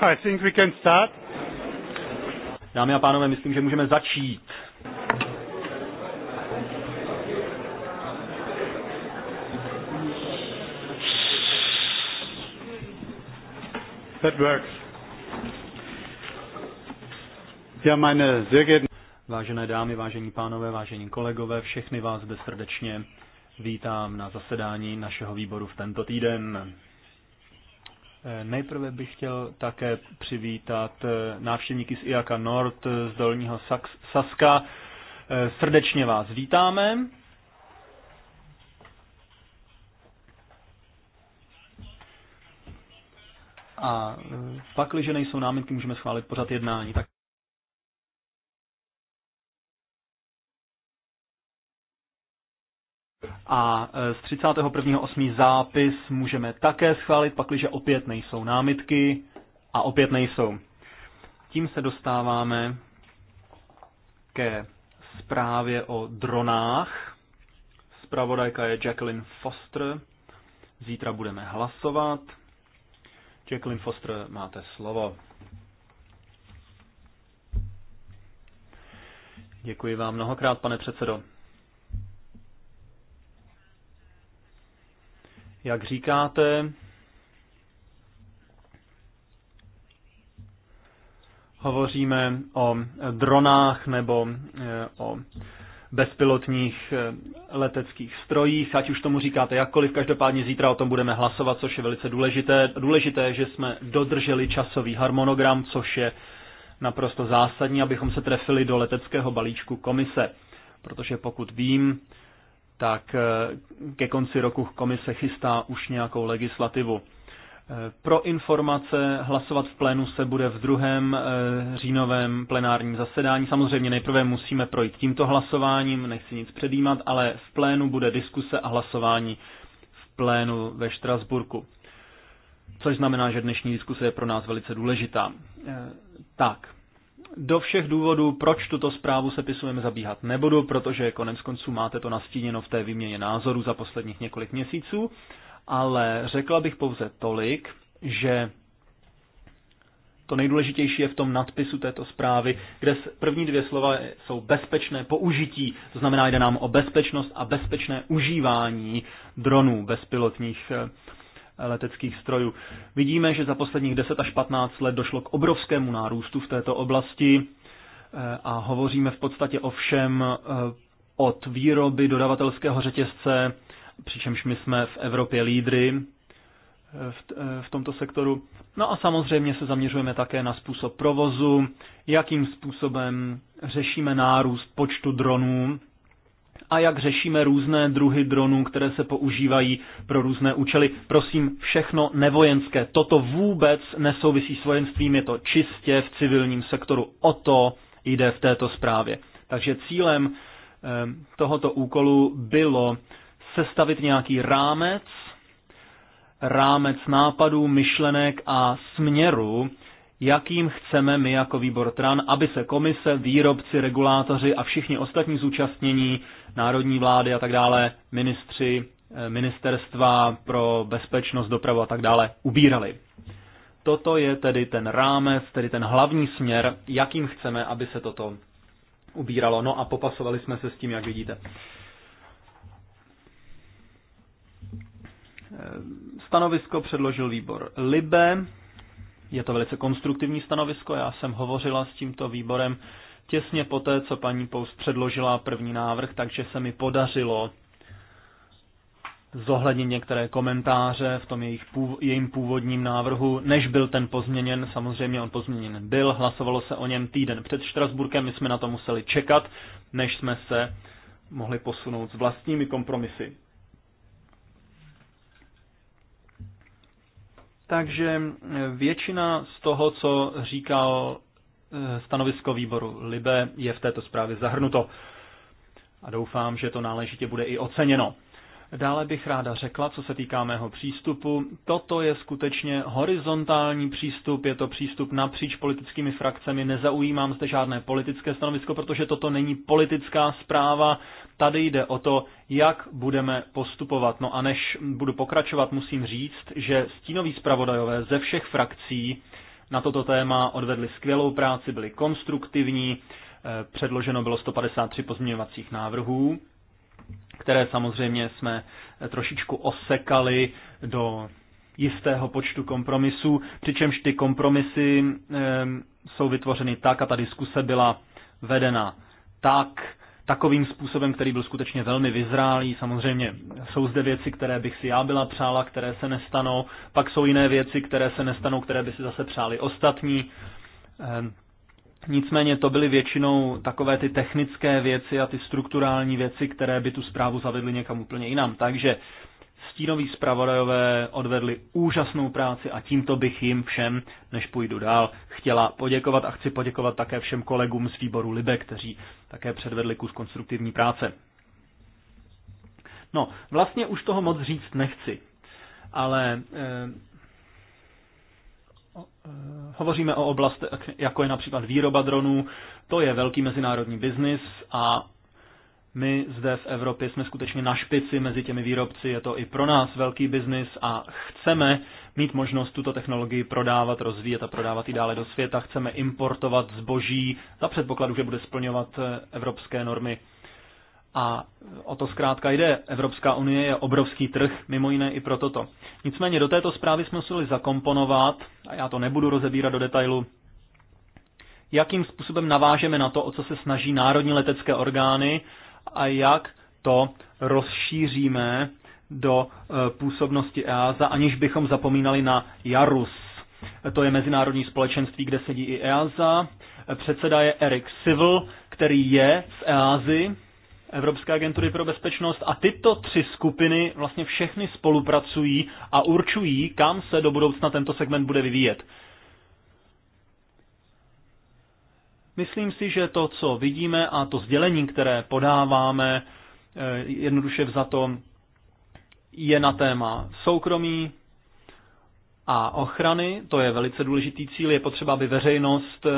I think we can start. Dámy a pánové, myslím, že můžeme začít. That works. Ja, meine sehr geehrten Vážené dámy, vážení pánové, vážení kolegové, všechny vás srdečně vítám na zasedání našeho výboru v tento týden. Eh, nejprve bych chtěl také přivítat eh, návštěvníky z IAKA Nord eh, z Dolního Saska. Srdečně vás vítáme. A pak, když nejsou námitky, můžeme schválit pořad jednání. Tak A e, z 31.8. zápis můžeme také schválit, pakliže opět nejsou námitky a opět nejsou. Tím se dostáváme ke zprávě o dronách. Zpravodajka je Jacqueline Foster. Zítra budeme hlasovat. Jacqueline Foster, máte slovo. Děkuji vám mnohokrát, pane předsedo. Jak říkáte, hovoříme o dronách nebo eh, o bezpilotních eh, leteckých strojích, ať už tomu říkáte jakkoliv, každopádně zítra o tom budeme hlasovat, což je velice důležité. Důležité, je, že jsme dodrželi časový harmonogram, což je naprosto zásadní, abychom se trefili do leteckého balíčku komise. Protože pokud vím, tak eh, ke konci roku komise chystá už nějakou legislativu. Eh, pro informace hlasovat v plénu se bude v druhém eh, říjnovém plenárním zasedání. Samozřejmě nejprve musíme projít tímto hlasováním, nechci nic předjímat, ale v plénu bude diskuse a hlasování v plénu ve Štrasburku. Což znamená, že dnešní diskuse je pro nás velice důležitá. Tak, do všech důvodů, proč tuto zprávu sepisujeme, zabíhat nebudu, protože konec konců máte to nastíněno v té výměně názoru za posledních několik měsíců, ale řekla bych pouze tolik, že to nejdůležitější je v tom nadpisu této zprávy, kde první dvě slova jsou bezpečné použití, to znamená, jde nám o bezpečnost a bezpečné užívání dronů bezpilotních eh, leteckých strojů. Vidíme, že za posledních 10 až 15 let došlo k obrovskému nárůstu v této oblasti eh, a hovoříme v podstatě o všem eh, od výroby dodavatelského řetězce, přičemž my jsme v Evropě lídry eh, v, v tomto sektoru. No a samozřejmě se zaměřujeme také na způsob provozu, jakým způsobem řešíme nárůst počtu dronů a jak řešíme různé druhy dronů, které se používají pro různé účely. Prosím, všechno nevojenské. Toto vůbec nesouvisí s vojenstvím, je to čistě v civilním sektoru. O to jde v této zprávě. Takže cílem eh, tohoto úkolu bylo sestavit nějaký rámec, rámec nápadů, myšlenek a směru, jakým chceme my jako výbor TRAN, aby se komise, výrobci, regulátoři a všichni ostatní zúčastnění národní vlády a tak dále, ministři, eh, ministerstva pro bezpečnost, dopravu a tak dále ubírali. Toto je tedy ten rámec, tedy ten hlavní směr, jakým chceme, aby se toto ubíralo. No a popasovali jsme se s tím, jak vidíte. Eh, stanovisko předložil výbor Libe. Je to velice konstruktivní stanovisko. Já jsem hovořila s tímto výborem těsně poté, co paní Pous předložila první návrh, takže se mi podařilo zohlednit některé komentáře v tom jejich pův, jejím původním návrhu, než byl ten pozměněn. Samozřejmě on pozměněn byl, hlasovalo se o něm týden před Štrasburkem, my jsme na to museli čekat, než jsme se mohli posunout s vlastními kompromisy. Takže e, většina z toho, co říkal Eh, stanovisko výboru Libe je v této zprávě zahrnuto. A doufám, že to náležitě bude i oceněno. Dále bych ráda řekla, co se týká mého přístupu. Toto je skutečně horizontální přístup, je to přístup napříč politickými frakcemi, nezaujímám zde žádné politické stanovisko, protože toto není politická zpráva. Tady jde o to, jak budeme postupovat. No a než budu pokračovat, musím říct, že stínoví zpravodajové ze všech frakcí na toto téma, odvedli skvělou práci, byli konstruktivní, eh, předloženo bylo 153 pozměňovacích návrhů, které samozřejmě jsme eh, trošičku osekali do jistého počtu kompromisů, přičemž ty kompromisy eh, jsou vytvořeny tak a ta diskuse byla vedena tak, takovým způsobem, který byl skutečně velmi vyzrálý. Samozřejmě jsou zde věci, které bych si já byla přála, které se nestanou, pak jsou jiné věci, které se nestanou, které by si zase přáli ostatní. Ehm, nicméně to byly většinou takové ty technické věci a ty strukturální věci, které by tu zprávu zavedly někam úplně jinam. Takže Stínoví zpravodajové odvedli úžasnou práci a tímto bych jim všem, než půjdu dál, chtěla poděkovat a chci poděkovat také všem kolegům z výboru Libe, kteří také předvedli kus konstruktivní práce. No, vlastně už toho moc říct nechci, ale eh, eh hovoříme o oblastech, jako je například výroba dronů, to je velký mezinárodní biznis a my zde v Evropě jsme skutečně na špici mezi těmi výrobci, je to i pro nás velký biznis a chceme mít možnost tuto technologii prodávat, rozvíjet a prodávat i dále do světa. Chceme importovat zboží za předpokladu, že bude splňovat eh, evropské normy. A o to zkrátka jde. Evropská unie je obrovský trh, mimo jiné i pro toto. Nicméně do této zprávy jsme museli zakomponovat, a já to nebudu rozebírat do detailu, jakým způsobem navážeme na to, o co se snaží národní letecké orgány, a jak to rozšíříme do e, působnosti EASA, aniž bychom zapomínali na JARUS. To je mezinárodní společenství, kde sedí i EASA. Předseda je Erik Sivl, který je v EASI, Evropské agentury pro bezpečnost a tyto tři skupiny vlastně všechny spolupracují a určují, kam se do budoucna tento segment bude vyvíjet. Myslím si, že to, co vidíme a to sdělení, které podáváme, eh, jednoduše to, je na téma soukromí a ochrany. To je velice důležitý cíl. Je potřeba, aby veřejnost eh,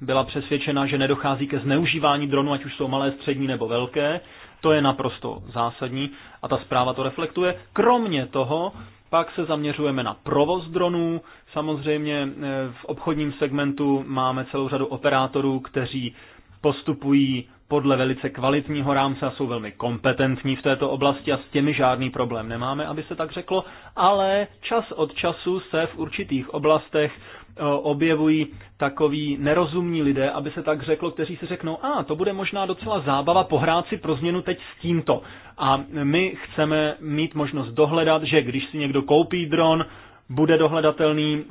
byla přesvědčena, že nedochází ke zneužívání dronů, ať už jsou malé, střední nebo velké. To je naprosto zásadní a ta zpráva to reflektuje. Kromě toho pak se zaměřujeme na provoz dronů. Samozřejmě eh, v obchodním segmentu máme celou řadu operátorů, kteří postupují podle velice kvalitního rámce a jsou velmi kompetentní v této oblasti a s těmi žádný problém nemáme, aby se tak řeklo, ale čas od času se v určitých oblastech Eh, objevují takový nerozumní lidé, aby se tak řeklo, kteří si řeknou, a to bude možná docela zábava pohrát si pro změnu teď s tímto. A my chceme mít možnost dohledat, že když si někdo koupí dron, bude dohledatelný,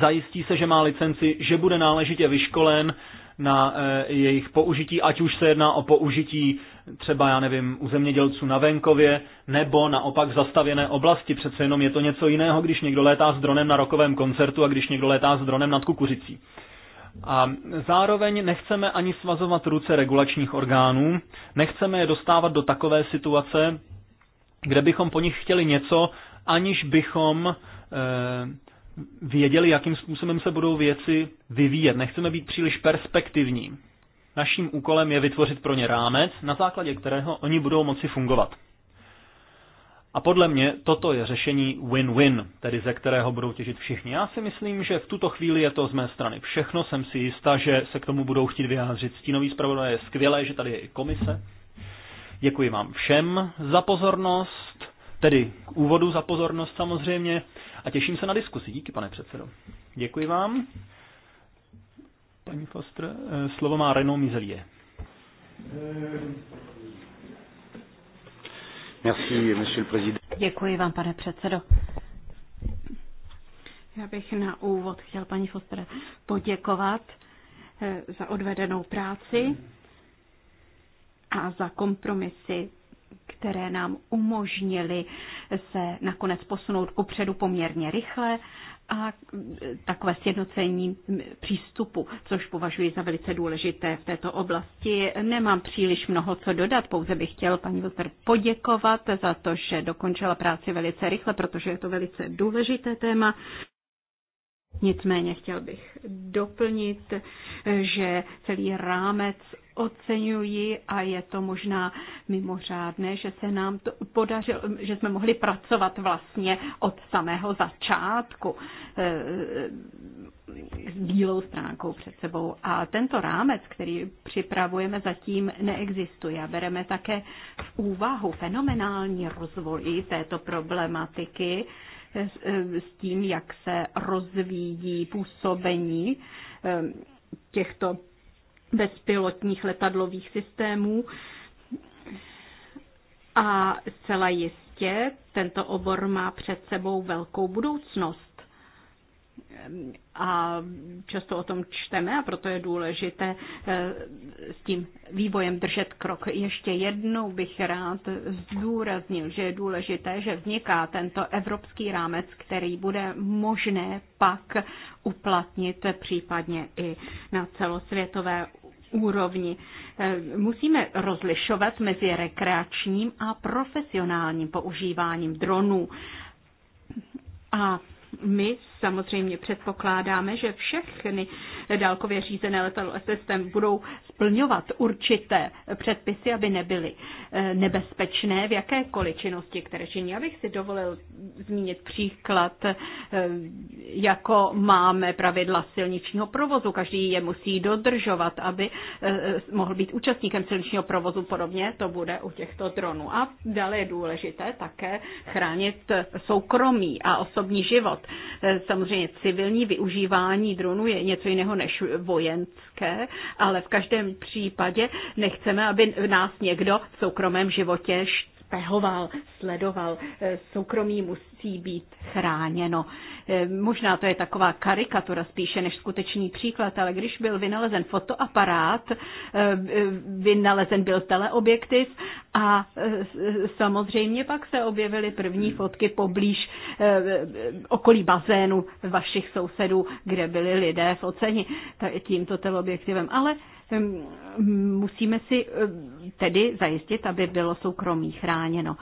zajistí se, že má licenci, že bude náležitě vyškolen, na eh, jejich použití, ať už se jedná o použití třeba, já nevím, u zemědělců na venkově, nebo naopak zastavěné oblasti. Přece jenom je to něco jiného, když někdo létá s dronem na rokovém koncertu a když někdo létá s dronem nad kukuřicí. A zároveň nechceme ani svazovat ruce regulačních orgánů, nechceme je dostávat do takové situace, kde bychom po nich chtěli něco, aniž bychom eh, věděli, jakým způsobem se budou věci vyvíjet. Nechceme být příliš perspektivní. Naším úkolem je vytvořit pro ně rámec, na základě kterého oni budou moci fungovat. A podle mě toto je řešení win-win, tedy ze kterého budou těžit všichni. Já si myslím, že v tuto chvíli je to z mé strany všechno. Jsem si jistá, že se k tomu budou chtít vyjádřit. Stínový zpravodaj je skvělé, že tady je i komise. Děkuji vám všem za pozornost Tedy k úvodu za pozornost samozřejmě a těším se na diskusi. Díky, pane předsedo. Děkuji vám. Paní Foster, eh, slovo má Renaud Mizelie. Merci, monsieur le président. Děkuji vám, pane předsedo. Já bych na úvod chtěl paní Foster poděkovat eh, za odvedenou práci a za kompromisy které nám umožnili se nakonec posunout kupředu poměrně rychle a takové sjednocení přístupu, což považuji za velice důležité v této oblasti. Nemám příliš mnoho co dodat, pouze bych chtěl paní Wilter poděkovat za to, že dokončila práci velice rychle, protože je to velice důležité téma. Nicméně chtěl bych doplnit, že celý rámec oceňuji a je to možná mimořádné, že se nám to podařilo, že jsme mohli pracovat vlastně od samého začátku eh, s bílou stránkou před sebou. A tento rámec, který připravujeme, zatím neexistuje. A bereme také v úvahu fenomenální rozvoj této problematiky eh, s tím, jak se rozvíjí působení eh, těchto bezpilotních letadlových systémů. A zcela jistě tento obor má před sebou velkou budoucnost. A často o tom čteme a proto je důležité eh, s tím vývojem držet krok. Ještě jednou bych rád zdůraznil, že je důležité, že vzniká tento evropský rámec, který bude možné pak uplatnit případně i na celosvětové úrovni. Eh, musíme rozlišovat mezi rekreačním a profesionálním používáním dronů. A my Samozřejmě předpokládáme, že všechny dálkově řízené letadlo systém budou splňovat určité předpisy, aby nebyly eh, nebezpečné v jakékoliv činnosti, které činí. Já bych si dovolil zmínit příklad, eh, jako máme pravidla silničního provozu. Každý je musí dodržovat, aby eh, mohl být účastníkem silničního provozu. Podobně to bude u těchto dronů. A dále je důležité také chránit soukromí a osobní život. Samozřejmě civilní využívání dronu je něco jiného než vojenské, ale v každém případě nechceme, aby nás někdo v soukromém životě spehoval, sledoval. Eh, soukromí musí být chráněno. Eh, možná to je taková karikatura spíše než skutečný příklad, ale když byl vynalezen fotoaparát, eh, vynalezen byl teleobjektiv a samozřejmě pak se objevily první fotky poblíž okolí bazénu vašich sousedů, kde byli lidé oceni tímto teleobjektivem. Ale musíme si tedy zajistit, aby bylo soukromí chráněno chráněno.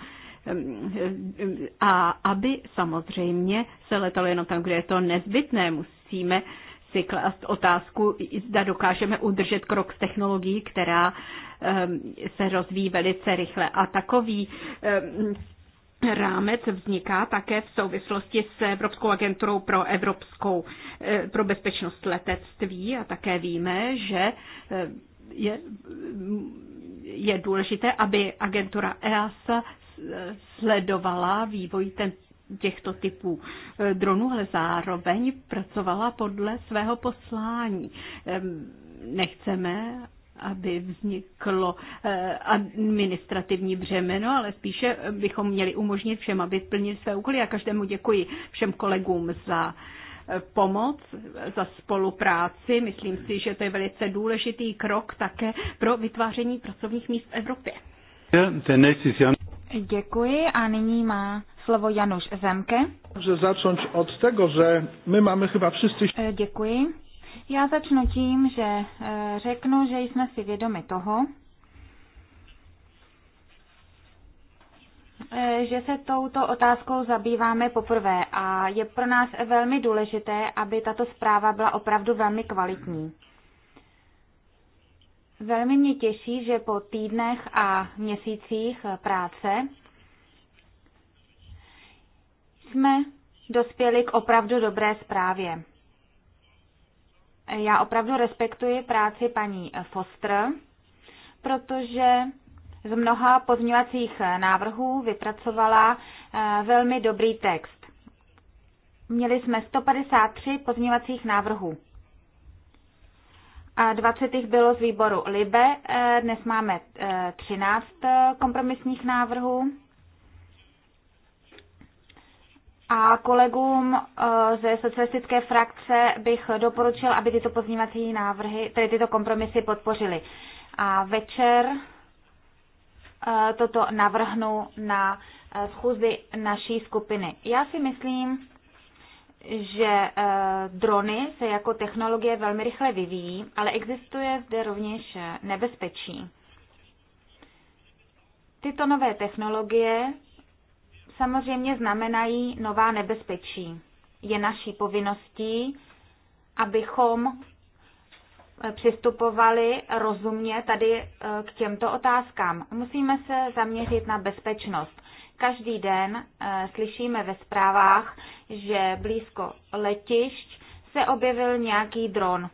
Ehm, ehm, a aby samozřejmě se letalo jenom tam, kde je to nezbytné, musíme si klást otázku, zda dokážeme udržet krok s technologií, která ehm, se rozvíjí velice rychle. A takový rámec vzniká také v souvislosti s Evropskou agenturou pro evropskou eh, pro bezpečnost letectví a také víme, že je, je důležité, aby agentura EASA sledovala vývoj ten, těchto typů dronů, ale zároveň pracovala podle svého poslání. Nechceme, aby vzniklo eh, administrativní břemeno, ale spíše bychom měli umožnit všem, aby plnili své úkoly. Já každému děkuji všem kolegům za pomoc, za spolupráci. Myslím si, že to je velice důležitý krok také pro vytváření pracovních míst v Evropě. Děkuji a nyní má slovo Janusz Zemke. Může začít od toho, že my máme chyba všichni... Eh, děkuji. Já začnu tím, že eh, řeknu, že jsme si vědomi toho, Eh, že se touto otázkou zabýváme poprvé a je pro nás velmi důležité, aby tato zpráva byla opravdu velmi kvalitní. Velmi mě těší, že po týdnech a měsících práce jsme dospěli k opravdu dobré zprávě. Já opravdu respektuji práci paní Foster, protože z mnoha pozměňovacích eh, návrhů vypracovala eh, velmi dobrý text. Měli jsme 153 pozměňovacích návrhů. A 20 jich bylo z výboru LIBE, eh, dnes máme 13 kompromisních návrhů. A kolegům ze socialistické frakce bych doporučil, aby tyto pozměňovací návrhy, tedy tyto kompromisy podpořili. A večer E, toto navrhnu na e, schůzi naší skupiny. Já si myslím, že e, drony se jako technologie velmi rychle vyvíjí, ale existuje zde rovněž nebezpečí. Tyto nové technologie samozřejmě znamenají nová nebezpečí. Je naší povinností, abychom Eh, přistupovali rozumně tady eh, k těmto otázkám. Musíme se zaměřit na bezpečnost. Každý den eh, slyšíme ve zprávách, že blízko letišť se objevil nějaký dron.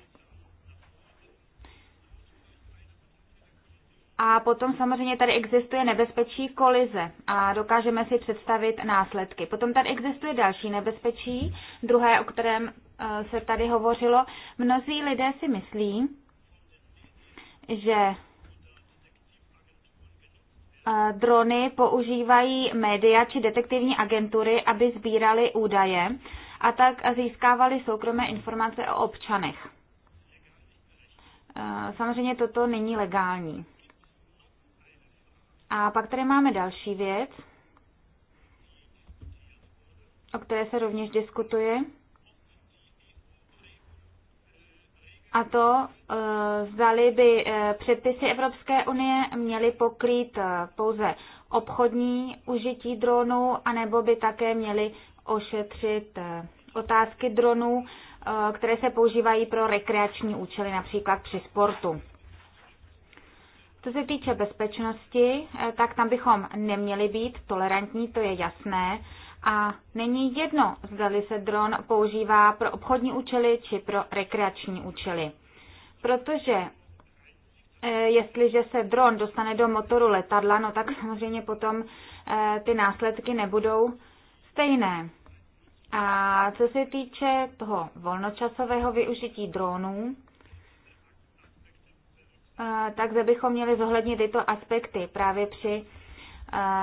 A potom samozřejmě tady existuje nebezpečí kolize a dokážeme si představit následky. Potom tady existuje další nebezpečí, druhé, o kterém Eh, se tady hovořilo, mnozí lidé si myslí, že eh, drony používají média či detektivní agentury, aby sbírali údaje a tak získávali soukromé informace o občanech. Eh, samozřejmě toto není legální. A pak tady máme další věc, o které se rovněž diskutuje. a to eh, zdali by eh, předpisy Evropské unie měly pokrýt eh, pouze obchodní užití dronů, anebo by také měly ošetřit otázky dronů, které se používají pro rekreační účely, například při sportu. Co se týče bezpečnosti, tak tam bychom neměli být tolerantní, to je jasné, a není jedno, zda se dron používá pro obchodní účely či pro rekreační účely. Protože eh, jestliže se dron dostane do motoru letadla, no tak samozřejmě potom eh, ty následky nebudou stejné. A co se týče toho volnočasového využití dronů, eh, tak zde bychom měli zohlednit tyto aspekty právě při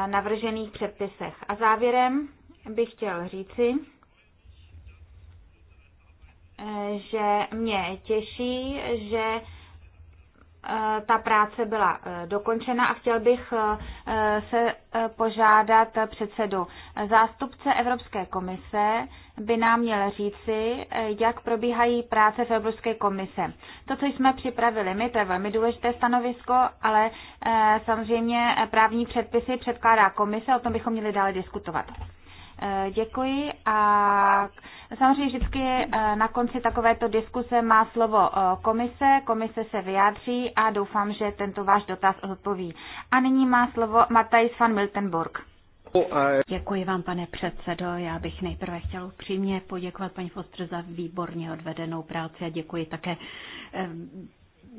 navržených předpisech. A závěrem bych chtěl říci, že mě těší, že eh, ta práce byla eh, dokončena a chtěl bych eh, se požádat předsedu. Zástupce Evropské komise by nám měl říci, jak probíhají práce v Evropské komise. To, co jsme připravili my, to je velmi důležité stanovisko, ale samozřejmě právní předpisy předkládá komise, o tom bychom měli dále diskutovat. Eh, děkuji a samozřejmě vždycky eh, na konci takovéto diskuse má slovo eh, komise, komise se vyjádří a doufám, že tento váš dotaz odpoví. A nyní má slovo Matthijs van Miltenburg. Děkuji vám, pane předsedo. Já bych nejprve chtěl upřímně poděkovat paní Foster za výborně odvedenou práci a děkuji také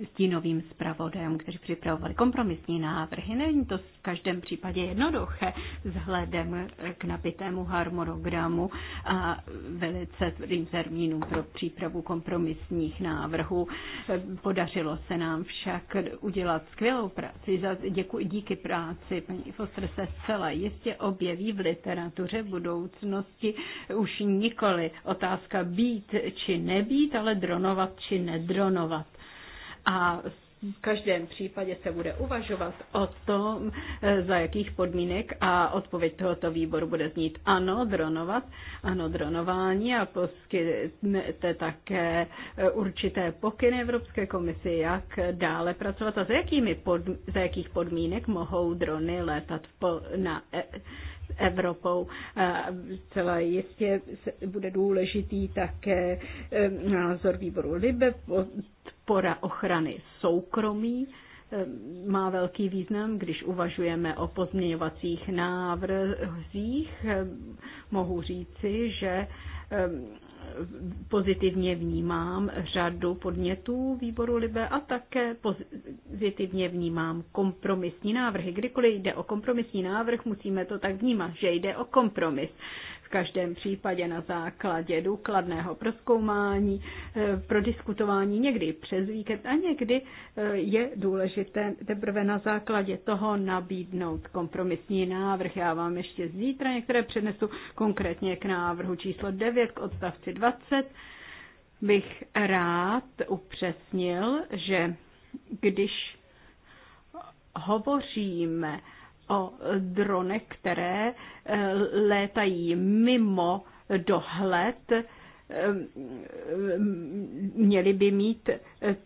stínovým zpravodem, kteří připravovali kompromisní návrhy. Není to v každém případě jednoduché vzhledem k napitému harmonogramu a velice tvrdým termínům pro přípravu kompromisních návrhů. Podařilo se nám však udělat skvělou práci. Děkuji, díky práci paní Foster se zcela jistě objeví v literatuře budoucnosti už nikoli otázka být či nebýt, ale dronovat či nedronovat a v každém případě se bude uvažovat o tom, eh, za jakých podmínek a odpověď tohoto výboru bude znít ano, dronovat, ano, dronování a poskytnete také eh, určité pokyny Evropské komisi, jak dále pracovat a za, jakými pod, za jakých podmínek mohou drony létat po, na e-, Evropou. Celá jistě bude důležitý také eh, názor výboru Libe, podpora ochrany soukromí eh, má velký význam, když uvažujeme o pozměňovacích návrzích. Eh, mohu říci, že eh, pozitivně vnímám řadu podnětů výboru Libe a také pozitivně vnímám kompromisní návrhy. Kdykoliv jde o kompromisní návrh, musíme to tak vnímat, že jde o kompromis v každém případě na základě důkladného proskoumání, eh, prodiskutování někdy přes víkend a někdy eh, je důležité teprve na základě toho nabídnout kompromisní návrh. Já vám ještě zítra některé přednesu konkrétně k návrhu číslo 9 k odstavci 20 bych rád upřesnil, že když hovoříme o dronech, které eh, létají mimo dohled měli by mít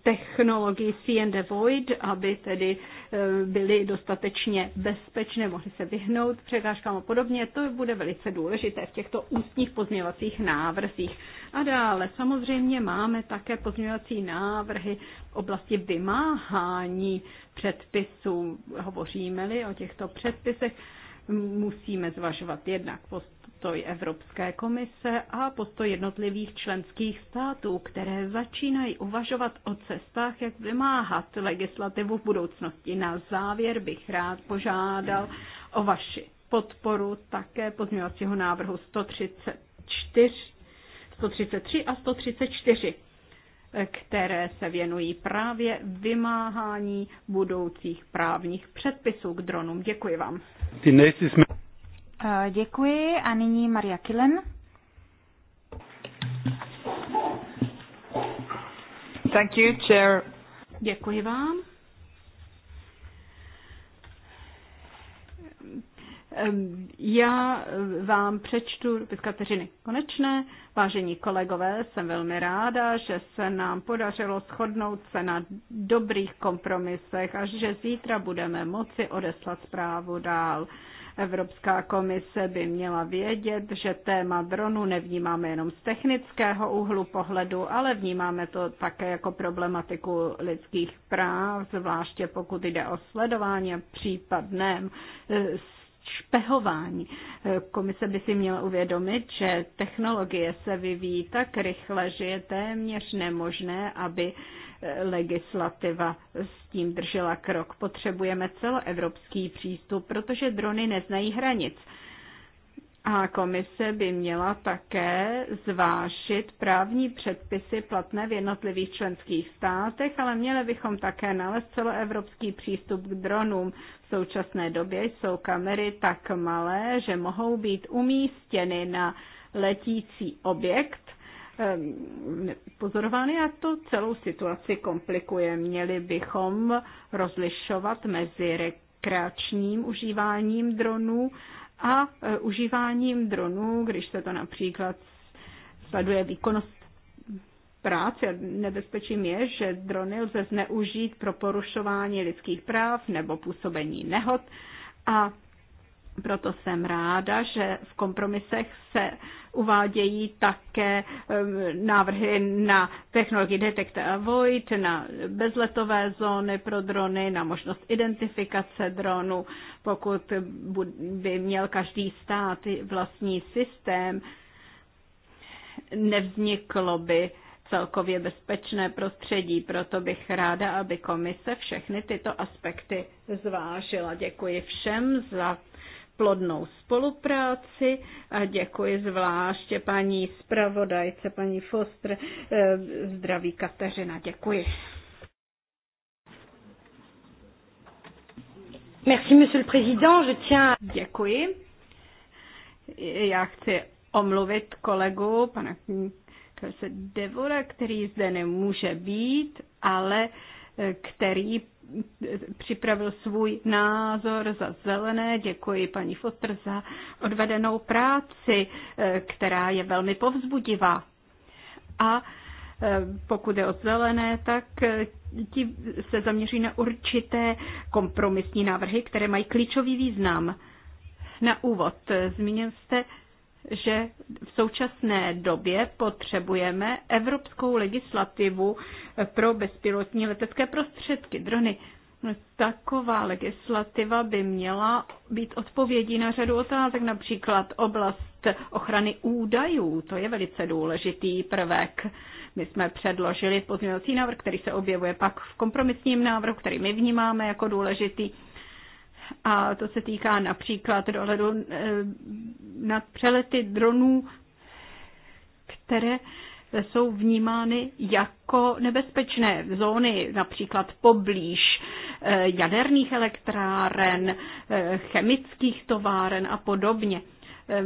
technologii see and avoid, aby tedy eh, byly dostatečně bezpečné, mohly se vyhnout překážkám a podobně. To bude velice důležité v těchto ústních pozměňovacích návrzích. A dále samozřejmě máme také pozměňovací návrhy v oblasti vymáhání předpisů. Hovoříme-li o těchto předpisech, Musíme zvažovat jednak postoj Evropské komise a postoj jednotlivých členských států, které začínají uvažovat o cestách, jak vymáhat legislativu v budoucnosti. Na závěr bych rád požádal o vaši podporu také pozměňovacího návrhu 134, 133 a 134 které se věnují právě vymáhání budoucích právních předpisů k dronům. Děkuji vám. Eh, děkuji a nyní Maria Kilen. Thank you, chair. Děkuji vám. Já vám přečtu z Kateřiny Konečné. Vážení kolegové, jsem velmi ráda, že se nám podařilo shodnout se na dobrých kompromisech a že zítra budeme moci odeslat zprávu dál. Evropská komise by měla vědět, že téma dronu nevnímáme jenom z technického úhlu pohledu, ale vnímáme to také jako problematiku lidských práv, zvláště pokud jde o sledování a případném eh, špehování. Eh, Komise by si měla uvědomit, že technologie se vyvíjí tak rychle, že je téměř nemožné, aby eh, legislativa s tím držela krok. Potřebujeme celoevropský přístup, protože drony neznají hranic a komise by měla také zvážit právní předpisy platné v jednotlivých členských státech, ale měli bychom také nalézt celoevropský přístup k dronům. V současné době jsou kamery tak malé, že mohou být umístěny na letící objekt, ehm, pozorovány a to celou situaci komplikuje. Měli bychom rozlišovat mezi rekreačním užíváním dronů a e, užíváním dronů, když se to například sleduje výkonnost práce. Nebezpečím je, že drony lze zneužít pro porušování lidských práv nebo působení nehod a proto jsem ráda, že v kompromisech se uvádějí také um, návrhy na technologii Detect a Avoid, na bezletové zóny pro drony, na možnost identifikace dronu, pokud by měl každý stát vlastní systém, nevzniklo by celkově bezpečné prostředí. Proto bych ráda, aby komise všechny tyto aspekty zvážila. Děkuji všem za plodnou spolupráci a děkuji zvláště paní zpravodajce, paní Foster, eh, zdraví Kateřina. Děkuji. Merci, monsieur le président. Je tiens... Děkuji. Já chci omluvit kolegu, pana Devora, který zde nemůže být, ale uh, který připravil svůj názor za zelené. Děkuji paní Fotr za odvedenou práci, která je velmi povzbudivá. A e, pokud je o zelené, tak e, ti se zaměří na určité kompromisní návrhy, které mají klíčový význam. Na úvod e, zmínil jste že v současné době potřebujeme evropskou legislativu pro bezpilotní letecké prostředky, drony. Taková legislativa by měla být odpovědí na řadu otázek, například oblast ochrany údajů. To je velice důležitý prvek. My jsme předložili pozměňovací návrh, který se objevuje pak v kompromisním návrhu, který my vnímáme jako důležitý a to se týká například dohledu eh, nad přelety dronů, které jsou vnímány jako nebezpečné zóny, například poblíž eh, jaderných elektráren, eh, chemických továren a podobně.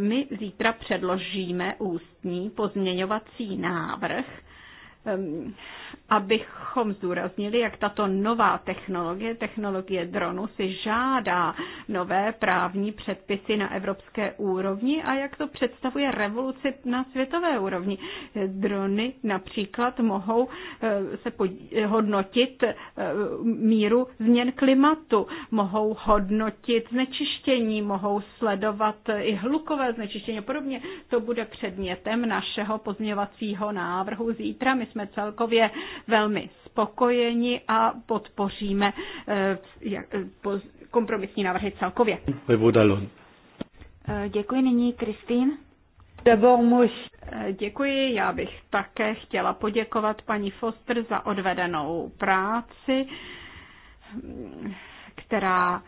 My zítra předložíme ústní pozměňovací návrh, Ehm, abychom zdůraznili, jak tato nová technologie, technologie dronu, si žádá nové právní předpisy na evropské úrovni a jak to představuje revoluci na světové úrovni. Drony například mohou eh, se hodnotit eh, míru změn klimatu, mohou hodnotit znečištění, mohou sledovat i hlukové znečištění a podobně. To bude předmětem našeho pozměňovacího návrhu zítra. My jsme celkově velmi spokojeni a podpoříme eh, eh, kompromisní návrhy celkově. Eh, děkuji nyní, Kristýn. Děkuji, já bych také chtěla poděkovat paní Foster za odvedenou práci, která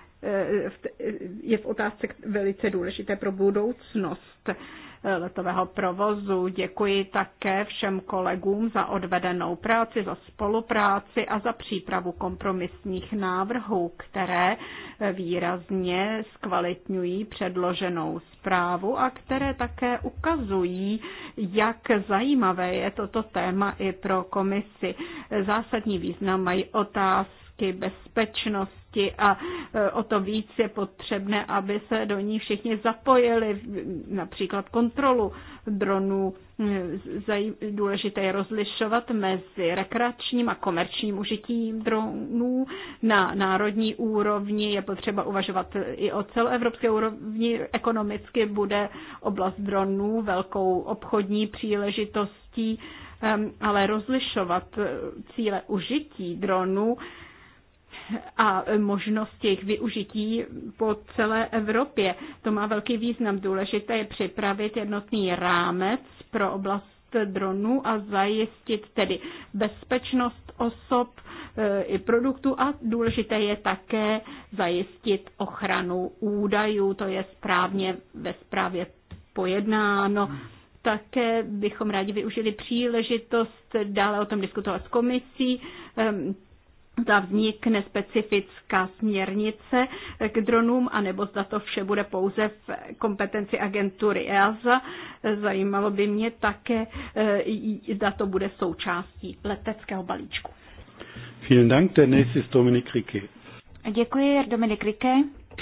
je v otázce velice důležité pro budoucnost letového provozu. Děkuji také všem kolegům za odvedenou práci, za spolupráci a za přípravu kompromisních návrhů, které výrazně zkvalitňují předloženou zprávu a které také ukazují, jak zajímavé je toto téma i pro komisi. Zásadní význam mají otázky, otázky bezpečnosti a e, o to víc je potřebné, aby se do ní všichni zapojili, například kontrolu dronů. E, důležité je rozlišovat mezi rekreačním a komerčním užitím dronů. Na národní úrovni je potřeba uvažovat i o celoevropské úrovni. Ekonomicky bude oblast dronů velkou obchodní příležitostí, e, ale rozlišovat cíle užití dronů a možnost jejich využití po celé Evropě. To má velký význam. Důležité je připravit jednotný rámec pro oblast dronů a zajistit tedy bezpečnost osob e, i produktů a důležité je také zajistit ochranu údajů, to je správně ve zprávě pojednáno. Také bychom rádi využili příležitost dále o tom diskutovat s komisí, zda vznikne specifická směrnice k dronům, anebo zda to vše bude pouze v kompetenci agentury EASA. Zajímalo by mě také, eh, zda to bude součástí leteckého balíčku. Vielen Dank, der nächste ist Dominik Ricke. Děkuji, Dominik Rike.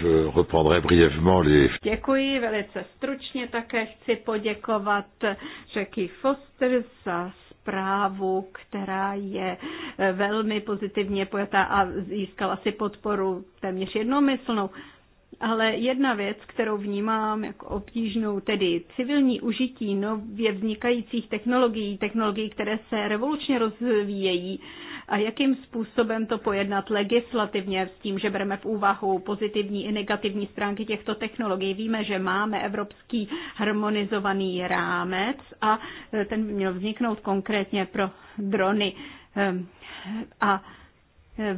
Je reprendrai brièvement les... Děkuji velice stručně, také chci poděkovat řeky Foster za zprávu, která je eh, velmi pozitivně pojatá a získala si podporu téměř jednomyslnou. Ale jedna věc, kterou vnímám jako obtížnou, tedy civilní užití nově vznikajících technologií, technologií, které se revolučně rozvíjejí, a jakým způsobem to pojednat legislativně s tím, že bereme v úvahu pozitivní i negativní stránky těchto technologií. Víme, že máme evropský harmonizovaný rámec a e, ten by měl vzniknout konkrétně pro drony. Ehm, a e,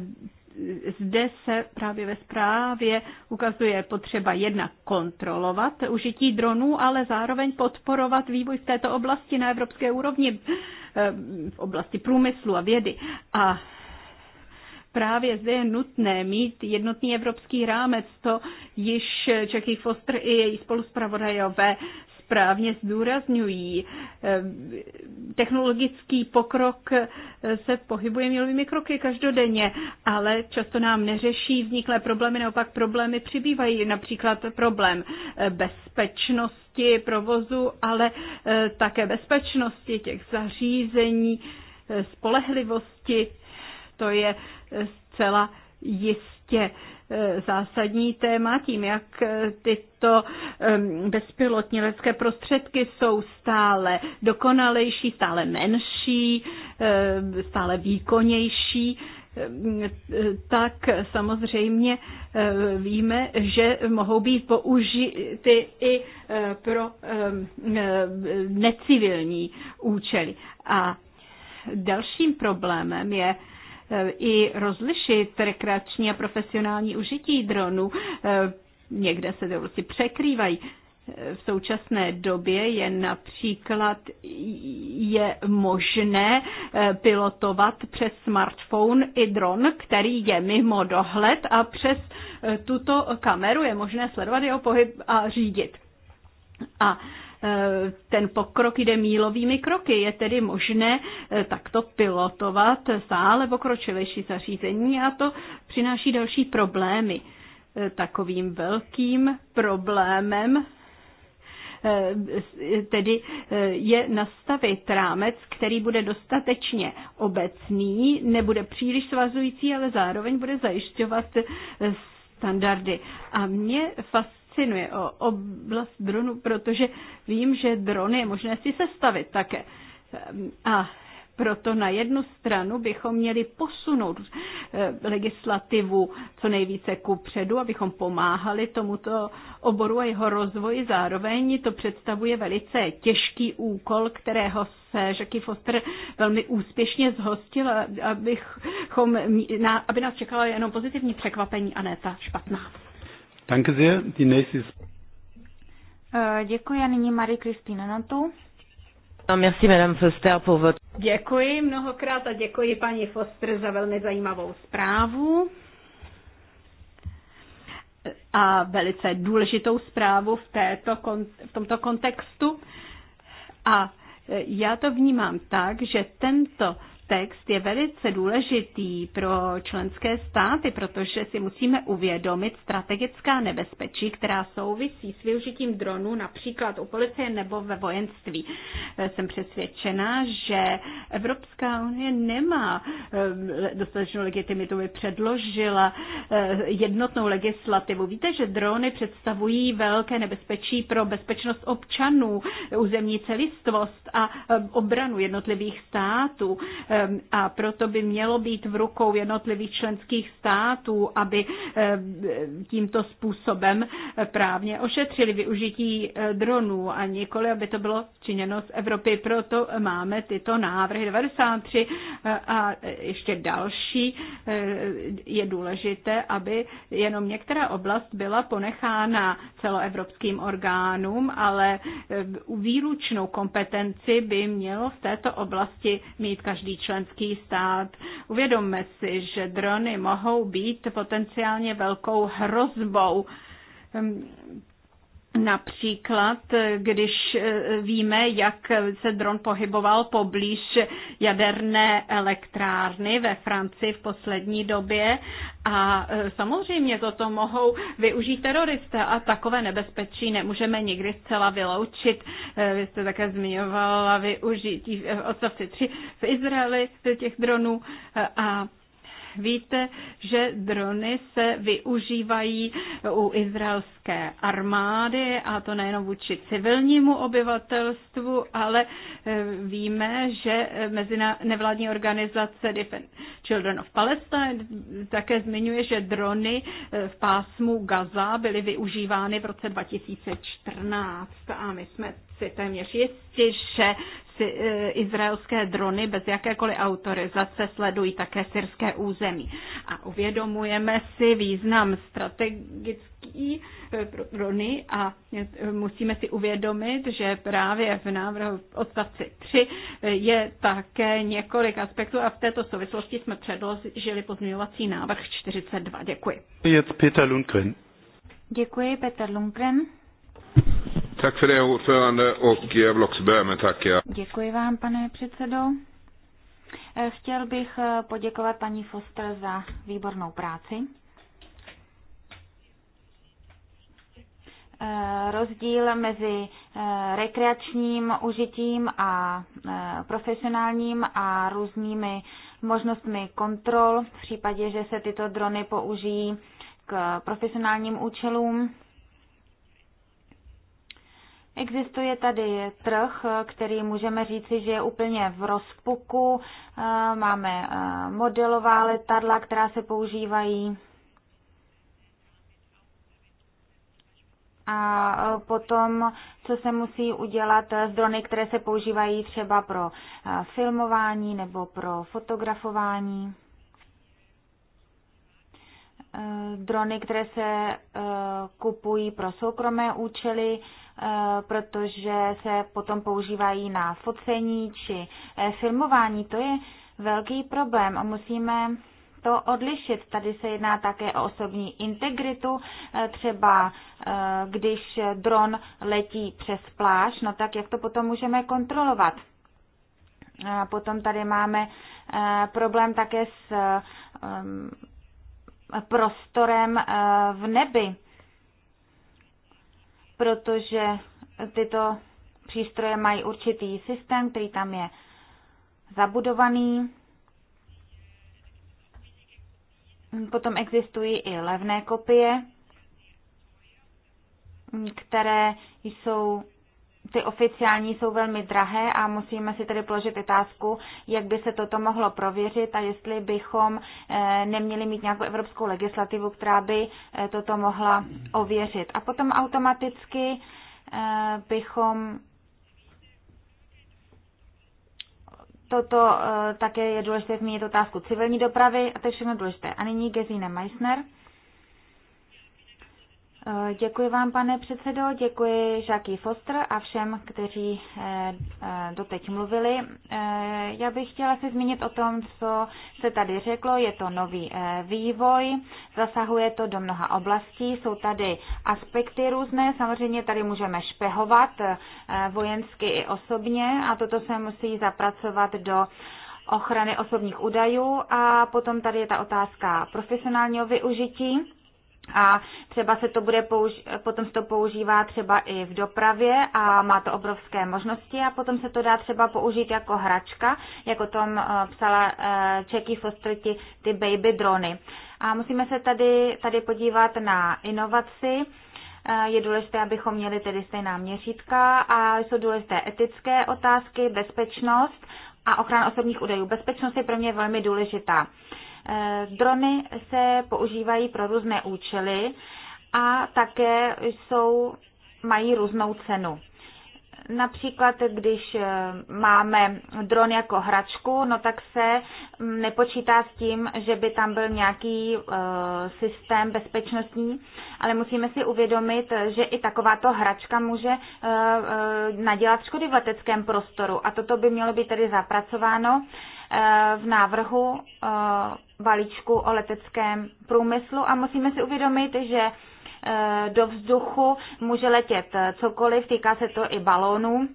zde se právě ve zprávě ukazuje potřeba jednak kontrolovat užití dronů, ale zároveň podporovat vývoj v této oblasti na evropské úrovni, eh, v oblasti průmyslu a vědy. A právě zde je nutné mít jednotný evropský rámec. To již Jackie Foster i její spoluspravodajové správně zdůrazňují. Ehm, technologický pokrok eh, se pohybuje milovými kroky každodenně, ale často nám neřeší vzniklé problémy, naopak problémy přibývají, například problém eh, bezpečnosti provozu, ale eh, také bezpečnosti těch zařízení, spolehlivosti. To je zcela jistě eh, zásadní téma tím, jak eh, tyto bezpilotní lidské prostředky jsou stále dokonalejší, stále menší, eh, stále výkonnější tak samozřejmě víme, že mohou být použity i pro necivilní účely. A dalším problémem je i rozlišit rekreační a profesionální užití dronů. Někde se to prostě překrývají v současné době je například je možné eh, pilotovat přes smartphone i dron, který je mimo dohled a přes eh, tuto kameru je možné sledovat jeho pohyb a řídit. A Eh, ten pokrok jde mílovými kroky. Je tedy možné eh, takto pilotovat stále pokročilejší zařízení a to přináší další problémy. Eh, takovým velkým problémem tedy je nastavit rámec, který bude dostatečně obecný, nebude příliš svazující, ale zároveň bude zajišťovat standardy. A mě fascinuje, fascinuje o oblast dronů, protože vím, že drony je možné si sestavit také. A proto na jednu stranu bychom měli posunout eh, legislativu co nejvíce ku předu, abychom pomáhali tomuto oboru a jeho rozvoji. Zároveň to představuje velice těžký úkol, kterého se Jackie Foster velmi úspěšně zhostil, abychom, aby nás čekalo jenom pozitivní překvapení a ne ta špatná. Danke sehr. Die nächste ist... Eh, děkuji a nyní Marie-Christine Notu. No, merci, Madame Foster, pour votre... Děkuji mnohokrát a děkuji paní Foster za velmi zajímavou zprávu a velice důležitou zprávu v, této, v tomto kontextu. A eh, já to vnímám tak, že tento text je velice důležitý pro členské státy, protože si musíme uvědomit strategická nebezpečí, která souvisí s využitím dronů například u policie nebo ve vojenství. Jsem přesvědčena, že Evropská unie nemá eh, dostatečnou legitimitu, by předložila eh, jednotnou legislativu. Víte, že drony představují velké nebezpečí pro bezpečnost občanů, územní celistvost a eh, obranu jednotlivých států Ehm, a proto by mělo být v rukou jednotlivých členských států, aby ehm, tímto způsobem právně ošetřili využití eh, dronů a nikoli, aby to bylo činěno z Evropy. Proto máme tyto návrhy 93 eh, a ještě další. Eh, je důležité, aby jenom některá oblast byla ponechána celoevropským orgánům, ale výlučnou kompetenci by mělo v této oblasti mít každý členský stát. Uvědomme si, že drony mohou být potenciálně velkou hrozbou ehm, Například, když víme, jak se dron pohyboval poblíž jaderné elektrárny ve Francii v poslední době. A samozřejmě toto mohou využít teroristé a takové nebezpečí nemůžeme nikdy zcela vyloučit. Vy jste také zmiňovala využití v odstavci 3 v Izraeli těch dronů a Víte, že drony se využívají u izraelské armády a to nejenom vůči civilnímu obyvatelstvu, ale eh, víme, že eh, mezi nevládní organizace Defend Children of Palestine také zmiňuje, že drony eh, v pásmu Gaza byly využívány v roce 2014 a my jsme si téměř jistí, že Eh, izraelské drony bez jakékoliv autorizace sledují také syrské území. A uvědomujeme si význam strategický eh, drony a eh, musíme si uvědomit, že právě v návrhu odstavci 3 je také několik aspektů a v této souvislosti jsme předložili pozměňovací návrh 42. Děkuji. Děkuji, Petr Lundgren. Děkuji, Petr Lundgren. Tack för det, ordförande, och jag vill också börja med tacka. Děkuji vám, pane předsedo. Eh, chtěl bych eh, poděkovat paní Foster za výbornou práci. Eh, rozdíl mezi rekreačním užitím a profesionálním a různými možnostmi kontrol v případě, že se tyto drony použijí k profesionálním účelům. Existuje tady trh, který můžeme říci, že je úplně v rozpuku. Eh, máme eh, modelová letadla, která se používají. A eh, potom, co se musí udělat s drony, které se používají třeba pro filmování nebo pro fotografování drony, které se kupují pro soukromé účely, Eh, protože se potom používají na focení či eh, filmování. To je velký problém a musíme to odlišit. Tady se jedná také o osobní integritu. Eh, třeba když dron letí přes pláž, no tak jak to potom můžeme kontrolovat? A potom tady máme problém také s mm, prostorem v nebi protože tyto přístroje mají určitý systém, který tam je zabudovaný. Potom existují i levné kopie, které jsou ty oficiální jsou velmi drahé a musíme si tedy položit otázku, jak by se toto mohlo prověřit a jestli bychom eh, neměli mít nějakou evropskou legislativu, která by eh, toto mohla ověřit. A potom automaticky eh, bychom toto také je důležité zmínit otázku civilní dopravy a to je všechno důležité. A nyní Gesine Meissner. Eh, děkuji vám, pane předsedo, děkuji Žáky Foster a všem, kteří eh, eh, doteď mluvili. Já bych chtěla se zmínit o tom, co se tady řeklo. Je to nový vývoj, zasahuje to do mnoha oblastí, jsou tady aspekty různé, samozřejmě tady můžeme špehovat vojensky i osobně a toto se musí zapracovat do ochrany osobních údajů a potom tady je ta otázka profesionálního využití a třeba se to bude použi- potom se to používá třeba i v dopravě a má to obrovské možnosti a potom se to dá třeba použít jako hračka, jako tom eh, psala eh, Jackie Foster ty, ty baby drony. A musíme se tady, tady podívat na inovaci, eh, je důležité, abychom měli tedy stejná měřítka a jsou důležité etické otázky, bezpečnost a ochrana osobních údajů. Bezpečnost je pro mě velmi důležitá. Eh, drony se používají pro různé účely a také jsou, mají různou cenu. Například, když eh, máme dron jako hračku, no tak se mm, nepočítá s tím, že by tam byl nějaký eh, systém bezpečnostní, ale musíme si uvědomit, že i takováto hračka může nadělat škody v leteckém prostoru. A toto by mělo být tedy zapracováno v návrhu balíčku o leteckém průmyslu a musíme si uvědomit, že eh, do vzduchu může letět eh, cokoliv, týká se to i balónů.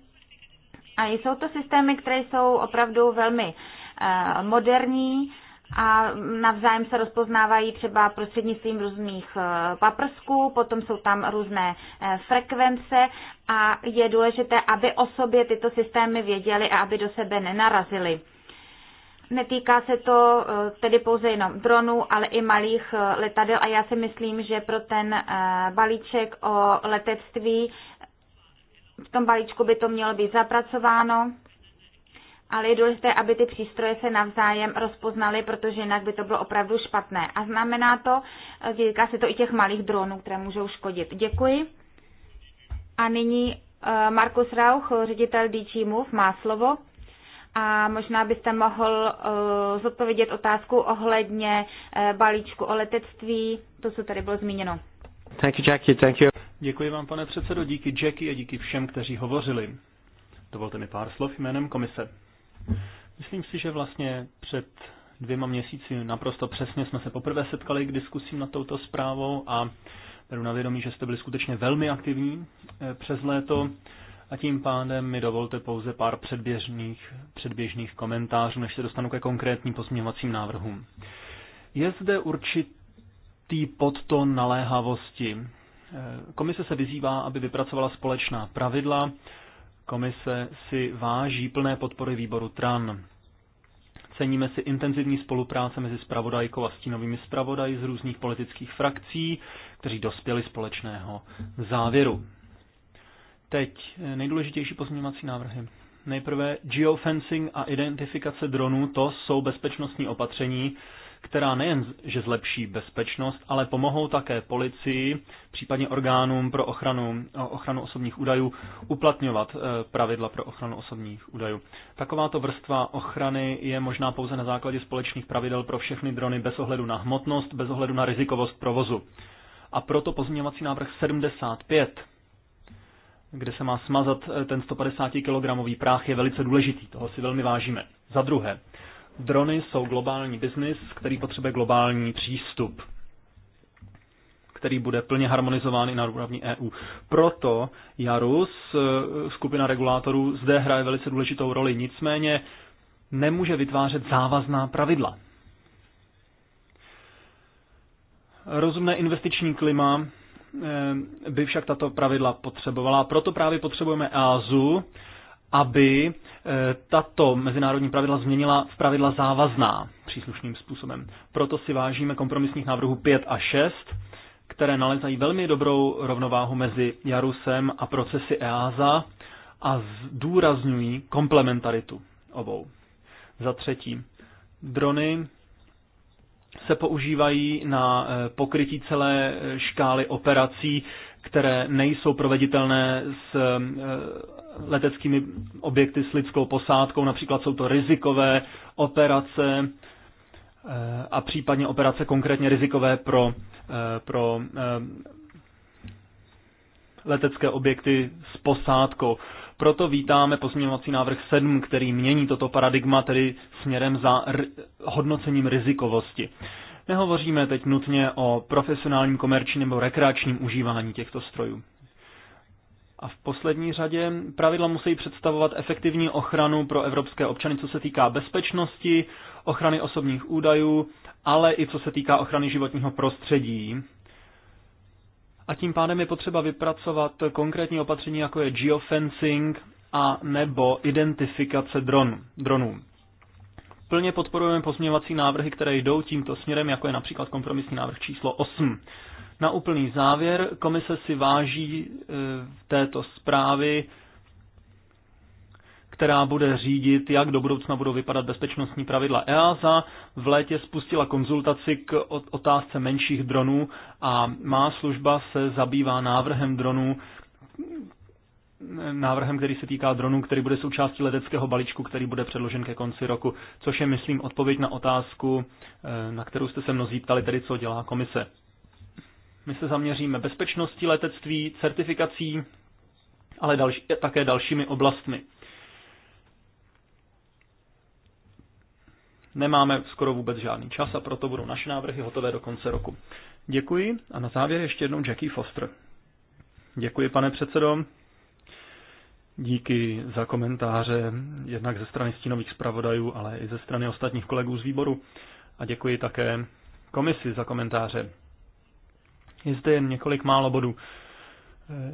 A jsou to systémy, které jsou opravdu velmi eh, moderní a navzájem se rozpoznávají třeba prostřednictvím různých paprsků, potom jsou tam různé frekvence a je důležité, aby o sobě tyto systémy věděly a aby do sebe nenarazily. Netýká se to eh, tedy pouze jenom dronů, ale i malých eh, letadel a já si myslím, že pro ten eh, balíček o letectví v tom balíčku by to mělo být zapracováno, ale je důležité, aby ty přístroje se navzájem rozpoznaly, protože jinak by to bylo opravdu špatné. A znamená to, týká se to i těch malých dronů, které můžou škodit. Děkuji. A nyní Markus Rauch, ředitel DG Move, má slovo a možná byste mohl eh, zodpovědět otázku ohledně eh, balíčku o letectví, to, co tady bylo zmíněno. Thank you, Jackie. Thank you. Děkuji vám, pane předsedo, díky Jackie a díky všem, kteří hovořili. Dovolte mi pár slov jménem komise. Myslím si, že vlastně před dvěma měsíci naprosto přesně jsme se poprvé setkali k diskusím nad touto zprávou a beru na vědomí, že jste byli skutečně velmi aktivní eh, přes léto. A tím pádem mi dovolte pouze pár předběžných, předběžných komentářů, než se dostanu ke konkrétním pozměňovacím návrhům. Je zde určitý podton naléhavosti. Eh, komise se vyzývá, aby vypracovala společná pravidla. Komise si váží plné podpory výboru TRAN. Ceníme si intenzivní spolupráce mezi spravodajkou a stínovými spravodaji z různých politických frakcí, kteří dospěli společného závěru. Teď nejdůležitější pozměňovací návrhy. Nejprve geofencing a identifikace dronů, to jsou bezpečnostní opatření, která nejen, že zlepší bezpečnost, ale pomohou také policii, případně orgánům pro ochranu, ochranu osobních údajů, uplatňovat eh, pravidla pro ochranu osobních údajů. Takováto vrstva ochrany je možná pouze na základě společných pravidel pro všechny drony bez ohledu na hmotnost, bez ohledu na rizikovost provozu. A proto pozměňovací návrh 75 kde se má smazat eh, ten 150 kg práh, je velice důležitý. Toho si velmi vážíme. Za druhé, drony jsou globální biznis, který potřebuje globální přístup který bude plně harmonizován i na úrovni EU. Proto Jarus, eh, skupina regulátorů, zde hraje velice důležitou roli. Nicméně nemůže vytvářet závazná pravidla. Rozumné investiční klima Ehm, by však tato pravidla potřebovala. Proto právě potřebujeme EASU, aby eh, tato mezinárodní pravidla změnila v pravidla závazná příslušným způsobem. Proto si vážíme kompromisních návrhů 5 a 6, které nalezají velmi dobrou rovnováhu mezi Jarusem a procesy EASA a zdůrazňují komplementaritu obou. Za třetí, drony se používají na eh, pokrytí celé eh, škály operací, které nejsou proveditelné s eh, leteckými objekty s lidskou posádkou, například jsou to rizikové operace a případně operace konkrétně rizikové pro, pro letecké objekty s posádkou. Proto vítáme pozměňovací návrh 7, který mění toto paradigma, tedy směrem za hodnocením rizikovosti. Nehovoříme teď nutně o profesionálním, komerčním nebo rekreačním užívání těchto strojů. A v poslední řadě pravidla musí představovat efektivní ochranu pro evropské občany, co se týká bezpečnosti, ochrany osobních údajů, ale i co se týká ochrany životního prostředí a tím pádem je potřeba vypracovat konkrétní opatření, jako je geofencing a nebo identifikace dron, dronů. Plně podporujeme pozměňovací návrhy, které jdou tímto směrem, jako je například kompromisní návrh číslo 8. Na úplný závěr, komise si váží v e, této zprávy která bude řídit, jak do budoucna budou vypadat bezpečnostní pravidla EASA. V létě spustila konzultaci k otázce menších dronů a má služba se zabývá návrhem dronů, návrhem, který se týká dronů, který bude součástí leteckého balíčku, který bude předložen ke konci roku, což je, myslím, odpověď na otázku, eh, na kterou jste se mnozí ptali, tedy co dělá komise. My se zaměříme bezpečností letectví, certifikací, ale další, také dalšími oblastmi. Nemáme skoro vůbec žádný čas a proto budou naše návrhy hotové do konce roku. Děkuji a na závěr ještě jednou Jackie Foster. Děkuji, pane předsedo. Díky za komentáře jednak ze strany stínových zpravodajů, ale i ze strany ostatních kolegů z výboru. A děkuji také komisi za komentáře. Je zde jen několik málo bodů.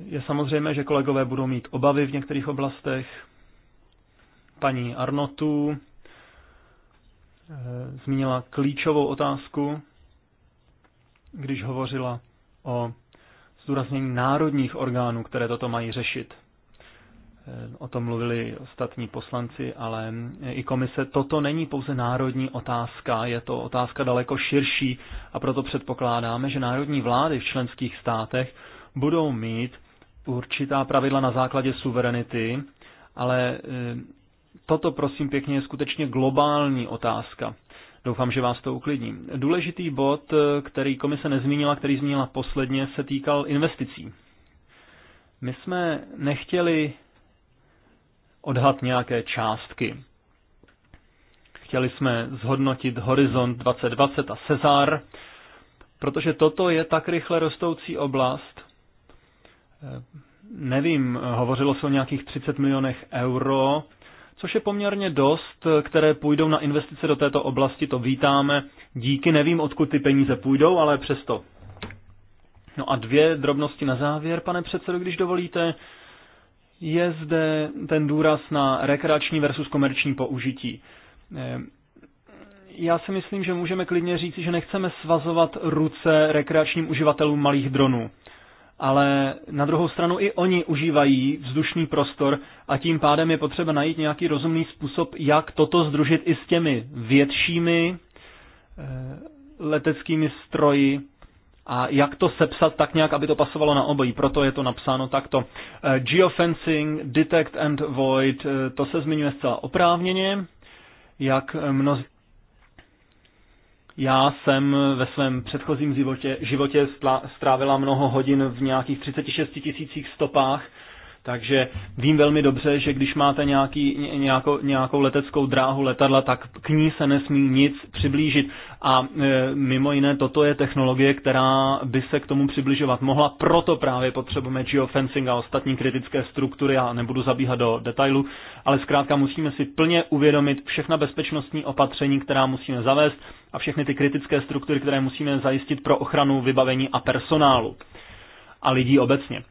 Je samozřejmé, že kolegové budou mít obavy v některých oblastech. Paní Arnotu Eh, zmínila klíčovou otázku, když hovořila o zdůraznění národních orgánů, které toto mají řešit. Eh, o tom mluvili ostatní poslanci, ale eh, i komise. Toto není pouze národní otázka, je to otázka daleko širší a proto předpokládáme, že národní vlády v členských státech budou mít určitá pravidla na základě suverenity, ale Toto, prosím pěkně, je skutečně globální otázka. Doufám, že vás to uklidní. Důležitý bod, který komise nezmínila, který zmínila posledně, se týkal investicí. My jsme nechtěli odhad nějaké částky. Chtěli jsme zhodnotit Horizont 2020 a Cezar, protože toto je tak rychle rostoucí oblast. Nevím, hovořilo se o nějakých 30 milionech euro což je poměrně dost, eh, které půjdou na investice do této oblasti, to vítáme. Díky, nevím, odkud ty peníze půjdou, ale přesto. No a dvě drobnosti na závěr, pane předsedo, když dovolíte. Je zde ten důraz na rekreační versus komerční použití eh, já si myslím, že můžeme klidně říci, že nechceme svazovat ruce rekreačním uživatelům malých dronů ale na druhou stranu i oni užívají vzdušný prostor a tím pádem je potřeba najít nějaký rozumný způsob, jak toto združit i s těmi většími eh, leteckými stroji a jak to sepsat tak nějak, aby to pasovalo na obojí. Proto je to napsáno takto. Eh, geofencing, detect and void, eh, to se zmiňuje zcela oprávněně, jak mnozí já jsem ve svém předchozím životě, životě strávila mnoho hodin v nějakých 36 tisících stopách takže vím velmi dobře, že když máte nějaký, nějakou, nějakou leteckou dráhu letadla, tak k ní se nesmí nic přiblížit. A e, mimo jiné, toto je technologie, která by se k tomu přibližovat mohla. Proto právě potřebujeme geofencing a ostatní kritické struktury. Já nebudu zabíhat do detailu, ale zkrátka musíme si plně uvědomit všechna bezpečnostní opatření, která musíme zavést a všechny ty kritické struktury, které musíme zajistit pro ochranu vybavení a personálu a lidí obecně.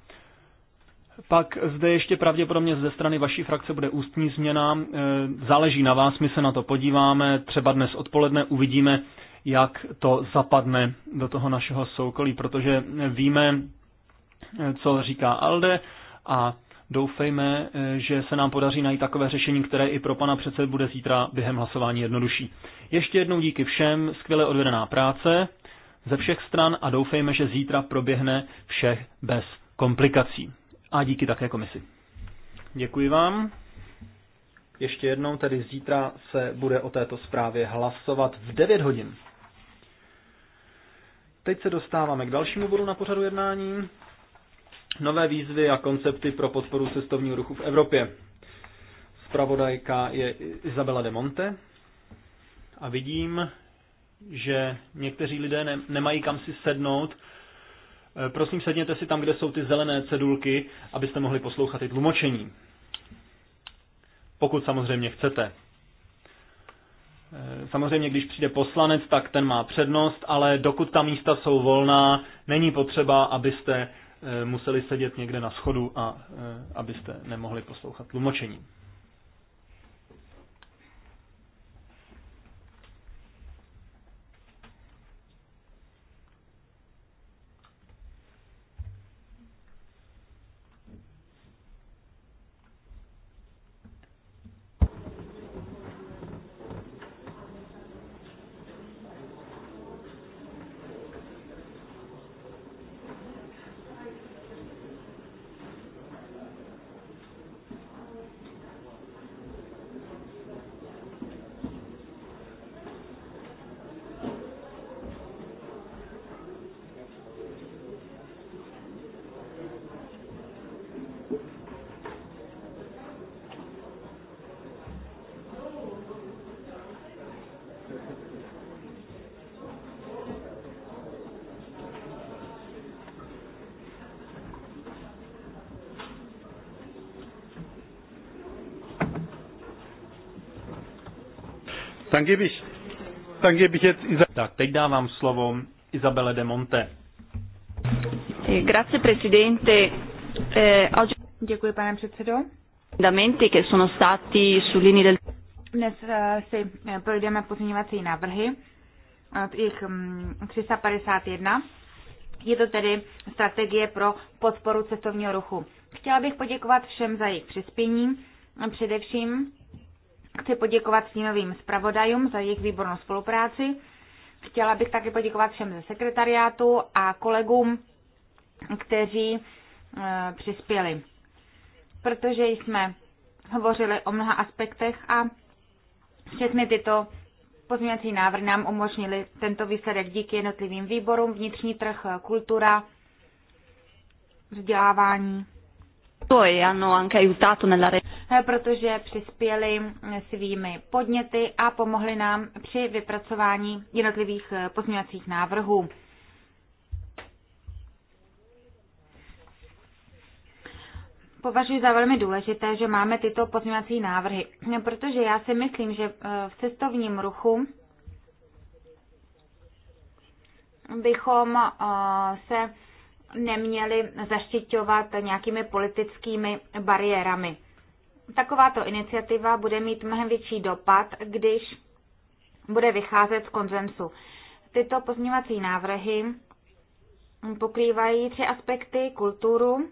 Pak zde ještě pravděpodobně ze strany vaší frakce bude ústní změna. E, záleží na vás, my se na to podíváme. Třeba dnes odpoledne uvidíme, jak to zapadne do toho našeho soukolí, protože víme, e, co říká Alde a doufejme, e, že se nám podaří najít takové řešení, které i pro pana předsedu bude zítra během hlasování jednodušší. Ještě jednou díky všem, skvěle odvedená práce ze všech stran a doufejme, že zítra proběhne vše bez komplikací. A díky také komisi. Děkuji vám. Ještě jednou, tedy zítra se bude o této zprávě hlasovat v 9 hodin. Teď se dostáváme k dalšímu bodu na pořadu jednání. Nové výzvy a koncepty pro podporu cestovního ruchu v Evropě. Spravodajka je Izabela de Monte a vidím, že někteří lidé ne- nemají kam si sednout, Eh, prosím, sedněte si tam, kde jsou ty zelené cedulky, abyste mohli poslouchat i tlumočení. Pokud samozřejmě chcete. Eh, samozřejmě, když přijde poslanec, tak ten má přednost, ale dokud ta místa jsou volná, není potřeba, abyste eh, museli sedět někde na schodu a abyste nemohli poslouchat tlumočení. Dann gebe ich, dann gebe ich jetzt Isabel. Tak, teď dávám slovo Izabele de Monte. Grazie, presidente. Eh, oggi... Děkuji, pane předsedo. Damenti, che sono stati su linii del... Dnes uh, si eh, projdeme pozměňovací návrhy, od jich um, mm, 351. Je to tedy strategie pro podporu cestovního ruchu. Chtěla bych poděkovat všem za jejich přispění, především Chci poděkovat stínovým zpravodajům za jejich výbornou spolupráci. Chtěla bych také poděkovat všem ze sekretariátu a kolegům, kteří eh, přispěli. Protože jsme hovořili o mnoha aspektech a všechny tyto pozměňovací návrhy nám umožnili tento výsledek díky jednotlivým výborům, vnitřní trh, kultura, vzdělávání to je ano, anche aiutato nella eh, Protože přispěli eh, svými podněty a pomohli nám při vypracování jednotlivých eh, pozměňovacích návrhů. považuji za velmi důležité, že máme tyto pozměňovací návrhy, protože já si myslím, že v cestovním ruchu bychom se neměli zaštiťovat nějakými politickými bariérami. Takováto iniciativa bude mít mnohem větší dopad, když bude vycházet z konzensu. Tyto pozměňovací návrhy pokrývají tři aspekty kulturu,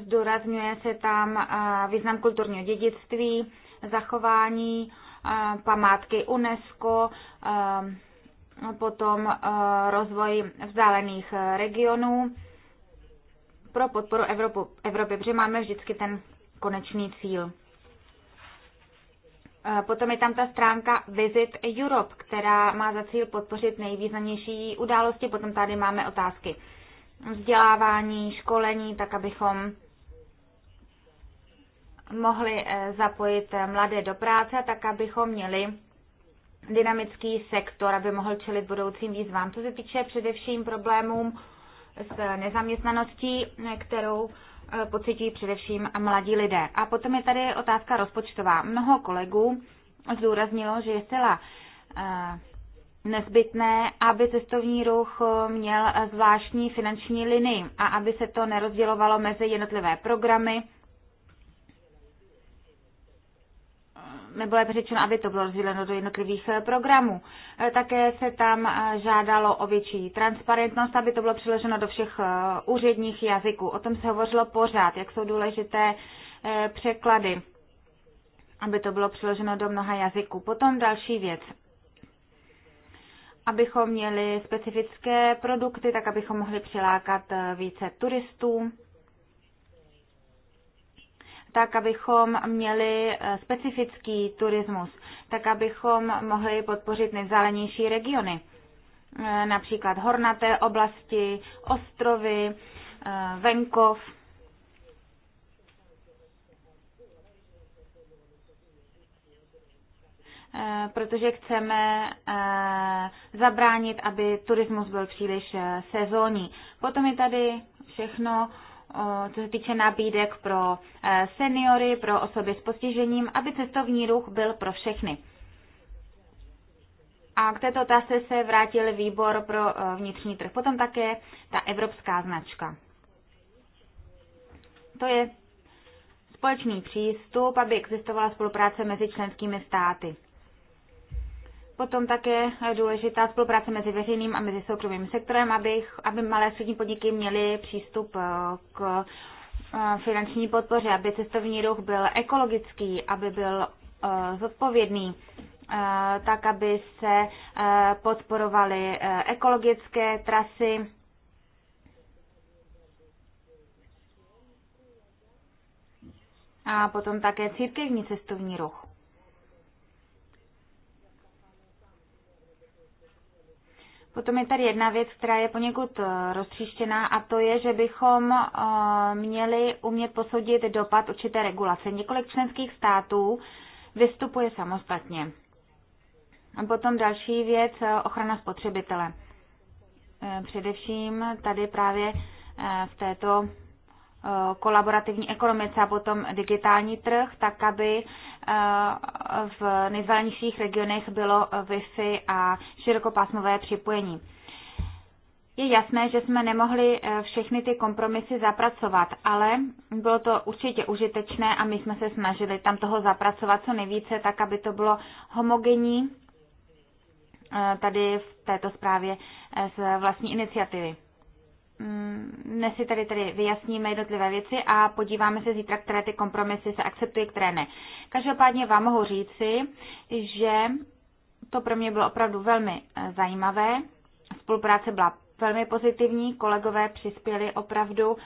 zdůrazňuje se tam význam kulturního dědictví, zachování památky UNESCO, potom eh, rozvoj vzdálených eh, regionů pro podporu Evropu, Evropy, protože máme vždycky ten konečný cíl. Eh, potom je tam ta stránka Visit Europe, která má za cíl podpořit nejvýznamnější události. Potom tady máme otázky vzdělávání, školení, tak abychom mohli zapojit mladé do práce, tak abychom měli dynamický sektor, aby mohl čelit budoucím výzvám. Co se týče především problémům s nezaměstnaností, kterou eh, pocití především mladí lidé. A potom je tady otázka rozpočtová. Mnoho kolegů zdůraznilo, že je zcela eh, nezbytné, aby cestovní ruch měl zvláštní finanční linii a aby se to nerozdělovalo mezi jednotlivé programy nebo lépe řečeno, aby to bylo rozděleno do jednotlivých eh, programů. Eh, také se tam eh, žádalo o větší transparentnost, aby to bylo přiloženo do všech úředních jazyků. O tom se hovořilo pořád, jak jsou důležité překlady, aby to bylo přiloženo do mnoha jazyků. Potom další věc abychom měli specifické produkty, tak abychom mohli přilákat více turistů tak abychom měli eh, specifický turismus, tak abychom mohli podpořit nejzálenější regiony, eh, například hornaté oblasti, ostrovy, eh, venkov. protože chceme zabránit, aby turismus byl příliš sezónní. Potom je tady všechno co se týče nabídek pro eh, seniory, pro osoby s postižením, aby cestovní ruch byl pro všechny. A k této otázce se vrátil výbor pro eh, vnitřní trh. Potom také ta evropská značka. To je společný přístup, aby existovala spolupráce mezi členskými státy. Potom také důležitá spolupráce mezi veřejným a mezi soukromým sektorem, aby, aby malé a střední podniky měly přístup eh, k eh, finanční podpoře, aby cestovní ruch byl ekologický, aby byl eh, zodpovědný, tak aby se podporovaly ekologické trasy. A potom také církevní cestovní ruch. Potom je tady jedna věc, která je poněkud eh, roztříštěná a to je, že bychom eh, měli umět posoudit dopad určité regulace. Několik členských států vystupuje samostatně. A potom další věc, eh, ochrana spotřebitele. Především tady právě v této kolaborativní ekonomice a potom digitální trh, tak aby v nejvzdálenějších regionech bylo Wi-Fi a širokopásmové připojení. Je jasné, že jsme nemohli eh, všechny ty kompromisy zapracovat, ale bylo to určitě užitečné a my jsme se snažili tam toho zapracovat co nejvíce, tak aby to bylo homogenní eh, tady v této zprávě eh, z vlastní iniciativy. Mm, dnes si tady, tady vyjasníme jednotlivé věci a podíváme se zítra, které ty kompromisy se akceptují, které ne. Každopádně vám mohu říci, že to pro mě bylo opravdu velmi eh, zajímavé. Spolupráce byla velmi pozitivní, kolegové přispěli opravdu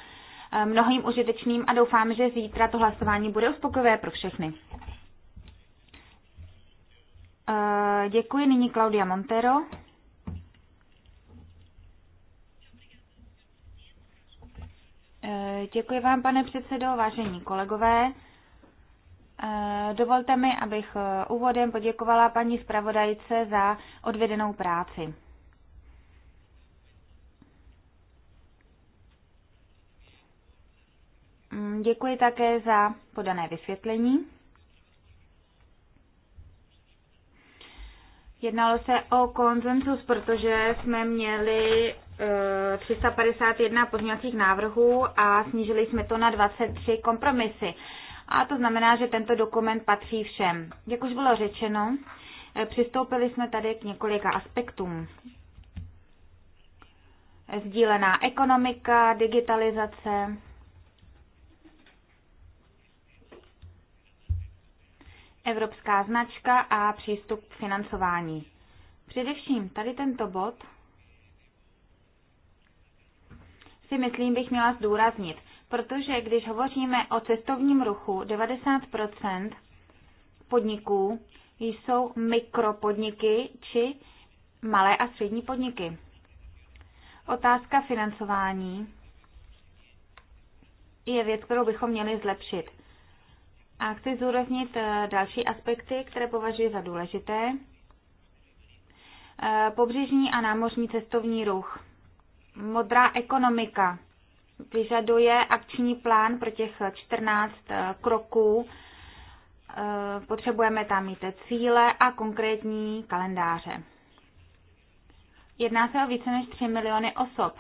eh, mnohým užitečným a doufám, že zítra to hlasování bude uspokojivé pro všechny. Eh, děkuji, nyní Claudia Montero. Děkuji vám, pane předsedo, vážení kolegové. Eh, dovolte mi, abych eh, úvodem poděkovala paní zpravodajce za odvedenou práci. Mm, děkuji také za podané vysvětlení. Jednalo se o konsenzus, protože jsme měli 351 pozměňovacích návrhů a snížili jsme to na 23 kompromisy. A to znamená, že tento dokument patří všem. Jak už bylo řečeno, eh, přistoupili jsme tady k několika aspektům. Sdílená ekonomika, digitalizace, evropská značka a přístup k financování. Především tady tento bod si myslím, bych měla zdůraznit, protože když hovoříme o cestovním ruchu, 90 podniků jsou mikropodniky či malé a střední podniky. Otázka financování je věc, kterou bychom měli zlepšit. A chci zúraznit eh, další aspekty, které považuji za důležité. Eh, pobřežní a námořní cestovní ruch modrá ekonomika vyžaduje akční plán pro těch 14 eh, kroků. Eh, potřebujeme tam mít cíle a konkrétní kalendáře. Jedná se o více než 3 miliony osob.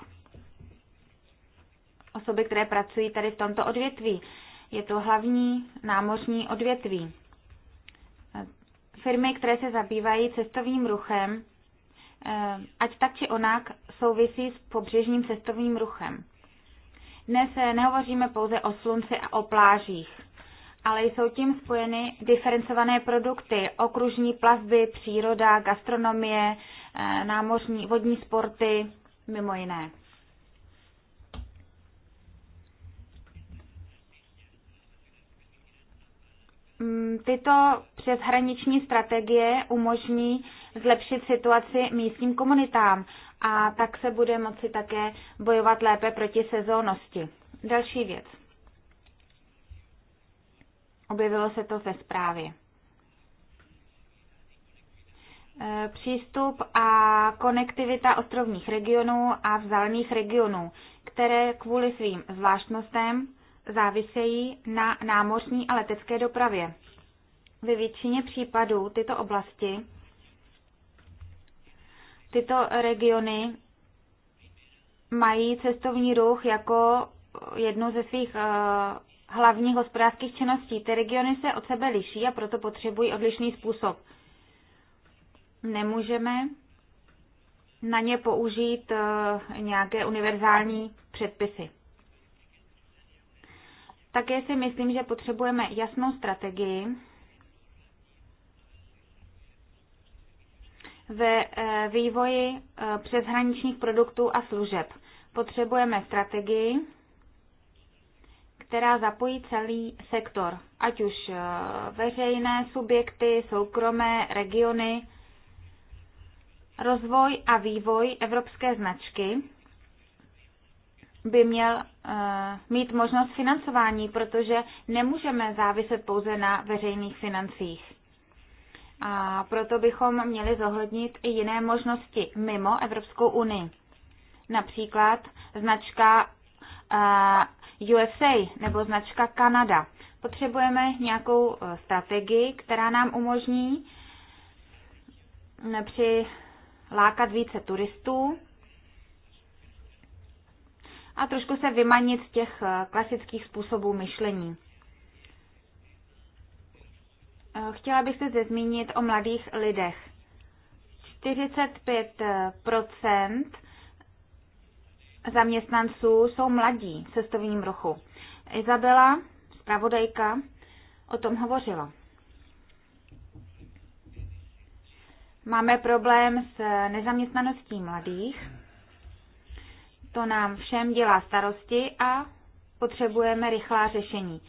Osoby, které pracují tady v tomto odvětví. Je to hlavní námořní odvětví. Eh, firmy, které se zabývají cestovním ruchem, Eh, ať tak či onak souvisí s pobřežním cestovním ruchem. Dnes eh, nehovoříme pouze o slunci a o plážích, ale jsou tím spojeny diferencované produkty, okružní plavby, příroda, gastronomie, eh, námořní vodní sporty, mimo jiné. Mm, tyto přeshraniční strategie umožní zlepšit situaci místním komunitám a tak se bude moci také bojovat lépe proti sezónnosti. Další věc. Objevilo se to ve zprávě. E, přístup a konektivita ostrovních regionů a vzdálených regionů, které kvůli svým zvláštnostem závisejí na námořní a letecké dopravě. Ve většině případů tyto oblasti Tyto regiony mají cestovní ruch jako jednu ze svých eh, hlavních hospodářských činností. Ty regiony se od sebe liší a proto potřebují odlišný způsob. Nemůžeme na ně použít eh, nějaké univerzální předpisy. Také si myslím, že potřebujeme jasnou strategii ve eh, vývoji eh, přeshraničních produktů a služeb. Potřebujeme strategii, která zapojí celý sektor, ať už eh, veřejné subjekty, soukromé regiony, rozvoj a vývoj evropské značky by měl uh, mít možnost financování, protože nemůžeme záviset pouze na veřejných financích. A proto bychom měli zohlednit i jiné možnosti mimo Evropskou unii. Například značka uh, eh, USA nebo značka Kanada. Potřebujeme nějakou eh, strategii, která nám umožní eh, při lákat více turistů a trošku se vymanit z těch klasických způsobů myšlení. Chtěla bych se zde zmínit o mladých lidech. 45 zaměstnanců jsou mladí v cestovním ruchu. Izabela, zpravodajka, o tom hovořila. Máme problém s nezaměstnaností mladých. To nám všem dělá starosti a potřebujeme rychlá řešení.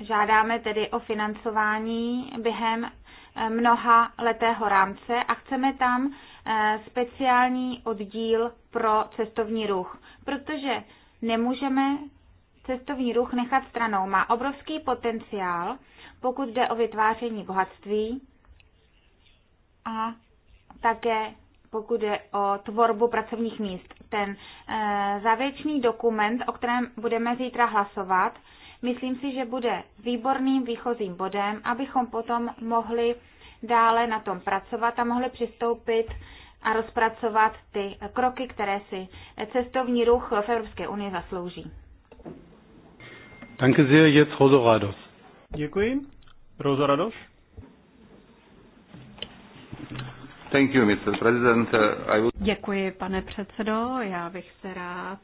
Žádáme tedy o financování během eh, mnoha letého rámce a chceme tam eh, speciální oddíl pro cestovní ruch, protože nemůžeme cestovní ruch nechat stranou. Má obrovský potenciál, pokud jde o vytváření bohatství a také pokud je o tvorbu pracovních míst. Ten e, závěrečný dokument, o kterém budeme zítra hlasovat, myslím si, že bude výborným výchozím bodem, abychom potom mohli dále na tom pracovat a mohli přistoupit a rozpracovat ty kroky, které si cestovní ruch v Evropské unii zaslouží. Danke sehr, jetzt Rosa Rados. Děkuji. Rosa Rados. Thank you, Mr. President. I will... Děkuji, pane předsedo. Já bych se rád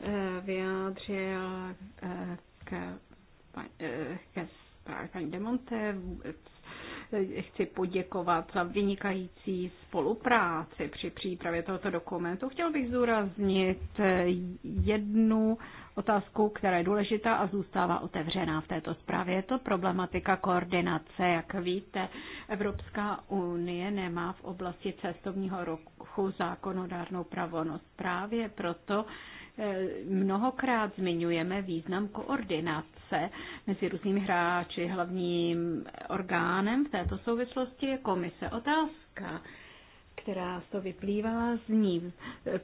Eh, vyjádřil eh, k, eh, ke zprávě paní Demonte. Chci poděkovat za vynikající spolupráci při přípravě tohoto dokumentu. Chtěl bych zúraznit jednu otázku, která je důležitá a zůstává otevřená v této zprávě. Je to problematika koordinace. Jak víte, Evropská unie nemá v oblasti cestovního ruchu zákonodárnou pravonost. Právě proto Eh, mnohokrát zmiňujeme význam koordinace mezi různými hráči. Hlavním orgánem v této souvislosti je komise. Otázka, která z toho vyplývá z ní. Eh,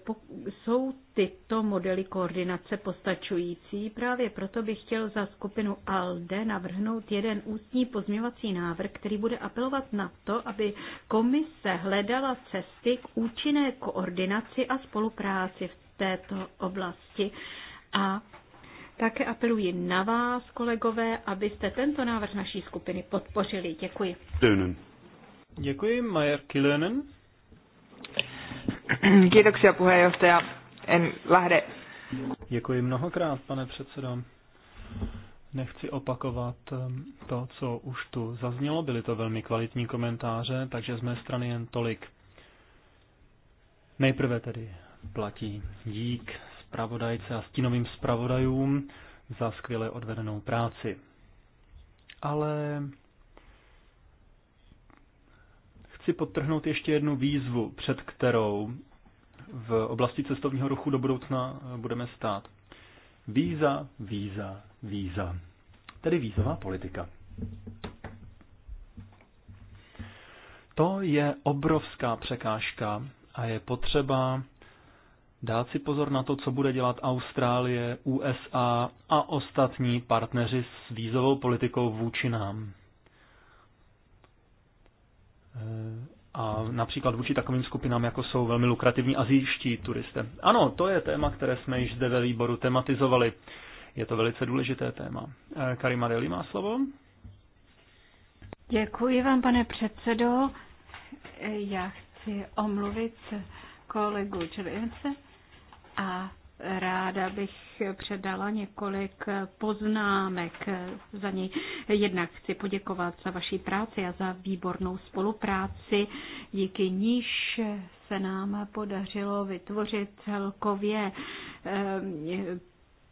jsou tyto modely koordinace postačující? Právě proto bych chtěl za skupinu ALDE navrhnout jeden ústní pozměvací návrh, který bude apelovat na to, aby komise hledala cesty k účinné koordinaci a spolupráci v této oblasti. A také apeluji na vás, kolegové, abyste tento návrh naší skupiny podpořili. Děkuji. Dönen. Děkuji, Majer Kilönen. Kiitoksia puheenjohtaja. En lähde. Děkuji mnohokrát, pane předsedo. Nechci opakovat ehm, to, co už tu zaznělo. Byly to velmi kvalitní komentáře, takže z mé strany jen tolik. Nejprve tedy platí dík zpravodajce a stínovým zpravodajům za skvěle odvedenou práci. Ale chci podtrhnout ještě jednu výzvu, před kterou v oblasti cestovního ruchu do budoucna budeme stát. Víza, víza, víza. Tedy vízová politika. To je obrovská překážka a je potřeba dát si pozor na to, co bude dělat Austrálie, USA a ostatní partneři s vízovou politikou vůči nám. E, a například vůči takovým skupinám, jako jsou velmi lukrativní azijští turisté. Ano, to je téma, které jsme již zde ve výboru tematizovali. Je to velice důležité téma. E, Karima Deli má slovo. Děkuji vám, pane předsedo. E, já chci omluvit kolegu Července a ráda bych předala několik poznámek za ní. Jednak chci poděkovat za vaší práci a za výbornou spolupráci. Díky níž se nám podařilo vytvořit celkově eh,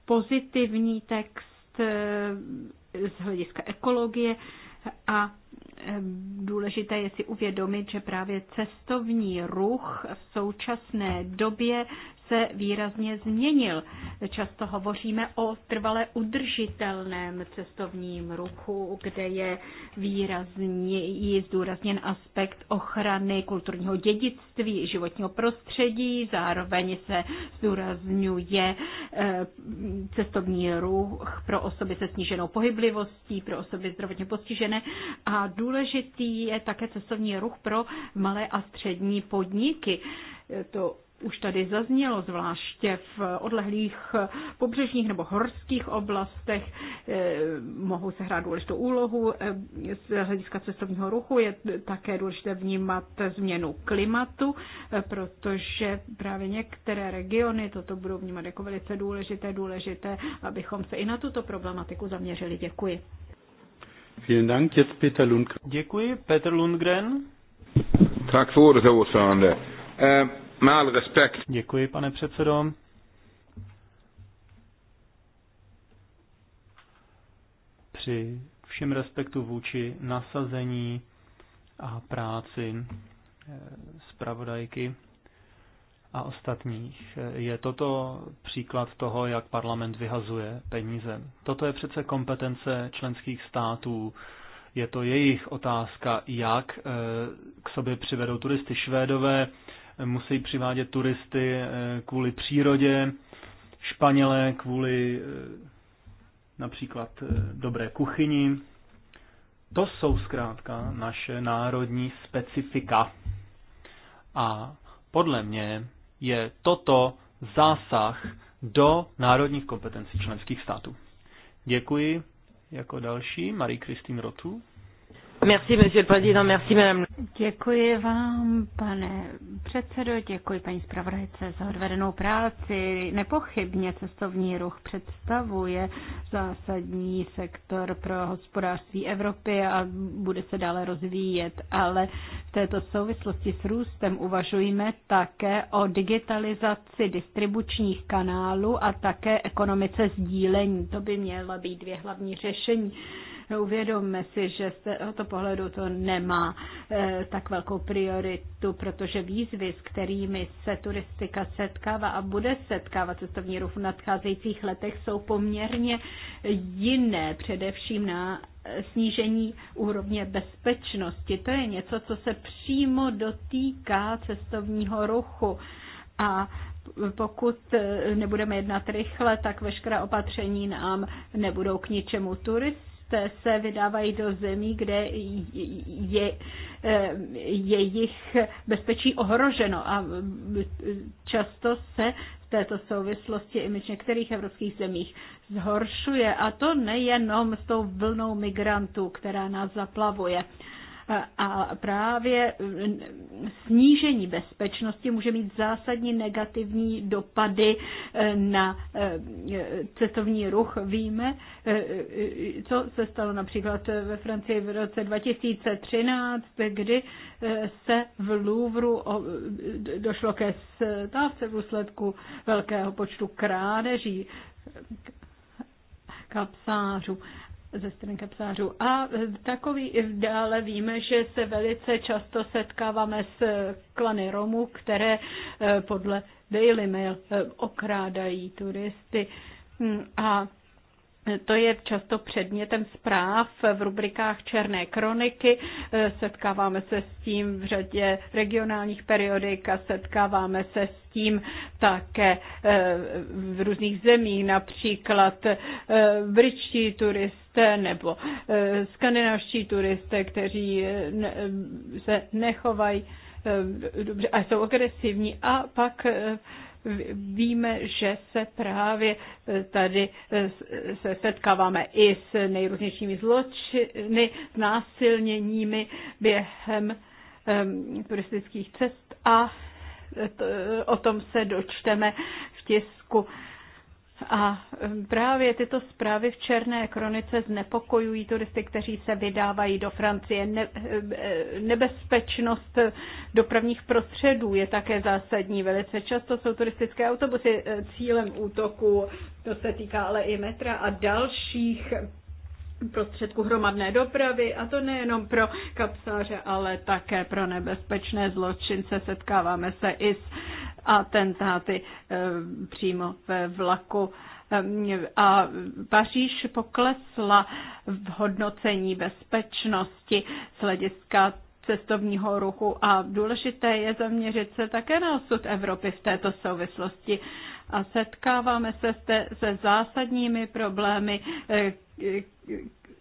pozitivní text eh, z hlediska ekologie a eh, důležité je si uvědomit, že právě cestovní ruch v současné době se výrazně změnil. Často hovoříme o trvale udržitelném cestovním ruchu, kde je výrazně zdůrazněn aspekt ochrany kulturního dědictví, životního prostředí, zároveň se zdůrazňuje eh, cestovní ruch pro osoby se sníženou pohyblivostí, pro osoby zdravotně postižené a důležitý je také cestovní ruch pro malé a střední podniky. To už tady zaznělo, zvláště v odlehlých pobřežních nebo horských oblastech, eh, mohou se hrát důležitou úlohu. Eh, z hlediska cestovního ruchu je také důležité vnímat změnu klimatu, eh, protože právě některé regiony toto budou vnímat jako velice důležité, důležité, abychom se i na tuto problematiku zaměřili. Děkuji. Lundgren. Děkuji, Petr Lundgren. Tak för ordet, Mal respekt. Děkuji, pane předsedo. Při všem respektu vůči nasazení a práci eh, zpravodajky a ostatních. Eh, je toto příklad toho, jak parlament vyhazuje peníze. Toto je přece kompetence členských států. Je to jejich otázka, jak eh, k sobě přivedou turisty. Švédové musí přivádět turisty eh, kvůli přírodě, Španělé kvůli eh, například eh, dobré kuchyni. To jsou zkrátka naše národní specifika. A podle mě je toto zásah do národních kompetencí členských států. Děkuji jako další Marie Christine Rotu. Merci, monsieur le président, merci, madame. Děkuji vám, pane předsedo, děkuji paní zpravodajce za odvedenou práci. Nepochybně cestovní ruch představuje zásadní sektor pro hospodářství Evropy a bude se dále rozvíjet, ale v této souvislosti s růstem uvažujeme také o digitalizaci distribučních kanálů a také ekonomice sdílení. To by měla být dvě hlavní řešení No, uvědomme si, že z tohoto pohledu to nemá eh, tak velkou prioritu, protože výzvy, s kterými se turistika setkává a bude setkávat cestovní ruch v nadcházejících letech, jsou poměrně jiné, především na snížení úrovně bezpečnosti. To je něco, co se přímo dotýká cestovního ruchu. A pokud eh, nebudeme jednat rychle, tak veškerá opatření nám nebudou k ničemu. Turist turisté se vydávají do zemí, kde je eh, jejich bezpečí ohroženo a často se v této souvislosti imič některých evropských zemích zhoršuje a to nejenom s tou vlnou migrantů, která nás zaplavuje. A právě mm, snížení bezpečnosti může mít zásadní negativní dopady e, na e, e, cestovní ruch. Víme, co se stalo například ve Francii v roce 2013, kdy se v Louvru došlo ke stávce v důsledku velkého počtu krádeží kapsářů ze strany kapsářů. A takový dále víme, že se velice často setkáváme s klany Romů, které eh, podle Daily Mail eh, okrádají turisty hmm, a to je často předmětem zpráv v rubrikách Černé kroniky. E, setkáváme se s tím v řadě regionálních periodik a setkáváme se s tím také e, v různých zemích, například e, britští turisté nebo skandinávští turisté, kteří se nechovají dobře a jsou agresivní a pak Víme, že se právě eh, tady eh, se setkáváme i s nejrůznějšími zločiny, násilněními během turistických cest a eh, o tom se dočteme v tisku. A právě tyto zprávy v Černé kronice znepokojují turisty, kteří se vydávají do Francie. Ne, nebezpečnost dopravních prostředů je také zásadní. Velice často jsou turistické autobusy e, cílem útoku, to se týká ale i metra a dalších prostředku hromadné dopravy a to nejenom pro kapsáře, ale také pro nebezpečné zločince. Setkáváme se i s atentáty eh, přímo ve vlaku eh, a Paříž poklesla v hodnocení bezpečnosti z hlediska cestovního ruchu a důležité je zaměřit se také na osud Evropy v této souvislosti. A setkáváme se se zásadními problémy, eh,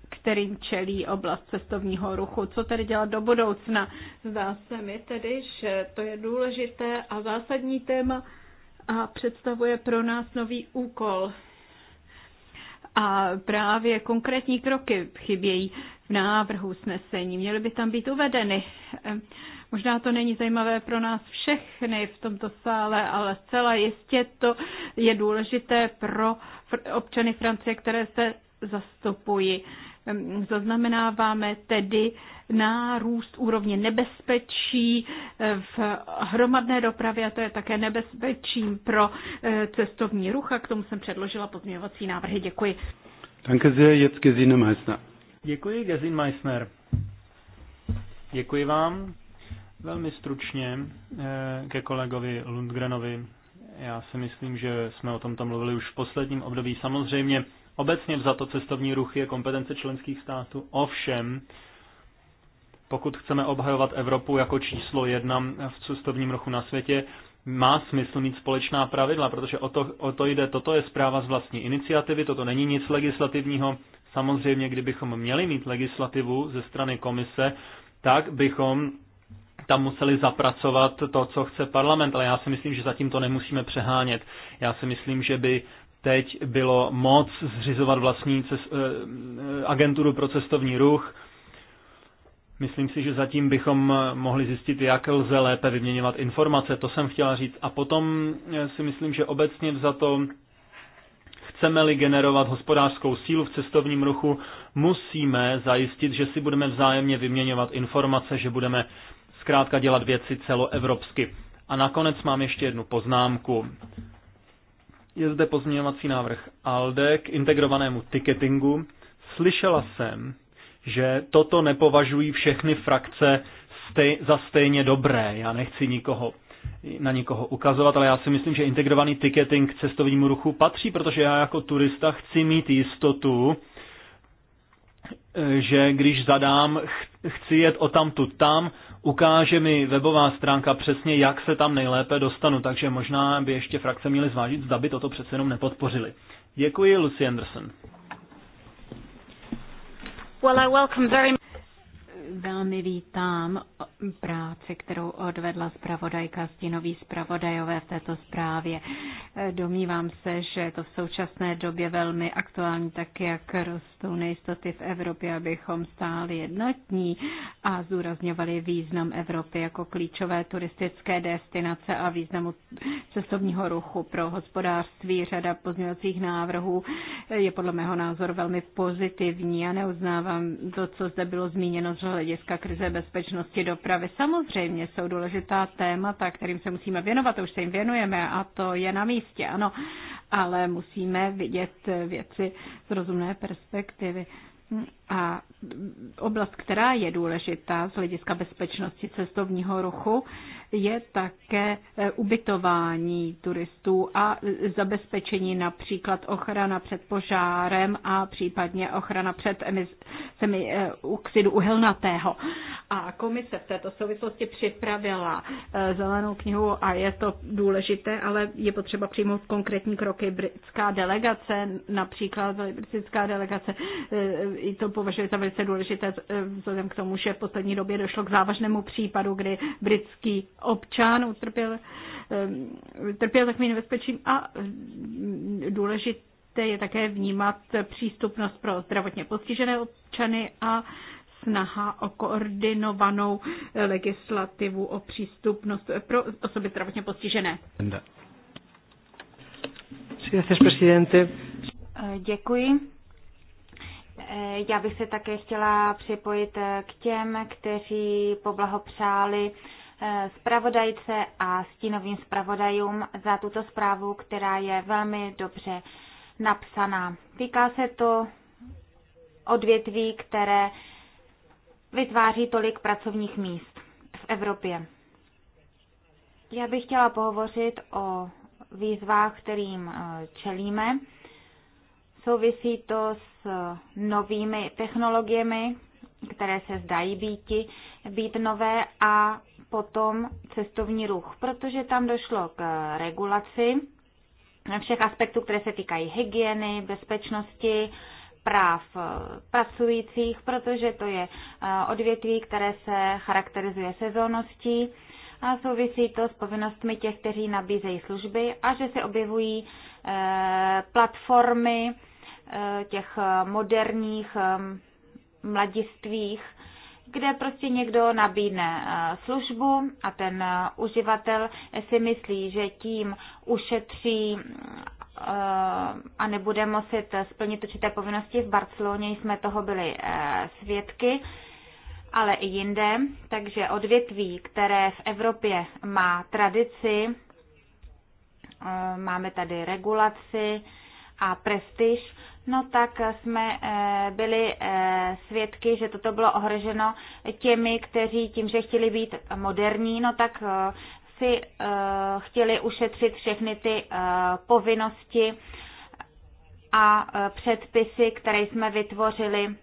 kterým čelí oblast cestovního ruchu. Co tedy dělat do budoucna? Zdá se mi tedy, že to je důležité a zásadní téma a představuje pro nás nový úkol. A právě konkrétní kroky chybějí v návrhu snesení. Měly by tam být uvedeny. Možná to není zajímavé pro nás všechny v tomto sále, ale zcela jistě to je důležité pro občany Francie, které se zastupují. Zaznamenáváme tedy nárůst úrovně nebezpečí eh, v hromadné dopravě a to je také nebezpečím pro eh, cestovní ruch a k tomu jsem předložila pozměňovací návrhy. Děkuji. Danke sehr, jetzt Gesine Meissner. Děkuji, Gesine Meissner. Děkuji vám. Velmi stručně eh, ke kolegovi Lundgrenovi. Já si myslím, že jsme o tomto mluvili už v posledním období. Samozřejmě Obecně za to cestovní ruch je kompetence členských států, ovšem pokud chceme obhajovat Evropu jako číslo jedna v cestovním ruchu na světě, má smysl mít společná pravidla, protože o to, o to jde. Toto je zpráva z vlastní iniciativy, toto není nic legislativního. Samozřejmě, kdybychom měli mít legislativu ze strany komise, tak bychom tam museli zapracovat to, co chce parlament, ale já si myslím, že zatím to nemusíme přehánět. Já si myslím, že by teď bylo moc zřizovat vlastní cest, eh, eh, agenturu pro cestovní ruch. Myslím si, že zatím bychom eh, mohli zjistit, jak lze lépe vyměňovat informace. To jsem chtěla říct. A potom si myslím, že obecně za to chceme-li generovat hospodářskou sílu v cestovním ruchu, musíme zajistit, že si budeme vzájemně vyměňovat informace, že budeme zkrátka dělat věci celoevropsky. A nakonec mám ještě jednu poznámku. Je zde pozměňovací návrh ALDE k integrovanému ticketingu. Slyšela jsem, že toto nepovažují všechny frakce stej, za stejně dobré. Já nechci nikoho na nikoho ukazovat, ale já si myslím, že integrovaný ticketing k cestovnímu ruchu patří, protože já jako turista chci mít jistotu, eh, že když zadám, chci jet o tamtu tam, ukáže mi webová stránka přesně, jak se tam nejlépe dostanu, takže možná by ještě frakce měly zvážit, zda by toto přece jenom nepodpořili. Děkuji, Lucy Anderson. Well, I welcome very velmi vítám práci, kterou odvedla zpravodajka stinový zpravodajové v této zprávě. Domnívám se, že je to v současné době velmi aktuální, tak jak rostou nejistoty v Evropě, abychom stáli jednotní a zúrazňovali význam Evropy jako klíčové turistické destinace a významu cestovního ruchu pro hospodářství. Řada pozměňovacích návrhů je podle mého názoru velmi pozitivní. Já neuznávám to, co zde bylo zmíněno z hlediska krize bezpečnosti dopravy. Samozřejmě jsou důležitá témata, kterým se musíme věnovat, už se jim věnujeme a to je na místě, ano, ale musíme vidět věci z rozumné perspektivy. A oblast, která je důležitá z hlediska bezpečnosti cestovního ruchu, je také e, ubytování turistů a zabezpečení například ochrana před požárem a případně ochrana před emisemi e, oxidu uhelnatého. A komise v této souvislosti připravila e, zelenou knihu a je to důležité, ale je potřeba přijmout konkrétní kroky. Britská delegace, například britská delegace, i to považuji za velice důležité eh, vzhledem k tomu, že v poslední době došlo k závažnému případu, kdy britský občan utrpěl, eh, trpěl takovým nebezpečím a eh, důležité je také vnímat přístupnost pro zdravotně postižené občany a snaha o koordinovanou legislativu o přístupnost pro osoby zdravotně postižené. Děkuji. Eh, já bych se také chtěla připojit eh, k těm, kteří poblahopřáli eh, zpravodajce a stínovým zpravodajům za tuto zprávu, která je velmi dobře napsaná. Týká se to odvětví, které vytváří tolik pracovních míst v Evropě. Já bych chtěla pohovořit o výzvách, kterým čelíme Souvisí to s eh, novými technologiemi, které se zdají být být nové a potom cestovní ruch, protože tam došlo k eh, regulaci všech aspektů, které se týkají hygieny, bezpečnosti, práv eh, pracujících, protože to je odvětví, které se charakterizuje sezónností a souvisí to s povinnostmi těch, kteří nabízejí služby a že se objevují platformy Eh, těch eh, moderních eh, mladistvích, kde prostě někdo nabídne službu a ten uživatel si myslí, že tím ušetří a nebude muset splnit určité povinnosti. V Barceloně jsme toho byli svědky, ale i jinde. Takže odvětví, které v Evropě má tradici, máme tady regulaci, a prestiž, no tak jsme eh, byli eh, svědky, že toto bylo ohroženo těmi, kteří tím, že chtěli být moderní, no tak eh, si chtěli ušetřit všechny ty povinnosti a předpisy, které jsme vytvořili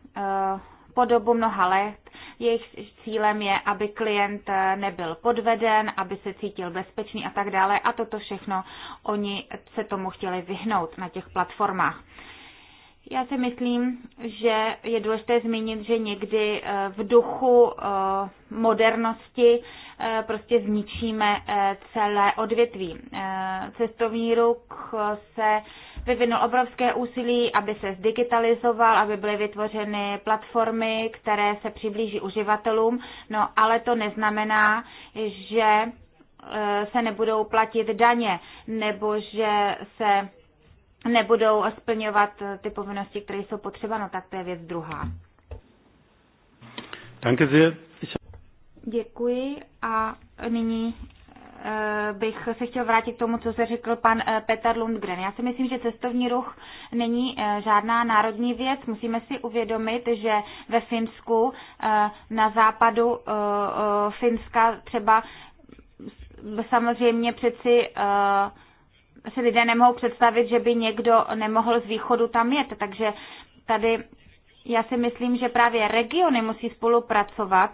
po dobu mnoha let. Jejich cílem je, aby klient eh, nebyl podveden, aby se cítil bezpečný a tak dále. A toto všechno oni se tomu chtěli vyhnout na těch platformách. Já si myslím, že je důležité zmínit, že někdy eh, v duchu eh, modernosti prostě zničíme celé odvětví. Cestovní ruk se vyvinul obrovské úsilí, aby se zdigitalizoval, aby byly vytvořeny platformy, které se přiblíží uživatelům, no ale to neznamená, že e, se nebudou platit daně nebo že se nebudou splňovat ty povinnosti, které jsou potřeba, no tak to je věc druhá. Děkuji a nyní Eh, bych se chtěl vrátit k tomu, co se řekl pan eh, Petr Lundgren. Já si myslím, že cestovní ruch není eh, žádná národní věc. Musíme si uvědomit, že ve Finsku, na západu Finska třeba samozřejmě přeci si lidé nemohou představit, že by někdo nemohl z východu tam jet. Takže tady já si myslím, že právě regiony musí spolupracovat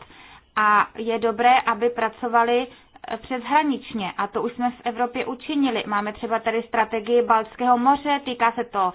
a je dobré, aby pracovali přeshraničně a to už jsme v Evropě učinili. Máme třeba tady strategii Baltského moře, týká se to,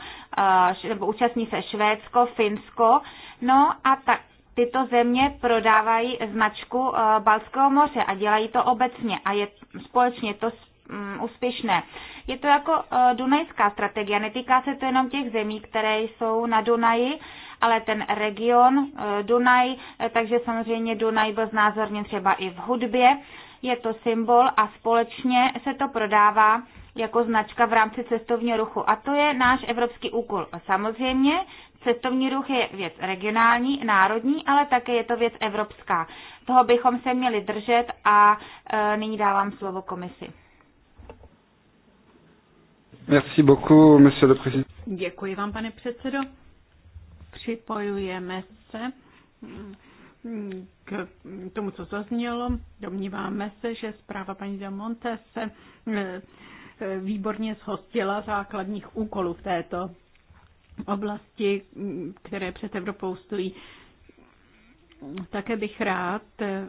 eh, nebo účastní se Švédsko, Finsko, no a tak tyto země prodávají značku eh, Balského moře a dělají to obecně a je společně to mm, úspěšné. Je to jako eh, dunajská strategie, netýká se to jenom těch zemí, které jsou na Dunaji, ale ten region Dunaj, takže samozřejmě Dunaj byl znázorně třeba i v hudbě je to symbol a společně se to prodává jako značka v rámci cestovního ruchu. A to je náš evropský úkol. Samozřejmě cestovní ruch je věc regionální, národní, ale také je to věc evropská. Toho bychom se měli držet a e, nyní dávám slovo komisi. Merci beaucoup, monsieur le président. Děkuji vám, pane předsedo. Připojujeme se k tomu, co zaznělo. Domníváme se, že zpráva paní Monte se e, výborně zhostila základních úkolů v této oblasti, které před Evropou stojí. Také bych rád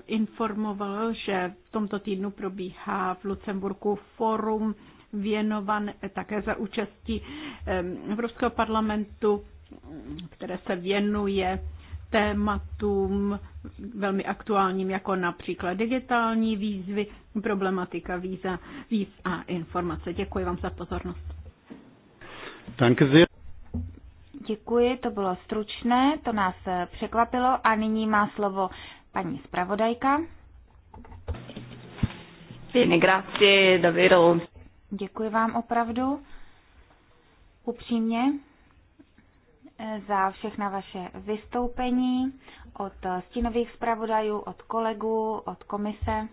informoval, že v tomto týdnu probíhá v Lucemburku forum věnovan také za účastí Evropského parlamentu, které se věnuje tématům velmi aktuálním, jako například digitální výzvy, problematika víza, víz a informace. Děkuji vám za pozornost. Danke sehr. Děkuji, to bylo stručné, to nás překvapilo a nyní má slovo paní zpravodajka. Bene, grazie, davvero. Děkuji vám opravdu, upřímně za všechna vaše vystoupení od stínových zpravodajů, od kolegů, od komise.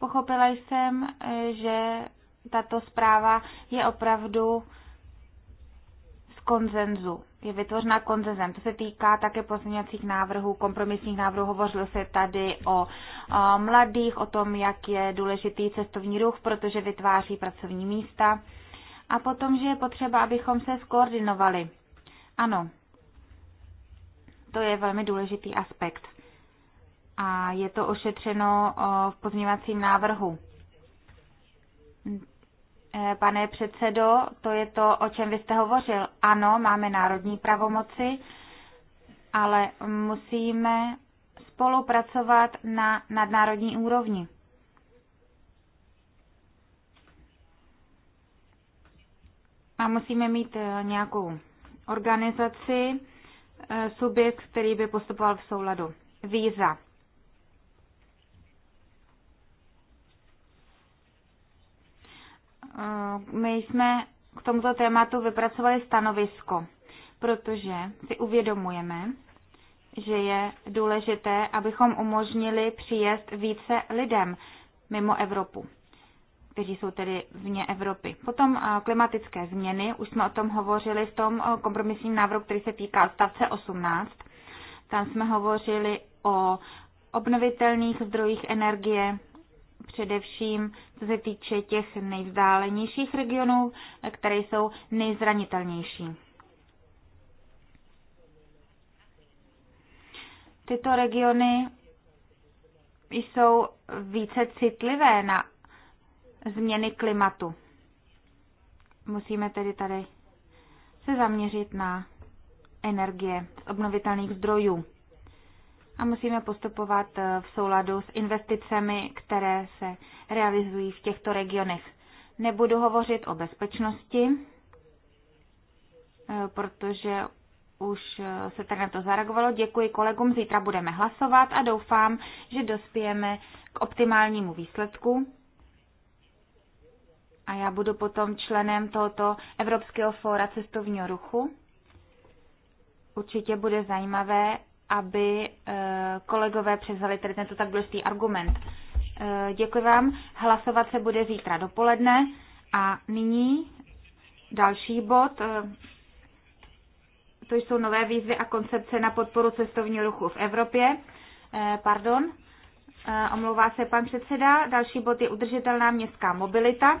Pochopila jsem, že tato zpráva je opravdu z konzenzu. Je vytvořena konzenzem. To se týká také pozměňovacích návrhů, kompromisních návrhů. Hovořilo se tady o, o mladých, o tom, jak je důležitý cestovní ruch, protože vytváří pracovní místa. A potom, že je potřeba, abychom se skoordinovali. Ano, to je velmi důležitý aspekt. A je to ošetřeno v pozměvacím návrhu. E, pane předsedo, to je to, o čem vy jste hovořil. Ano, máme národní pravomoci, ale musíme spolupracovat na nadnárodní úrovni. A musíme mít eh, nějakou organizaci, eh, subjekt, který by postupoval v souladu. Víza. Eh, my jsme k tomuto tématu vypracovali stanovisko, protože si uvědomujeme, že je důležité, abychom umožnili příjezd více lidem mimo Evropu kteří jsou tedy vně Evropy. Potom eh, klimatické změny, už jsme o tom hovořili v tom eh, kompromisním návrhu, který se týká stavce 18. Tam jsme hovořili o obnovitelných zdrojích energie, především co se týče těch nejvzdálenějších regionů, eh, které jsou nejzranitelnější. Tyto regiony jsou více citlivé na změny klimatu. Musíme tedy tady se zaměřit na energie z obnovitelných zdrojů a musíme postupovat eh, v souladu s investicemi, které se realizují v těchto regionech. Nebudu hovořit o bezpečnosti, eh, protože už eh, se tak na to zareagovalo. Děkuji kolegům, zítra budeme hlasovat a doufám, že dospějeme k optimálnímu výsledku a já budu potom členem tohoto Evropského fóra cestovního ruchu. Určitě bude zajímavé, aby eh, kolegové převzali tady tento tak důležitý argument. Eh, děkuji vám. Hlasovat se bude zítra dopoledne a nyní další bod. Eh, to jsou nové výzvy a koncepce na podporu cestovního ruchu v Evropě. Pardon, omlouvá se pan předseda. Další bod je udržitelná městská mobilita.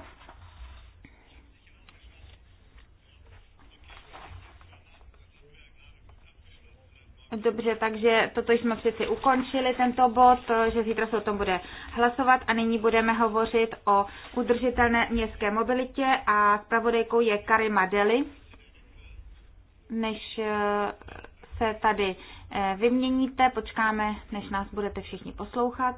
Dobře, takže toto jsme přeci ukončili, tento bod, že zítra se o tom bude hlasovat a nyní budeme hovořit o udržitelné městské mobilitě a zpravodajkou je Karima Deli. Než eh, se tady eh, vyměníte, počkáme, než nás budete všichni poslouchat.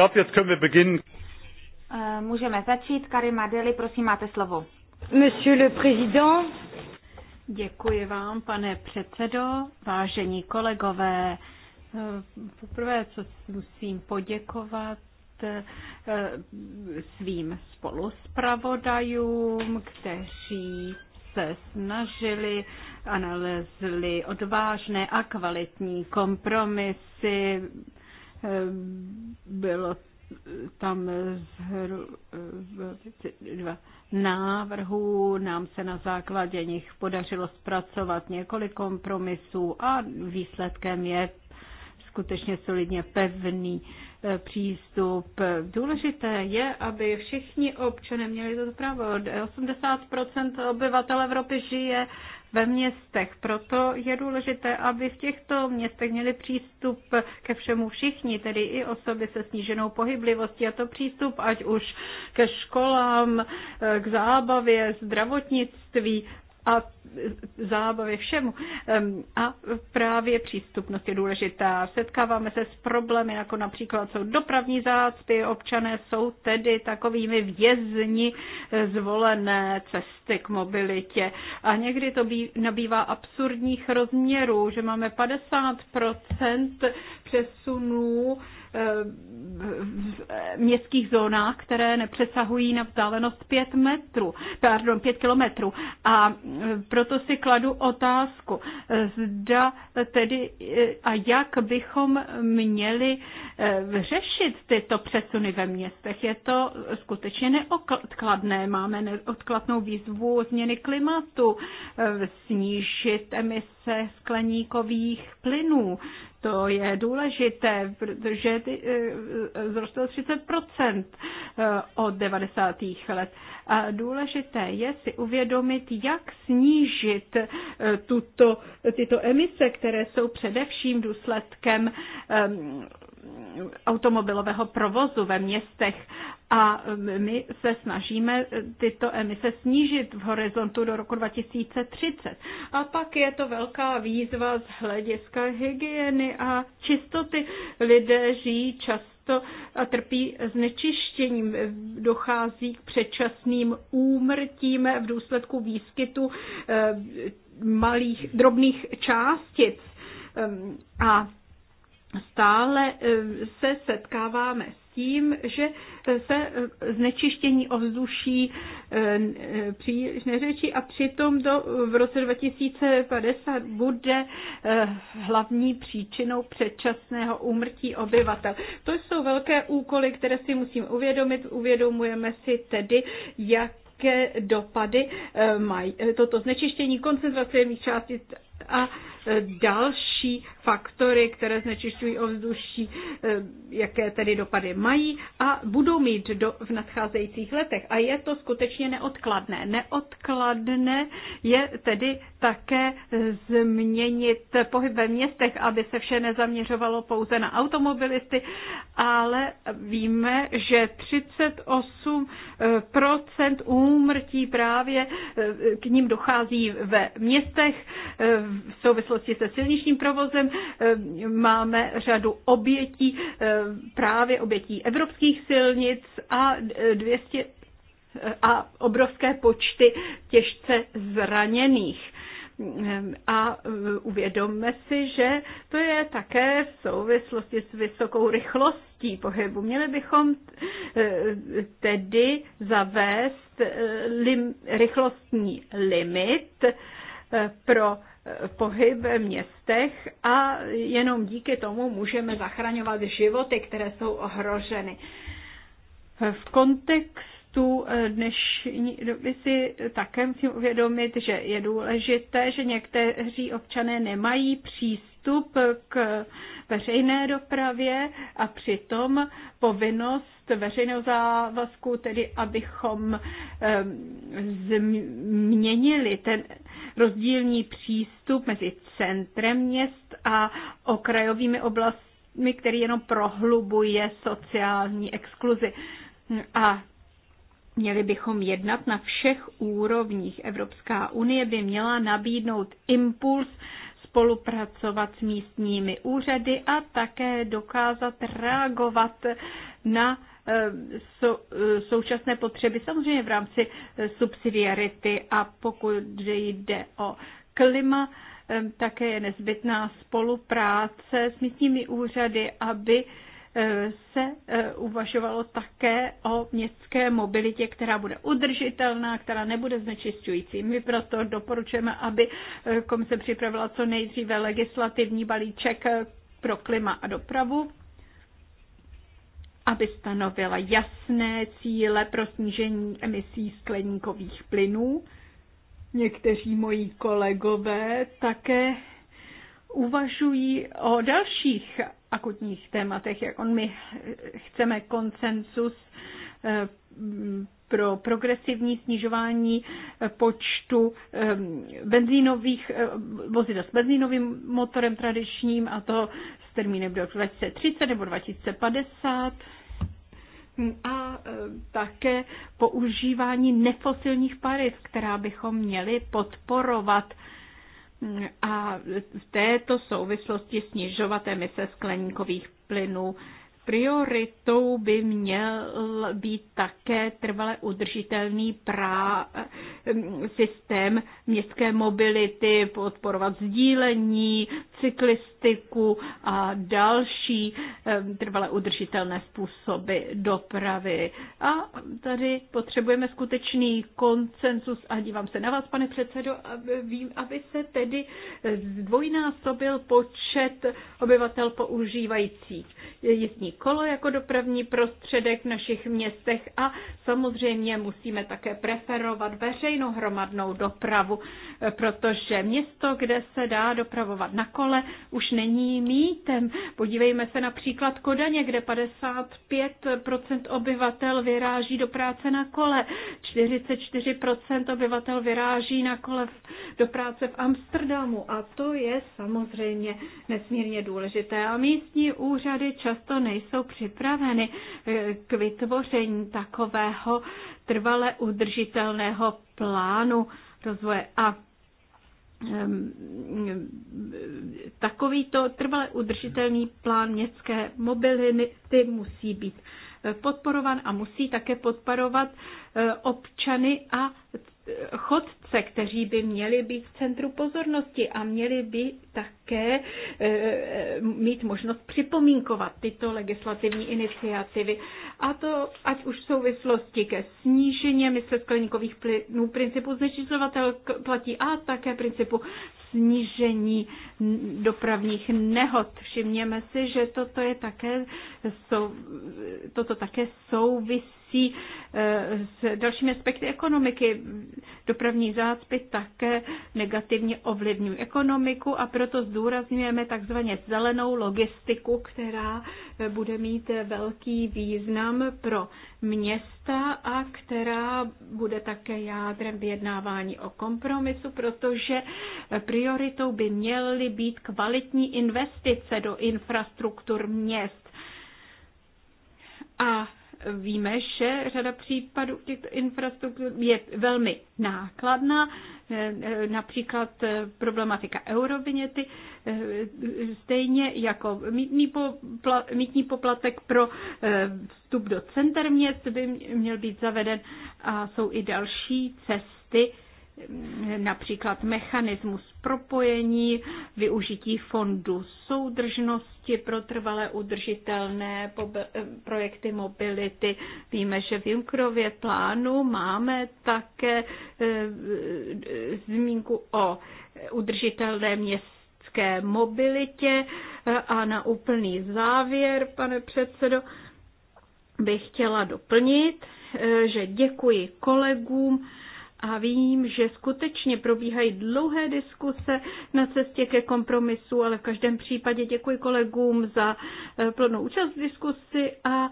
glaube, jetzt können wir beginnen. Eh, můžeme začít. Karim Adeli, prosím, máte slovo. Monsieur le président. Děkuji vám, pane předsedo, vážení kolegové. Eh, poprvé, co musím poděkovat eh, svým spoluspravodajům, kteří se snažili, analyzli odvážné a kvalitní kompromisy, Eh, bylo eh, tam eh, dva návrhů, nám se na základě nich podařilo zpracovat několik kompromisů a výsledkem je skutečně solidně pevný přístup. Důležité je, aby všichni občané měli toto právo. 80% obyvatel Evropy žije ve městech. Proto je důležité, aby v těchto městech měli přístup ke všemu všichni, tedy i osoby se sníženou pohyblivostí a to přístup ať už ke školám, eh, k zábavě, zdravotnictví, a zábavě všemu. A právě přístupnost je důležitá. Setkáváme se s problémy, jako například jsou dopravní zácpy, občané jsou tedy takovými vězni eh, zvolené cesty k mobilitě. A někdy to bý, nabývá absurdních rozměrů, že máme 50% přesunů Eh, městských zónách, které nepřesahují na vzdálenost 5 metrů, pardon, 5 kilometrů. A eh, proto si kladu otázku, eh, zda tedy a jak bychom měli řešit tyto přesuny ve městech. Je to skutečně neodkladné. Máme neodkladnou výzvu změny klimatu, snížit emise skleníkových plynů, to je důležité, protože eh, zrostlo 30% eh, od 90. let. A důležité je si uvědomit, jak snížit eh, tuto, tyto emise, které jsou především důsledkem automobilového provozu ve městech a my se snažíme tyto emise snížit v horizontu do roku 2030. A pak je to velká výzva z hlediska hygieny a čistoty. Lidé žijí často a trpí znečištěním. Dochází k předčasným úmrtím v důsledku výskytu eh, malých drobných částic. Ehm, a stále eh, se setkáváme s tím, že se eh, znečištění ovzduší eh, příliš neřečí a přitom do, v roce 2050 bude hlavní příčinou předčasného úmrtí obyvatel. To jsou velké úkoly, které si musím uvědomit. Uvědomujeme si tedy, jak jaké dopady mají toto znečištění koncentrace jemných částic a e, další faktory, které znečišťují ovzduší, e, jaké tedy dopady mají a budou mít do, v nadcházejících letech. A je to skutečně neodkladné. Neodkladné je tedy také změnit pohyb ve městech, aby se vše nezaměřovalo pouze na automobilisty, ale víme, že 38% e, úmrtí právě k ním dochází ve městech, v souvislosti se silničním provozem. Eh, máme řadu obětí, eh, právě obětí evropských silnic a 200 eh, a obrovské počty těžce zraněných. A uvědomme si, že to je také v souvislosti s vysokou rychlostí pohybu. Měli bychom tedy zavést lim, rychlostní limit pro pohyb v městech a jenom díky tomu můžeme zachraňovat životy, které jsou ohroženy. V kontextu dnešní doby si také musím uvědomit, že je důležité, že někteří občané nemají přístup přístup k veřejné dopravě a přitom povinnost veřejného závazku, tedy abychom změnili ten rozdílný přístup mezi centrem měst a okrajovými oblastmi, který jenom prohlubuje sociální exkluzi. A Měli bychom jednat na všech úrovních. Evropská unie by měla nabídnout impuls spolupracovat s místními úřady a také dokázat reagovat na eh, eh, současné potřeby, samozřejmě v rámci eh, subsidiarity a pokud jde o klima, také je nezbytná spolupráce s místními úřady, aby Eh, se eh, uvažovalo také o městské mobilitě, která bude udržitelná, která nebude znečišťující. My proto doporučujeme, aby eh, komise připravila co nejdříve legislativní balíček pro klima a dopravu, aby stanovila jasné cíle pro snížení emisí skleníkových plynů. Někteří moji kolegové také uvažují o dalších akutních tématech, jak on my chceme konsensus eh, pro progresivní snižování eh, počtu eh, benzínových vozidel s benzínovým motorem tradičním a to s termínem do 2030 nebo 2050 a také používání nefosilních paliv, která bychom měli podporovat a v této souvislosti snižovat emise skleníkových plynů prioritou by měl být také trvale udržitelný prá, mm, systém městské mobility, podporovat sdílení, cyklistiku a další mm, trvale udržitelné způsoby dopravy. A tady potřebujeme skutečný koncensus a dívám se na vás, pane předsedo, vím, aby se tedy zdvojnásobil počet obyvatel používajících jezdní kolo jako dopravní prostředek v našich městech a samozřejmě musíme také preferovat veřejnou hromadnou dopravu, protože město, kde se dá dopravovat na kole, už není mítem. Podívejme se například Kodaně, kde 55% obyvatel vyráží do práce na kole, 44% obyvatel vyráží na kole do práce v Amsterdamu a to je samozřejmě nesmírně důležité. A místní úřady často nejsou nejsou připraveny eh, k vytvoření takového trvale udržitelného plánu rozvoje. A ehm, takovýto trvale udržitelný plán městské mobility musí být eh, podporovan a musí také podporovat eh, občany a chodce, kteří by měli být v centru pozornosti a měli by také eh, eh, mít možnost připomínkovat tyto legislativní iniciativy. A to ať už v souvislosti ke snížení emise skleníkových plynů, principu znečišťovatel platí a také principu snížení dopravních nehod. Všimněme si, že toto, je také, toto také souvisí souvisí eh, s dalšími aspekty ekonomiky. Dopravní zácpy také negativně ovlivňují ekonomiku a proto zdůrazňujeme takzvaně zelenou logistiku, která eh, bude mít velký význam pro města a která bude také jádrem vyjednávání o kompromisu, protože prioritou by měly být kvalitní investice do infrastruktur měst. A víme, že řada případů těchto infrastruktur je velmi nákladná, eh, eh, například eh, problematika eurovinety, stejně jako mítní, poplatek pro vstup do center měst by měl být zaveden a jsou i další cesty, například mechanismus propojení, využití fondu soudržnosti pro trvalé udržitelné eh, projekty mobility. Víme, že v Junckerově plánu máme také eh, zmínku o udržitelné městské mobilitě eh, a na úplný závěr, pane předsedo, bych chtěla doplnit, že děkuji kolegům, a vím, že skutečně probíhají dlouhé diskuse na cestě ke kompromisu, ale v každém případě děkuji kolegům za eh, plnou účast v diskusi a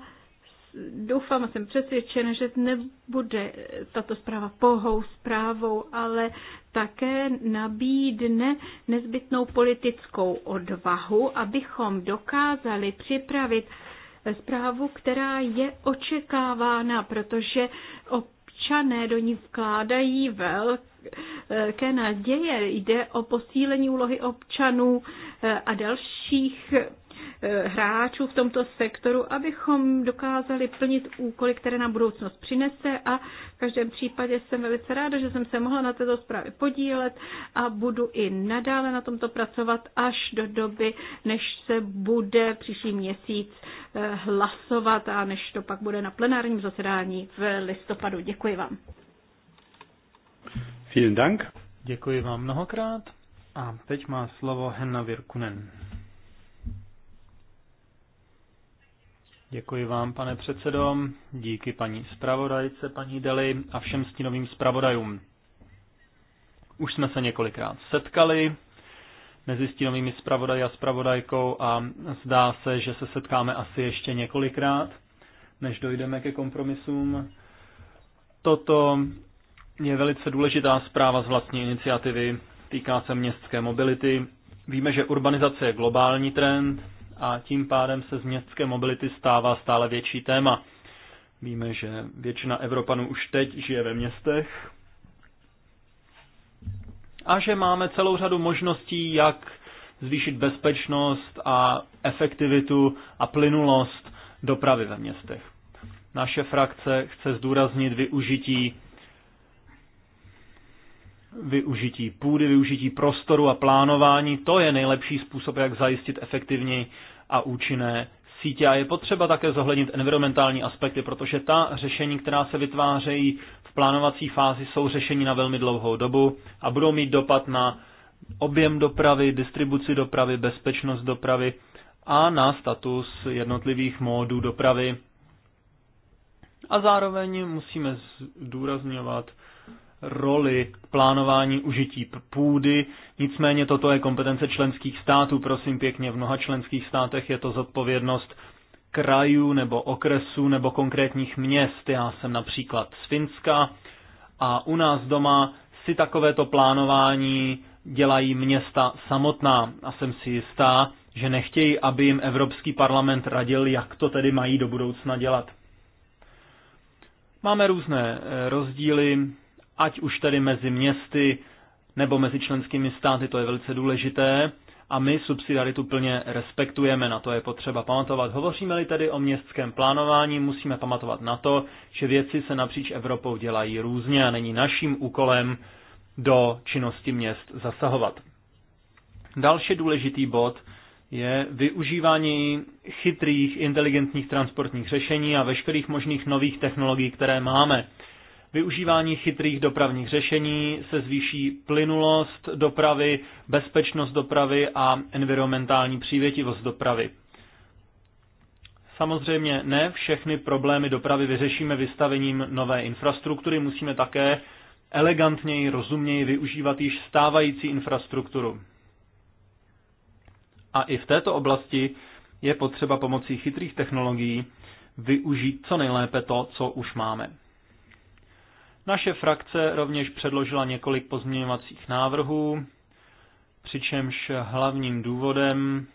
doufám a jsem přesvědčena, že nebude tato zpráva pohou zprávou, ale také nabídne nezbytnou politickou odvahu, abychom dokázali připravit zprávu, která je očekávána, protože o občané do ní vkládají velké naděje. Jde o posílení úlohy občanů eh, a dalších Eh, hráčů v tomto sektoru, abychom dokázali plnit úkoly, které nám budoucnost přinese a v každém případě jsem velice ráda, že jsem se mohla na této zprávě podílet a budu i nadále na tomto pracovat až do doby, než se bude příští měsíc eh, hlasovat a než to pak bude na plenárním zasedání v listopadu. Děkuji vám. Vielen Dank. Děkuji vám mnohokrát. A teď má slovo Henna Virkunen. Děkuji vám, pane předsedo, díky paní zpravodajce, paní Deli a všem stínovým zpravodajům. Už jsme se několikrát setkali mezi stínovými zpravodaji a zpravodajkou a zdá se, že se setkáme asi ještě několikrát, než dojdeme ke kompromisům. Toto je velice důležitá zpráva z vlastní iniciativy, týká se městské mobility. Víme, že urbanizace je globální trend, a tím pádem se z městské mobility stává stále větší téma. Víme, že většina Evropanů už teď žije ve městech a že máme celou řadu možností, jak zvýšit bezpečnost a efektivitu a plynulost dopravy ve městech. Naše frakce chce zdůraznit využití využití půdy, využití prostoru a plánování, to je nejlepší způsob, jak zajistit efektivní a účinné sítě. A je potřeba také zohlednit environmentální aspekty, protože ta řešení, která se vytvářejí v plánovací fázi, jsou řešení na velmi dlouhou dobu a budou mít dopad na objem dopravy, distribuci dopravy, bezpečnost dopravy a na status jednotlivých módů dopravy. A zároveň musíme zdůrazňovat roli k plánování užití půdy, nicméně toto je kompetence členských států, prosím pěkně, v mnoha členských státech je to zodpovědnost krajů nebo okresů nebo konkrétních měst. Já jsem například z Finska a u nás doma si takovéto plánování dělají města samotná a jsem si jistá, že nechtějí, aby jim Evropský parlament radil, jak to tedy mají do budoucna dělat. Máme různé eh, rozdíly ať už tedy mezi městy nebo mezi členskými státy, to je velice důležité. A my subsidiaritu plně respektujeme, na to je potřeba pamatovat. Hovoříme-li tedy o městském plánování, musíme pamatovat na to, že věci se napříč Evropou dělají různě a není naším úkolem do činnosti měst zasahovat. Další důležitý bod je využívání chytrých, inteligentních transportních řešení a veškerých možných nových technologií, které máme. Využívání chytrých dopravních řešení se zvýší plynulost dopravy, bezpečnost dopravy a environmentální přívětivost dopravy. Samozřejmě ne všechny problémy dopravy vyřešíme vystavením nové infrastruktury, musíme také elegantněji, rozumněji využívat již stávající infrastrukturu. A i v této oblasti je potřeba pomocí chytrých technologií využít co nejlépe to, co už máme. Naše frakce rovněž předložila několik pozměňovacích návrhů, přičemž hlavním důvodem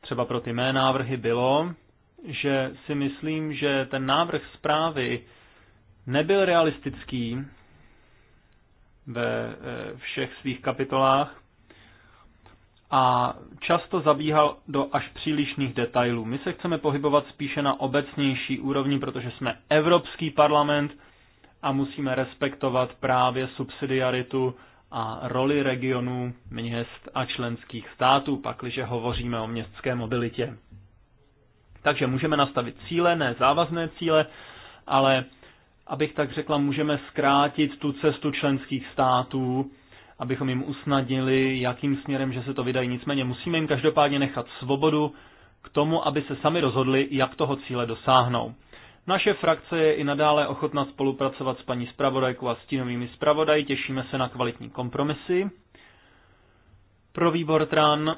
třeba pro ty mé návrhy bylo, že si myslím, že ten návrh zprávy nebyl realistický ve e, všech svých kapitolách a často zabíhal do až přílišných detailů. My se chceme pohybovat spíše na obecnější úrovni, protože jsme Evropský parlament, a musíme respektovat právě subsidiaritu a roli regionů, měst a členských států, pakliže hovoříme o městské mobilitě. Takže můžeme nastavit cíle, ne závazné cíle, ale abych tak řekla, můžeme zkrátit tu cestu členských států, abychom jim usnadnili, jakým směrem, že se to vydají. Nicméně musíme jim každopádně nechat svobodu k tomu, aby se sami rozhodli, jak toho cíle dosáhnou. Naše frakce je i nadále ochotna spolupracovat s paní zpravodajkou a stínovými zpravodají, Těšíme se na kvalitní kompromisy pro výbor TRAN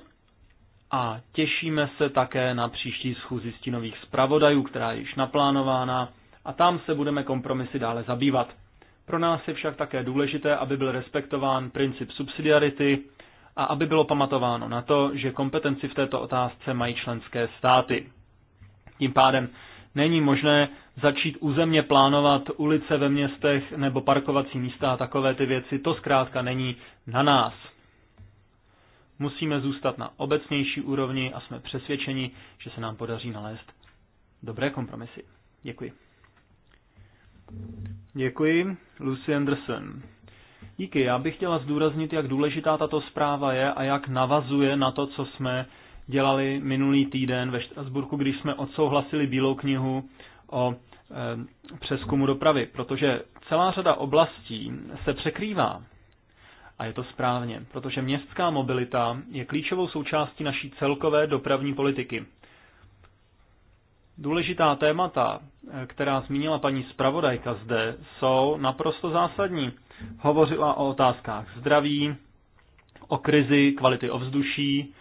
a těšíme se také na příští schůzi stínových zpravodajů, která je již naplánována a tam se budeme kompromisy dále zabývat. Pro nás je však také důležité, aby byl respektován princip subsidiarity a aby bylo pamatováno na to, že kompetenci v této otázce mají členské státy. Tím pádem Není možné začít územně plánovat ulice ve městech nebo parkovací místa a takové ty věci. To zkrátka není na nás. Musíme zůstat na obecnější úrovni a jsme přesvědčeni, že se nám podaří nalézt dobré kompromisy. Děkuji. Děkuji, Lucy Anderson. Díky, já bych chtěla zdůraznit, jak důležitá tato zpráva je a jak navazuje na to, co jsme dělali minulý týden ve Štrasburku, když jsme odsouhlasili Bílou knihu o eh, přeskumu dopravy, protože celá řada oblastí se překrývá. A je to správně, protože městská mobilita je klíčovou součástí naší celkové dopravní politiky. Důležitá témata, eh, která zmínila paní zpravodajka zde, jsou naprosto zásadní. Hovořila o otázkách zdraví, o krizi, kvality ovzduší,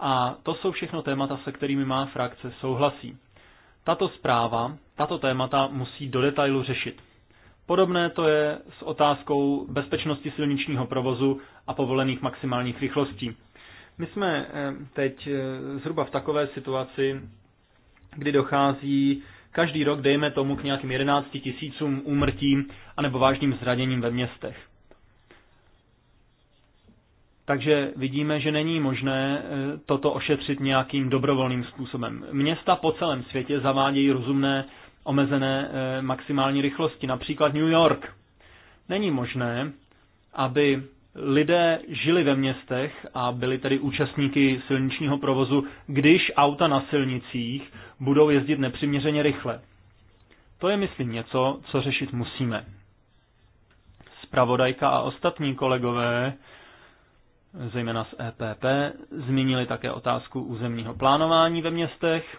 a to jsou všechno témata, se kterými má frakce souhlasí. Tato zpráva, tato témata musí do detailu řešit. Podobné to je s otázkou bezpečnosti silničního provozu a povolených maximálních rychlostí. My jsme eh, teď eh, zhruba v takové situaci, kdy dochází každý rok, dejme tomu, k nějakým 11 tisícům úmrtí anebo vážným zraněním ve městech. Takže vidíme, že není možné e, toto ošetřit nějakým dobrovolným způsobem. Města po celém světě zavádějí rozumné omezené e, maximální rychlosti, například New York. Není možné, aby lidé žili ve městech a byli tedy účastníky silničního provozu, když auta na silnicích budou jezdit nepřiměřeně rychle. To je, myslím, něco, co řešit musíme. Spravodajka a ostatní kolegové zejména z EPP, zmínili také otázku územního plánování ve městech,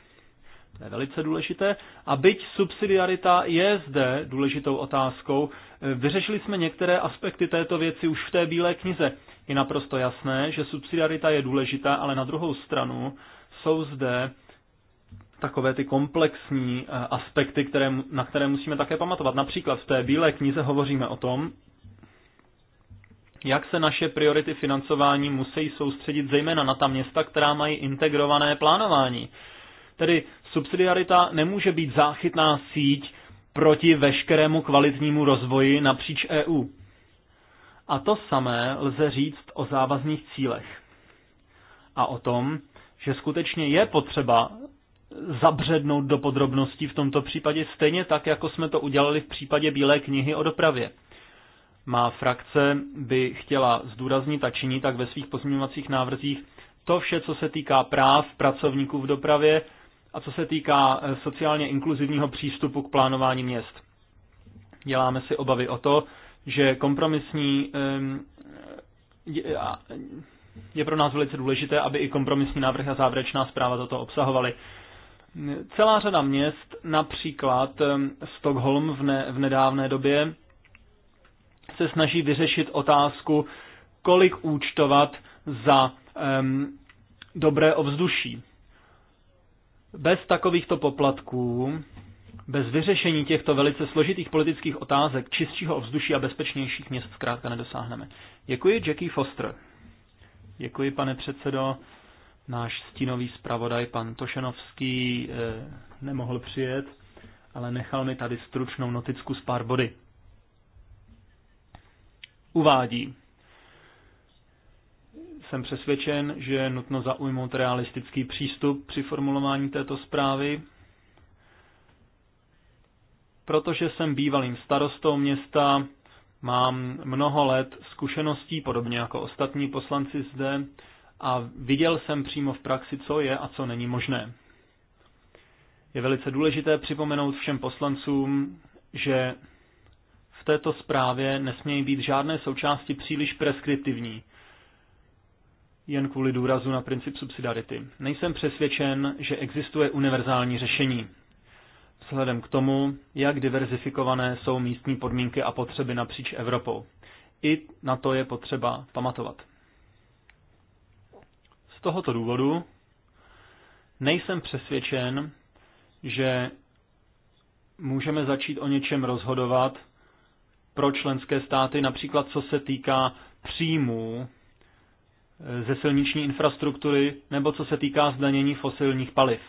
to je velice důležité. A byť subsidiarita je zde důležitou otázkou, vyřešili jsme některé aspekty této věci už v té bílé knize. Je naprosto jasné, že subsidiarita je důležitá, ale na druhou stranu jsou zde takové ty komplexní eh, aspekty, které, na které musíme také pamatovat. Například v té bílé knize hovoříme o tom, jak se naše priority financování musí soustředit zejména na ta města, která mají integrované plánování. Tedy subsidiarita nemůže být záchytná síť proti veškerému kvalitnímu rozvoji napříč EU. A to samé lze říct o závazných cílech. A o tom, že skutečně je potřeba zabřednout do podrobností v tomto případě, stejně tak, jako jsme to udělali v případě Bílé knihy o dopravě má frakce by chtěla zdůraznit a činit tak ve svých pozměňovacích návrzích to vše, co se týká práv pracovníků v dopravě a co se týká eh, sociálně inkluzivního přístupu k plánování měst. Děláme si obavy o to, že kompromisní je pro nás velice důležité, aby i kompromisní návrh a závěrečná zpráva toto obsahovaly. Celá řada měst, například Stockholm v, ne, v nedávné době, se snaží vyřešit otázku, kolik účtovat za um, dobré ovzduší. Bez takovýchto poplatků, bez vyřešení těchto velice složitých politických otázek, čistšího ovzduší a bezpečnějších měst zkrátka nedosáhneme. Děkuji, Jackie Foster. Děkuji, pane předsedo. Náš stínový zpravodaj, pan Tošenovský, eh, nemohl přijet, ale nechal mi tady stručnou noticku z pár body uvádí. Jsem přesvědčen, že je nutno zaujmout realistický přístup při formulování této zprávy, protože jsem bývalým starostou města, mám mnoho let zkušeností, podobně jako ostatní poslanci zde, a viděl jsem přímo v praxi, co je a co není možné. Je velice důležité připomenout všem poslancům, že této zprávě nesmějí být žádné součásti příliš preskriptivní, jen kvůli důrazu na princip subsidiarity. Nejsem přesvědčen, že existuje univerzální řešení. Vzhledem k tomu, jak diverzifikované jsou místní podmínky a potřeby napříč Evropou. I na to je potřeba pamatovat. Z tohoto důvodu nejsem přesvědčen, že můžeme začít o něčem rozhodovat pro členské státy, například co se týká příjmů eh, ze silniční infrastruktury nebo co se týká zdanění fosilních paliv.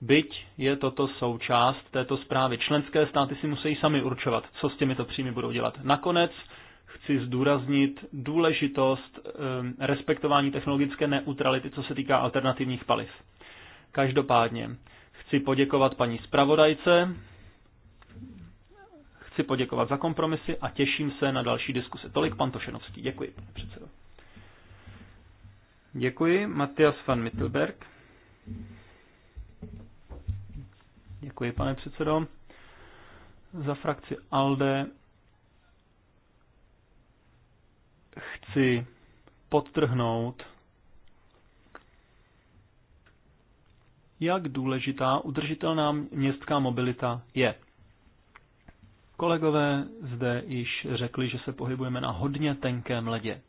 Byť je toto součást této zprávy. Členské státy si musí sami určovat, co s těmito příjmy budou dělat. Nakonec chci zdůraznit důležitost eh, respektování technologické neutrality, co se týká alternativních paliv. Každopádně chci poděkovat paní zpravodajce chci poděkovat za kompromisy a těším se na další diskuse. Tolik pan Tošenovský. Děkuji, pane předsedo. Děkuji. Matias van Mittelberg. Děkuji, pane předsedo. Za frakci ALDE chci podtrhnout, jak důležitá udržitelná městská mobilita je. Kolegové zde již řekli, že se pohybujeme na hodně tenkém ledě.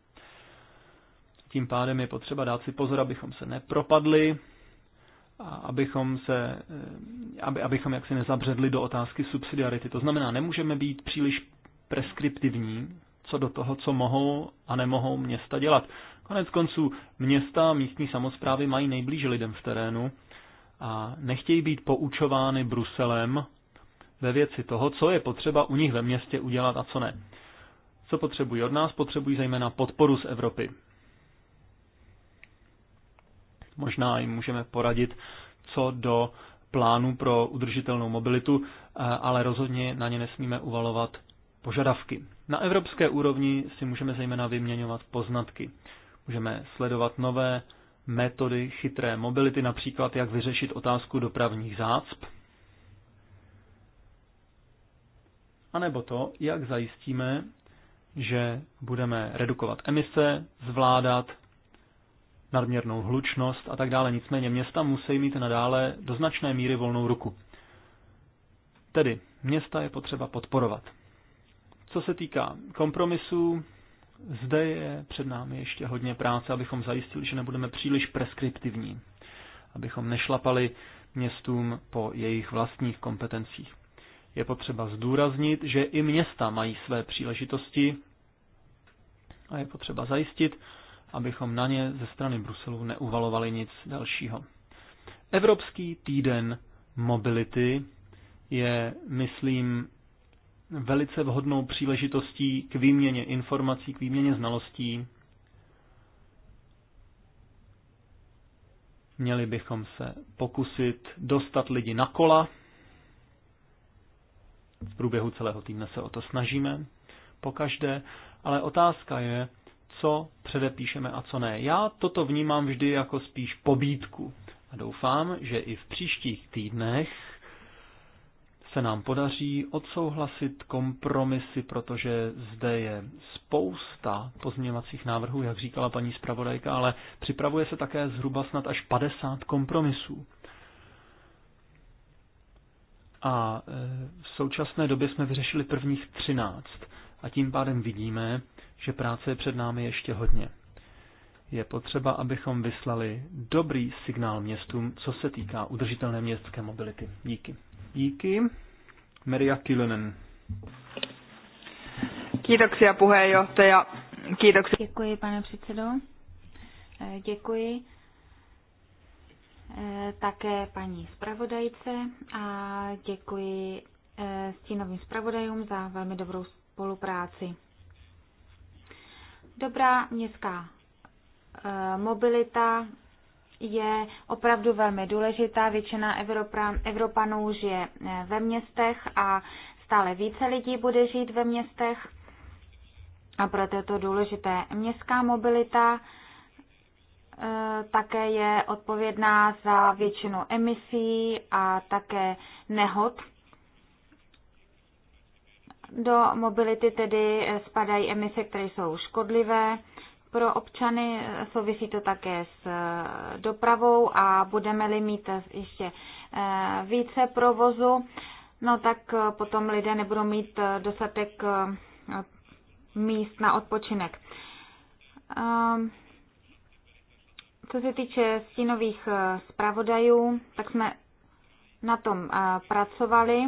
Tím pádem je potřeba dát si pozor, abychom se nepropadli, a abychom se, eh, aby, abychom jaksi nezabředli do otázky subsidiarity. To znamená, nemůžeme být příliš preskriptivní co do toho, co mohou a nemohou města dělat. Konec konců města a místní samozprávy mají nejblíže lidem v terénu a nechtějí být poučovány Bruselem ve věci toho, co je potřeba u nich ve městě udělat a co ne. Co potřebují od nás? Potřebují zejména podporu z Evropy. Možná jim můžeme poradit, co do plánu pro udržitelnou mobilitu, eh, ale rozhodně na ně nesmíme uvalovat požadavky. Na evropské úrovni si můžeme zejména vyměňovat poznatky. Můžeme sledovat nové metody chytré mobility, například jak vyřešit otázku dopravních zácp, anebo to, jak zajistíme, že budeme redukovat emise, zvládat nadměrnou hlučnost a tak dále. Nicméně města musí mít nadále do značné míry volnou ruku. Tedy města je potřeba podporovat. Co se týká kompromisů, zde je před námi ještě hodně práce, abychom zajistili, že nebudeme příliš preskriptivní, abychom nešlapali městům po jejich vlastních kompetencích. Je potřeba zdůraznit, že i města mají své příležitosti a je potřeba zajistit, abychom na ně ze strany Bruselu neuvalovali nic dalšího. Evropský týden mobility je, myslím, velice vhodnou příležitostí k výměně informací, k výměně znalostí. Měli bychom se pokusit dostat lidi na kola, v průběhu celého týdne se o to snažíme, pokaždé, ale otázka je, co předepíšeme a co ne. Já toto vnímám vždy jako spíš pobídku a doufám, že i v příštích týdnech se nám podaří odsouhlasit kompromisy, protože zde je spousta pozměňovacích návrhů, jak říkala paní zpravodajka, ale připravuje se také zhruba snad až 50 kompromisů. A e, v současné době jsme vyřešili prvních 13 a tím pádem vidíme, že práce je před námi ještě hodně. Je potřeba, abychom vyslali dobrý signál městům, co se týká udržitelné městské mobility. Díky. Díky. Merja Kilonen. Kiitoksia puheenjohtaja. Kiitoksia. Děkuji, pane předsedo. E, děkuji Eh, také paní zpravodajce a děkuji eh, stínovým zpravodajům za velmi dobrou spolupráci. Dobrá městská eh, mobilita je opravdu velmi důležitá. Většina Evropanů žije ve městech a stále více lidí bude žít ve městech. A proto je to důležité. Městská mobilita Eh, také je odpovědná za většinu emisí a také nehod. Do mobility tedy spadají emise, které jsou škodlivé pro občany. Souvisí to také s eh, dopravou a budeme-li mít ještě eh, více provozu, no tak potom lidé nebudou mít dostatek míst na odpočinek. Ehm, co se týče stínových eh, zpravodajů, tak jsme na tom eh, pracovali.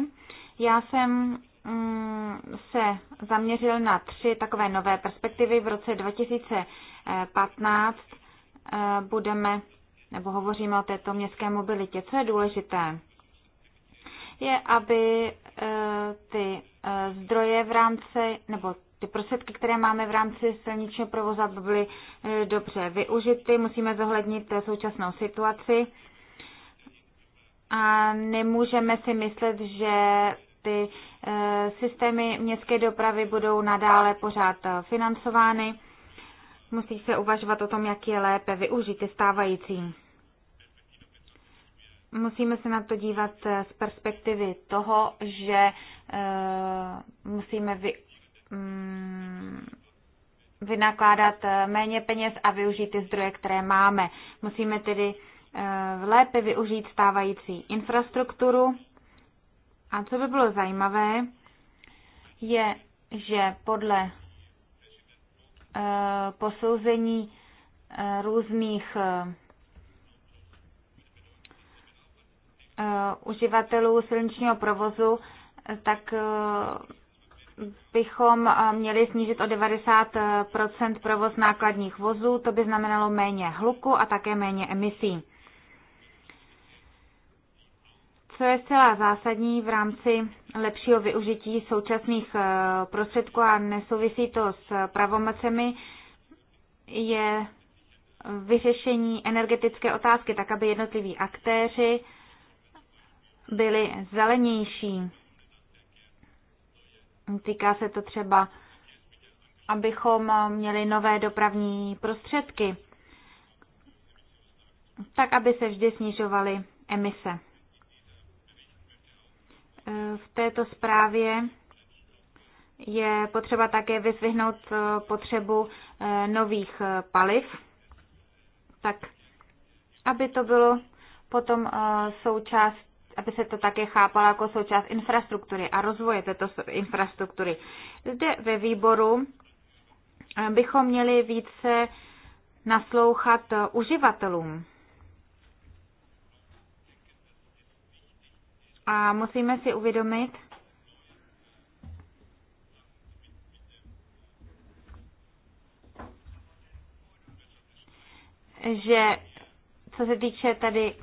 Já jsem mm, se zaměřil na tři takové nové perspektivy. V roce 2015 eh, budeme nebo hovoříme o této městské mobilitě. Co je důležité? Je, aby ty zdroje v rámci nebo ty prostředky, které máme v rámci silničního provozu, aby byly eh, dobře využity. Musíme zohlednit eh, současnou situaci a nemůžeme si myslet, že ty eh, systémy městské dopravy budou nadále pořád financovány. Musí se uvažovat o tom, jak je lépe využít ty stávající. Musíme se na to dívat z perspektivy toho, že musíme vy. Mm, vynakládat eh, méně peněz a využít ty zdroje, které máme. Musíme tedy eh, lépe využít stávající infrastrukturu. A co by bylo zajímavé, je, že podle eh, posouzení různých uživatelů silničního provozu, tak bychom eh, měli snížit o 90 provoz nákladních vozů, to by znamenalo méně hluku a také méně emisí. Co je zcela zásadní v rámci lepšího využití současných eh, prostředků a nesouvisí to s pravomocemi, je vyřešení energetické otázky, tak aby jednotliví aktéři byli zelenější Týká se to třeba, abychom měli nové dopravní prostředky, tak aby se vždy snižovaly emise. V této zprávě je potřeba také vyzvihnout potřebu eh, nových eh, paliv, tak aby to bylo potom eh, součást aby se to také chápalo jako součást infrastruktury a rozvoje této infrastruktury. Zde ve výboru eh, bychom měli více naslouchat eh, uživatelům. A musíme si uvědomit, že co se týče tady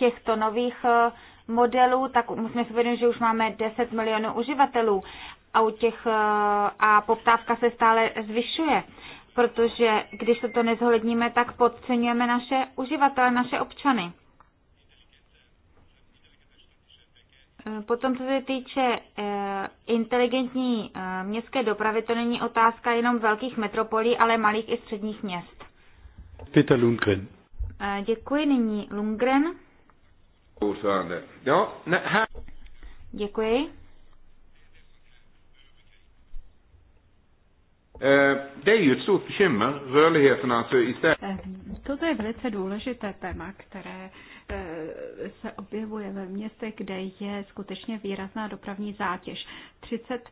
těchto nových eh, modelů, tak musíme si uvědomit, že už máme 10 milionů uživatelů a, u těch, eh, a poptávka se stále zvyšuje, protože když se to nezhledníme, tak podceňujeme naše uživatele, naše občany. Eh, potom, co se týče inteligentní městské dopravy, to není otázka jenom velkých metropolí, ale malých i středních měst. Peter Lundgren. Děkuji, nyní Lundgren. Ordförande. Ja, här... Děkuji. Eh, det är ju ett stort bekymmer, rörligheten alltså ehm, Toto je velice důležité téma, které Eh, se objevuje ve městech, kde je skutečně výrazná dopravní zátěž. 30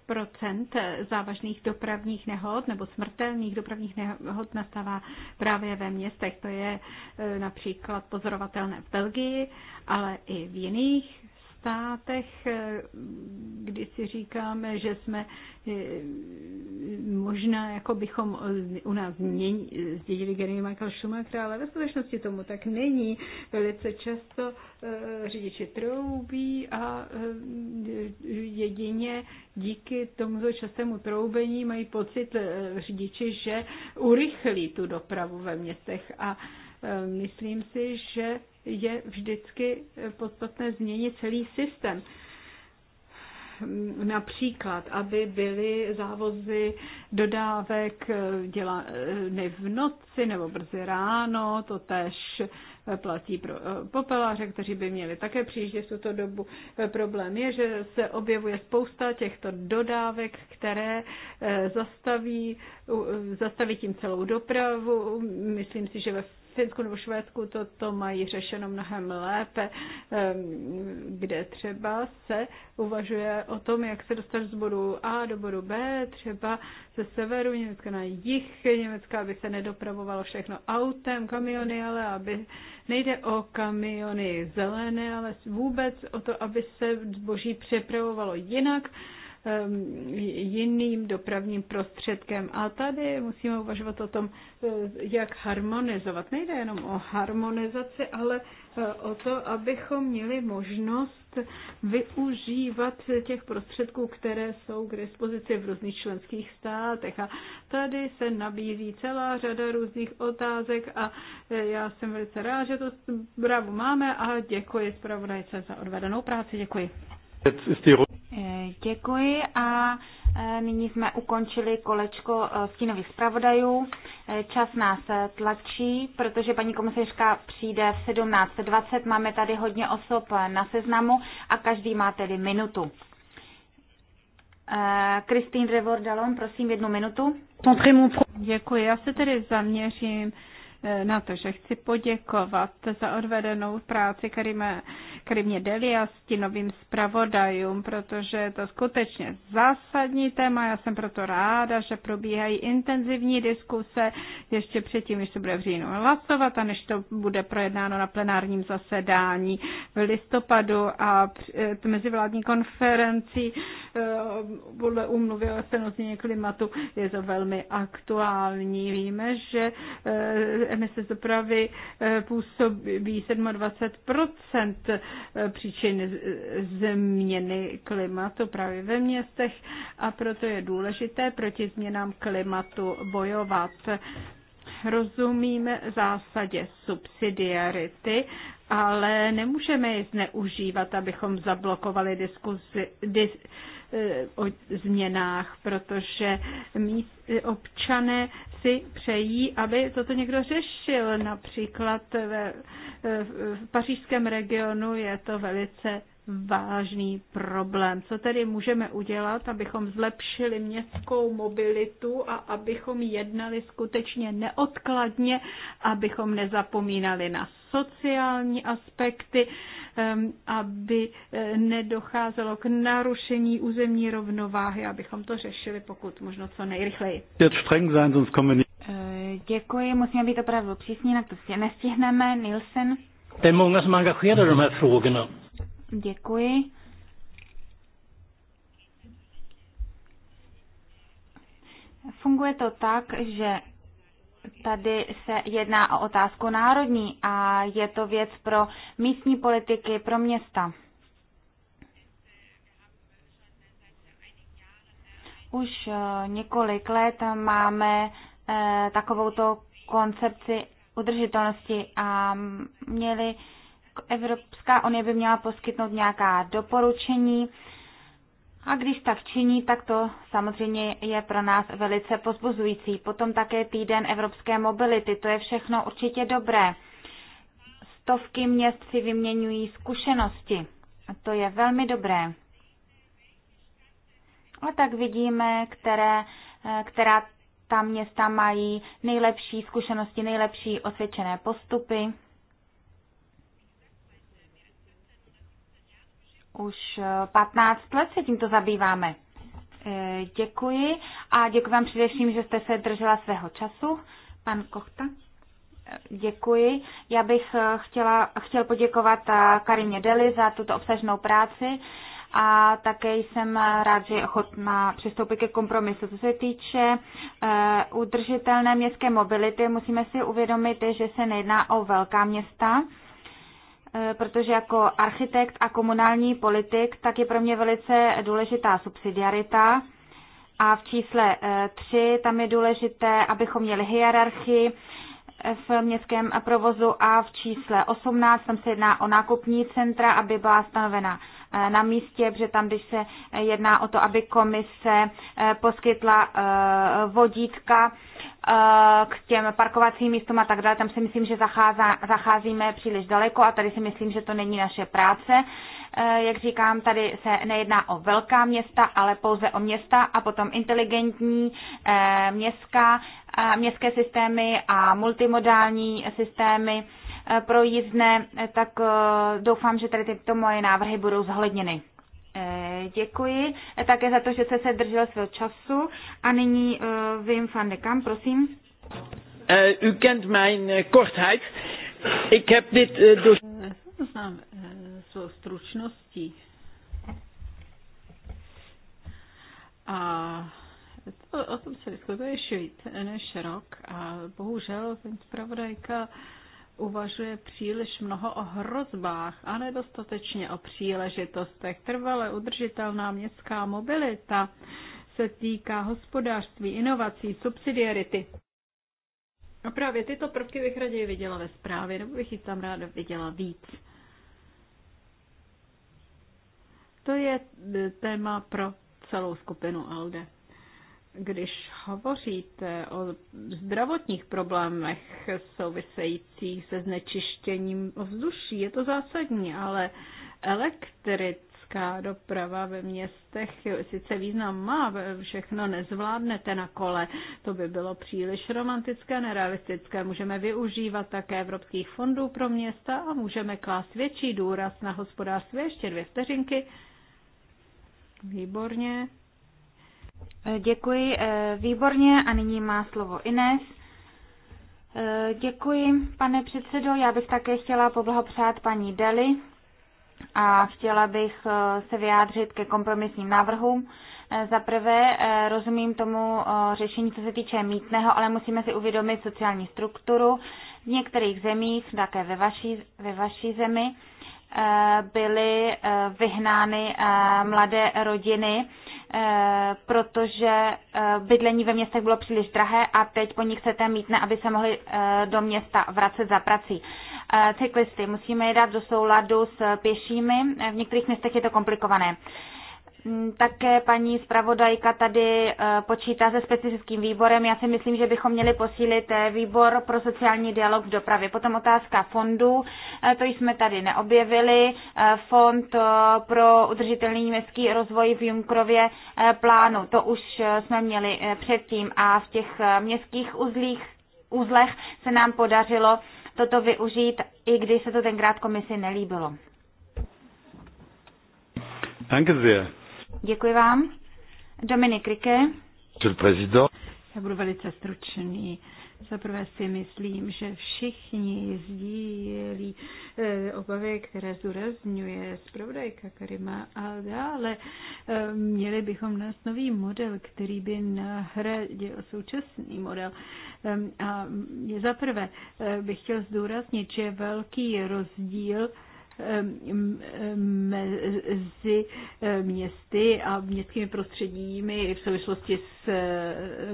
závažných dopravních nehod nebo smrtelných dopravních nehod nastává právě ve městech. To je eh, například pozorovatelné v Belgii, ale i v jiných státech, eh, kdy si říkáme, že jsme eh, možná, jako bychom eh, u nás zdědili Gary Michael Schumacher, ale ve skutečnosti tomu tak není. Velice často řidiči troubí a jedině díky tomuto častému troubení mají pocit řidiči, že urychlí tu dopravu ve městech a myslím si, že je vždycky podstatné změnit celý systém například, aby byly závozy dodávek eh, dělány eh, v noci nebo brzy ráno, to tež eh, platí pro popeláře, kteří by měli také přijíždět v tuto dobu. Problém je, že se objevuje spousta těchto dodávek, které zastaví, zastaví tím celou dopravu. Myslím si, že ve Finsku nebo Švédsku to, to mají řešeno mnohem lépe, ehm, kde třeba se uvažuje o tom, jak se dostat z bodu A do bodu B, třeba ze severu Německa na jih Německa, aby se nedopravovalo všechno autem, kamiony, ale aby nejde o kamiony zelené, ale vůbec o to, aby se zboží přepravovalo jinak Um, jiným dopravním prostředkem. A tady musíme uvažovat o tom, eh, jak harmonizovat. Nejde jenom o harmonizaci, ale eh, o to, abychom měli možnost využívat těch prostředků, které jsou k dispozici v různých členských státech. A tady se nabízí celá řada různých otázek a eh, já jsem velice rád, že to zprávu máme a děkuji zpravodajce za odvedenou práci. Děkuji. Eh, děkuji a eh, nyní jsme ukončili kolečko eh, stínových zpravodajů. Čas nás tlačí, protože paní komisařka přijde v 17.20. Máme tady hodně osob na seznamu a každý má tedy minutu. Kristýn Revordalon, prosím jednu minutu. Děkuji, já se tedy zaměřím Eh, na to, že chci poděkovat za odvedenou práci Karime, Karimě Deli a novým zpravodajům, protože je to skutečně zásadní téma. Já jsem proto ráda, že probíhají intenzivní diskuse ještě předtím, než se bude v říjnu hlasovat a než to bude projednáno na plenárním zasedání v listopadu a eh, mezivládní konferenci eh, podle úmluvy o změně klimatu je to velmi aktuální. Víme, že emise z dopravy eh, působí 27 eh, příčin změny klimatu právě ve městech a proto je důležité proti změnám klimatu bojovat rozumím zásadě subsidiarity, ale nemůžeme ji zneužívat, abychom zablokovali diskuzi dis, eh, o změnách, protože občané si přejí, aby toto někdo řešil. Například ve, eh, v pařížském regionu je to velice vážný problém. Co tedy můžeme udělat, abychom zlepšili městskou mobilitu a abychom jednali skutečně neodkladně, abychom nezapomínali na sociální aspekty, aby e, nedocházelo k narušení územní rovnováhy, abychom to řešili pokud možno co nejrychleji. Eh, děkuji, musíme být opravdu přísní, na to si nestihneme. Nielsen. Det är många som engagerar de här frågorna. Děkuji. Funguje to tak, že tady se jedná o otázku národní a je to věc pro místní politiky, pro města. Už eh, několik let máme eh, takovouto koncepci udržitelnosti a měli Evropská unie by měla poskytnout nějaká doporučení a když tak činí, tak to samozřejmě je pro nás velice pozbuzující. Potom také týden evropské mobility, to je všechno určitě dobré. Stovky měst si vyměňují zkušenosti, a to je velmi dobré. A tak vidíme, které, eh, která ta města mají nejlepší zkušenosti, nejlepší osvědčené postupy. Už 15 eh, let se tímto zabýváme. Eh, děkuji a děkuji vám především, že jste se držela svého času. Pan Kochta. Eh, děkuji. Já bych chtěla, chtěl poděkovat Karině Deli za tuto obsažnou práci a také jsem rád, že je ochotná přistoupit ke kompromisu. Co se týče udržitelné městské mobility, musíme si uvědomit, že se nejedná o velká města, Eh, protože jako architekt a komunální politik, tak je pro mě velice důležitá subsidiarita. A v čísle 3 eh, tam je důležité, abychom měli hierarchii eh, v městském provozu a v čísle 18 tam se jedná o nákupní centra, aby byla stanovena na místě, protože tam, když se jedná o to, aby komise poskytla vodítka Eh, k těm parkovacím místům a tak dále. Tam si myslím, že zacházá, zacházíme příliš daleko a tady si myslím, že to není naše práce. Eh, jak říkám, tady se nejedná o velká města, ale pouze o města a potom inteligentní eh, městská, městské systémy a multimodální systémy pro jízdné, tak doufám, že tady tyto moje návrhy budou zohledněny. Eh, děkuji také za to, že jste se držel svého času. A nyní eh, Wim van de Kamp, prosím. Uh, u kent mijn kortheid. Ik heb dit uh, do... Znám uh, svou stručností. A to, o tom se diskutuje ještě víc než rok a bohužel paní zpravodajka uh, uvažuje příliš mnoho o hrozbách a nedostatečně o příležitostech. Trvale udržitelná městská mobilita se týká hospodářství, inovací, subsidiarity. A právě tyto prvky bych raději viděla ve zprávě, nebo bych ji tam ráda viděla víc. To je e, téma pro celou skupinu ALDE. Když hovoříte o zdravotních problémech souvisejících se znečištěním ovzduší, je to zásadní, ale elektrická doprava ve městech sice význam má, všechno nezvládnete na kole, to by bylo příliš romantické, nerealistické. Můžeme využívat také evropských fondů pro města a můžeme klást větší důraz na hospodářství. Ještě dvě vteřinky. Výborně. Eh, děkuji, eh, výborně. A nyní má slovo Ines. Eh, děkuji, pane předsedo. Já bych také chtěla poblahopřát paní Deli a chtěla bych se vyjádřit ke kompromisním návrhům. Za prvé rozumím tomu řešení, co se týče mítného, ale musíme si uvědomit sociální strukturu. V některých zemích, také ve vaší, ve vaší zemi, byly vyhnány mladé rodiny Eh, protože eh, bydlení ve městech bylo příliš drahé a teď po nich chcete mítne, aby se mohli eh, do města vracet za prací. Cyklisty musíme je dát do souladu s pěšími, v některých městech je to komplikované. Mm, také paní zpravodajka tady eh, počítá se specifickým výborem. Já si myslím, že bychom měli posílit eh, výbor pro sociální dialog v dopravě. Potom otázka fondu. Eh, to jsme tady neobjevili. Fond pro udržitelný městský rozvoj v Junkrově plánu, to už jsme měli předtím a v těch městských uzlích, uzlech se nám podařilo toto využít, i když se to tenkrát komisi nelíbilo. Danke sehr. Děkuji vám. Dominik Rike. Já budu velice stručný. Za prvé si myslím, že všichni sdílí e, obavy, které zdůrazňuje zpravodajka Karima a dále. E, eh, měli bychom nás nový model, který by nahradil současný model. E, a za prvé e, bych chtěl zdůraznit, že je velký rozdíl e, mezi městy a městskými prostředími v souvislosti s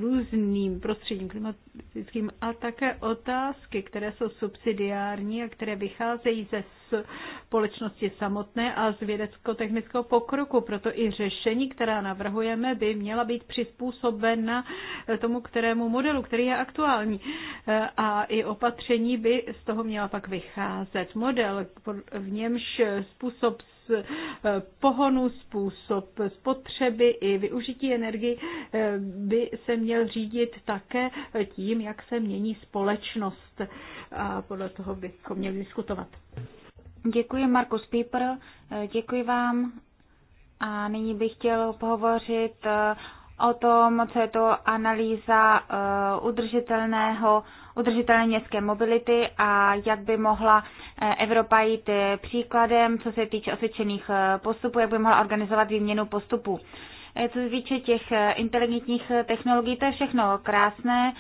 různým prostředím klimatickým a také otázky, které jsou subsidiární a které vycházejí ze společnosti samotné a z vědecko-technického pokroku. Proto i řešení, která navrhujeme, by měla být přizpůsobena tomu, kterému modelu, který je aktuální. A i opatření by z toho měla pak vycházet. Model, v němž způsob z pohonu, způsob spotřeby i využití energii eh, by se měl řídit také tím, jak se mění společnost. A podle toho bychom měli diskutovat. Děkuji, Markus Pieper, děkuji vám. A nyní bych chtěl pohovořit eh, o tom, co je to analýza eh, udržitelného, udržitelné městské mobility a jak by mohla eh, Evropa jít příkladem, co se týče osvědčených postupů, jak by mohla organizovat výměnu postupů. Eh, co se týče těch eh, inteligentních eh, technologií, to je všechno krásné.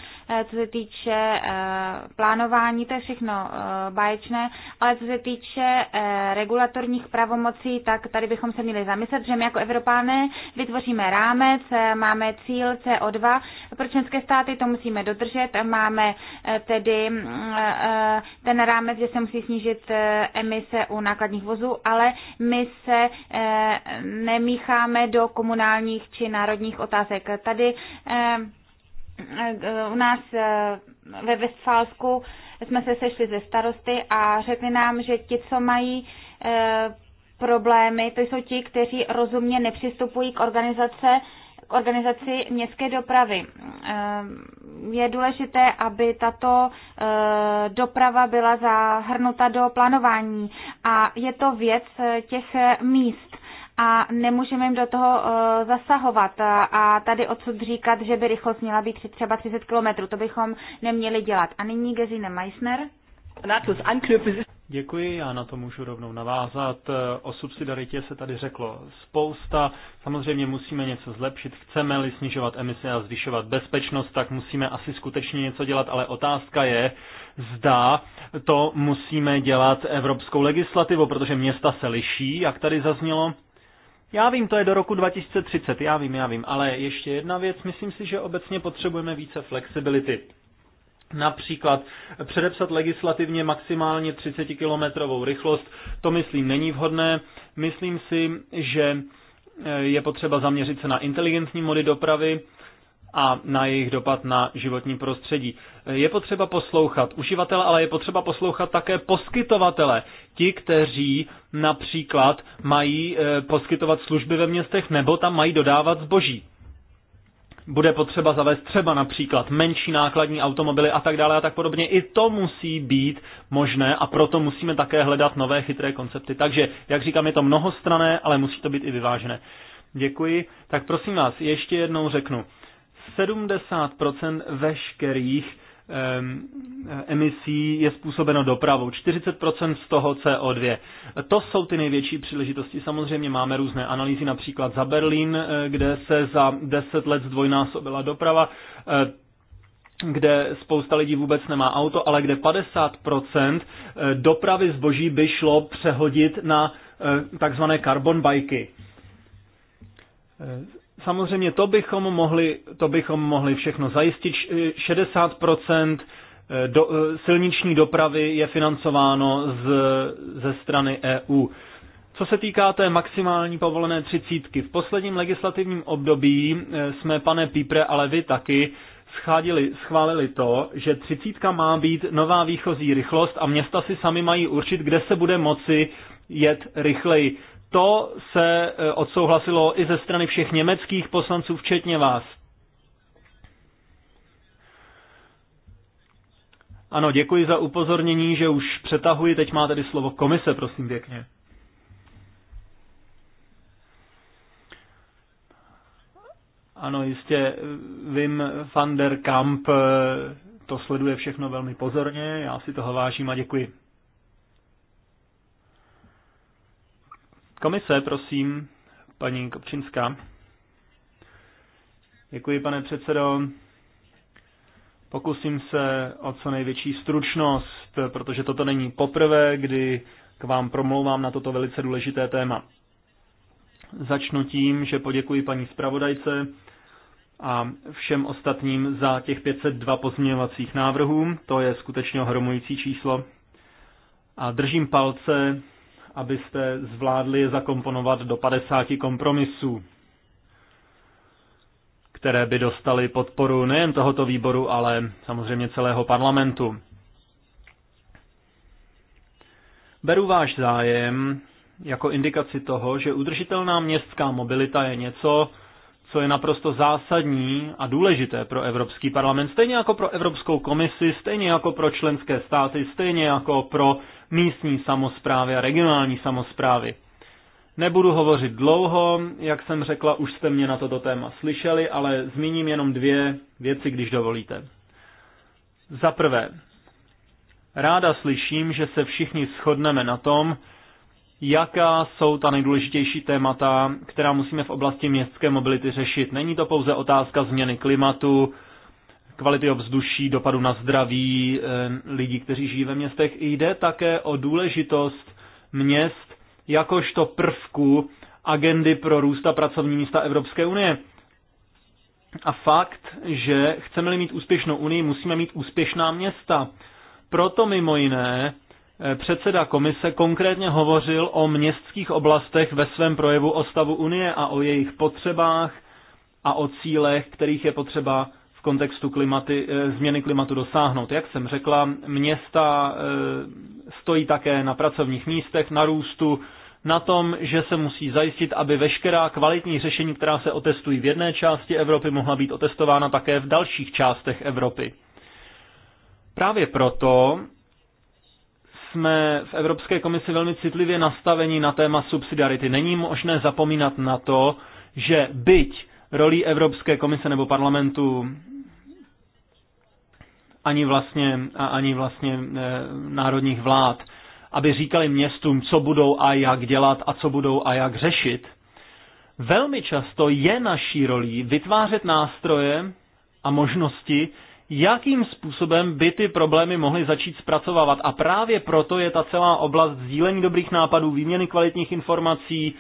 Co se týče plánování, to je všechno báječné. Ale co se týče regulatorních pravomocí, tak tady bychom se měli zamyslet, že my jako Evropané vytvoříme rámec, máme cíl CO2 pro členské státy, to musíme dodržet. Máme tedy mm, ten rámec, že se musí snížit emise u nákladních vozů, ale my se nemícháme do komunální regionálních či národních otázek. Tady eh, eh, u nás eh, ve Westfalsku jsme se sešli ze starosty a řekli nám, že ti, co mají problémy, to jsou ti, kteří rozumně nepřistupují k organizace k organizaci městské dopravy. Je důležité, aby tato doprava byla zahrnuta do plánování a je to věc těch míst a nemůžeme jim do toho eh, zasahovat. A tady odsud říkat, že by rychlost měla být třeba 30 km, to bychom neměli dělat. A nyní Gesine Meissner. Děkuji, já na to můžu rovnou navázat. Eh, o subsidiaritě se tady řeklo spousta. Samozřejmě musíme něco zlepšit. Chceme-li snižovat emise a zvyšovat bezpečnost, tak musíme asi skutečně něco dělat, ale otázka je, zda to musíme dělat evropskou legislativou, protože města se liší, jak tady zaznělo. Já vím, to je do roku 2030, já vím, já vím, ale ještě jedna věc, myslím si, že obecně potřebujeme více flexibility. Například předepsat legislativně maximálně 30-kilometrovou rychlost, to myslím není vhodné. Myslím si, že eh, je potřeba zaměřit se na inteligentní mody dopravy, a na jejich dopad na životní prostředí. Je potřeba poslouchat uživatele, ale je potřeba poslouchat také poskytovatele. Ti, kteří například mají eh, poskytovat služby ve městech nebo tam mají dodávat zboží. Bude potřeba zavést třeba například menší nákladní automobily a tak dále a tak podobně. I to musí být možné a proto musíme také hledat nové chytré koncepty. Takže, jak říkám, je to mnohostrané, ale musí to být i vyvážené. Děkuji. Tak prosím vás, ještě jednou řeknu. 70% veškerých emisí je způsobeno dopravou. 40% z toho CO2. To jsou ty největší příležitosti. Samozřejmě máme různé analýzy, například za Berlín, eh, kde se za 10 let zdvojnásobila doprava, eh, kde spousta lidí vůbec nemá auto, ale kde 50% eh, dopravy zboží by šlo přehodit na takzvané carbon bajky. Samozřejmě to bychom mohli, to bychom mohli všechno zajistit. 60 eh, eh, do, eh, silniční dopravy je financováno z, ze strany EU. Co se týká té maximální povolené třicítky, v posledním legislativním období jsme, pane Pípre, ale vy taky, schádili, schválili to, že třicítka má být nová výchozí rychlost a města si sami mají určit, kde se bude moci jet rychleji to se eh, odsouhlasilo i ze strany všech německých poslanců, včetně vás. Ano, děkuji za upozornění, že už přetahuji. Teď má tedy slovo komise, prosím pěkně. Ano, jistě Wim van der Kamp eh, to sleduje všechno velmi pozorně. Já si toho vážím a děkuji. komise, prosím, paní Kopčinská. Děkuji, pane předsedo. Pokusím se o co největší stručnost, protože toto není poprvé, kdy k vám promlouvám na toto velice důležité téma. Začnu tím, že poděkuji paní zpravodajce a všem ostatním za těch 502 pozměňovacích návrhů. To je skutečně ohromující číslo. A držím palce abyste zvládli je zakomponovat do 50 kompromisů, které by dostaly podporu nejen tohoto výboru, ale samozřejmě celého parlamentu. Beru váš zájem jako indikaci toho, že udržitelná městská mobilita je něco, co je naprosto zásadní a důležité pro Evropský parlament, stejně jako pro Evropskou komisi, stejně jako pro členské státy, stejně jako pro místní samozprávy a regionální samozprávy. Nebudu hovořit dlouho, jak jsem řekla, už jste mě na toto téma slyšeli, ale zmíním jenom dvě věci, když dovolíte. Za prvé, ráda slyším, že se všichni shodneme na tom, jaká jsou ta nejdůležitější témata, která musíme v oblasti městské mobility řešit. Není to pouze otázka změny klimatu, kvality ovzduší, dopadu na zdraví eh, lidí, kteří žijí ve městech. Jde také o důležitost měst jakožto prvku agendy pro růst a pracovní místa Evropské unie. A fakt, že chceme-li mít úspěšnou unii, musíme mít úspěšná města. Proto mimo jiné eh, předseda komise konkrétně hovořil o městských oblastech ve svém projevu o stavu unie a o jejich potřebách a o cílech, kterých je potřeba kontextu klimaty, eh, změny klimatu dosáhnout. Jak jsem řekla, města eh, stojí také na pracovních místech, na růstu, na tom, že se musí zajistit, aby veškerá kvalitní řešení, která se otestují v jedné části Evropy, mohla být otestována také v dalších částech Evropy. Právě proto jsme v Evropské komisi velmi citlivě nastaveni na téma subsidiarity. Není možné zapomínat na to, že byť rolí Evropské komise nebo parlamentu ani vlastně, ani vlastně e, národních vlád, aby říkali městům, co budou a jak dělat a co budou a jak řešit. Velmi často je naší rolí vytvářet nástroje a možnosti, jakým způsobem by ty problémy mohly začít zpracovávat. A právě proto je ta celá oblast sdílení dobrých nápadů, výměny kvalitních informací,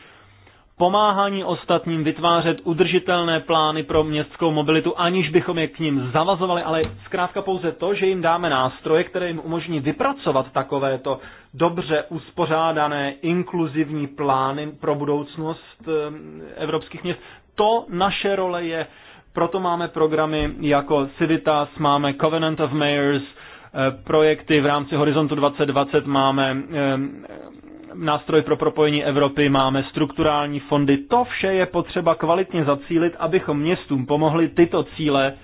pomáhání ostatním vytvářet udržitelné plány pro městskou mobilitu, aniž bychom je k ním zavazovali, ale zkrátka pouze to, že jim dáme nástroje, které jim umožní vypracovat takovéto dobře uspořádané inkluzivní plány pro budoucnost ehm, evropských měst. To naše role je, proto máme programy jako Civitas, máme Covenant of Mayors, eh, projekty v rámci Horizontu 2020, máme ehm, nástroj pro propojení Evropy, máme strukturální fondy. To vše je potřeba kvalitně zacílit, abychom městům pomohli tyto cíle,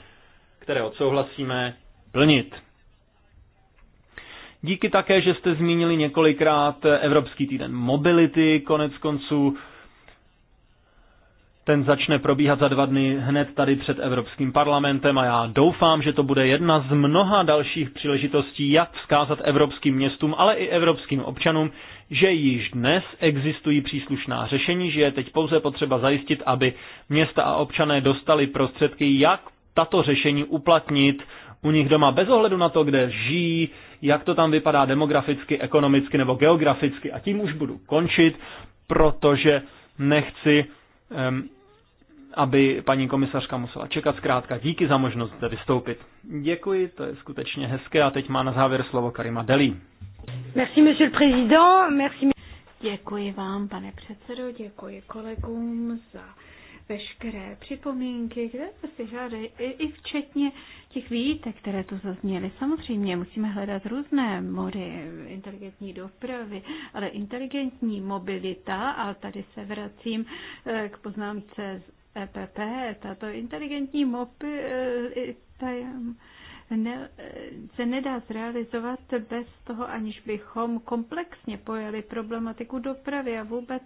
které odsouhlasíme, plnit. Díky také, že jste zmínili několikrát Evropský týden mobility, konec konců ten začne probíhat za dva dny hned tady před Evropským parlamentem a já doufám, že to bude jedna z mnoha dalších příležitostí, jak vzkázat evropským městům, ale i evropským občanům, že již dnes existují příslušná řešení, že je teď pouze potřeba zajistit, aby města a občané dostali prostředky, jak tato řešení uplatnit u nich doma, bez ohledu na to, kde žijí, jak to tam vypadá demograficky, ekonomicky nebo geograficky. A tím už budu končit, protože nechci aby paní komisařka musela čekat zkrátka. Díky za možnost zde vystoupit. Děkuji, to je skutečně hezké a teď má na závěr slovo Karima Delí. Merci, monsieur le président. Merci. Děkuji vám, pane předsedo, děkuji kolegům za veškeré připomínky, které si žádají, i včetně těch výjitek, které tu zazněly. Samozřejmě musíme hledat různé mody inteligentní dopravy, ale inteligentní mobilita, a tady se vracím eh, k poznámce EPP, tato inteligentní mopi, e, ne, se nedá zrealizovat bez toho, aniž bychom komplexně pojeli problematiku dopravy a vůbec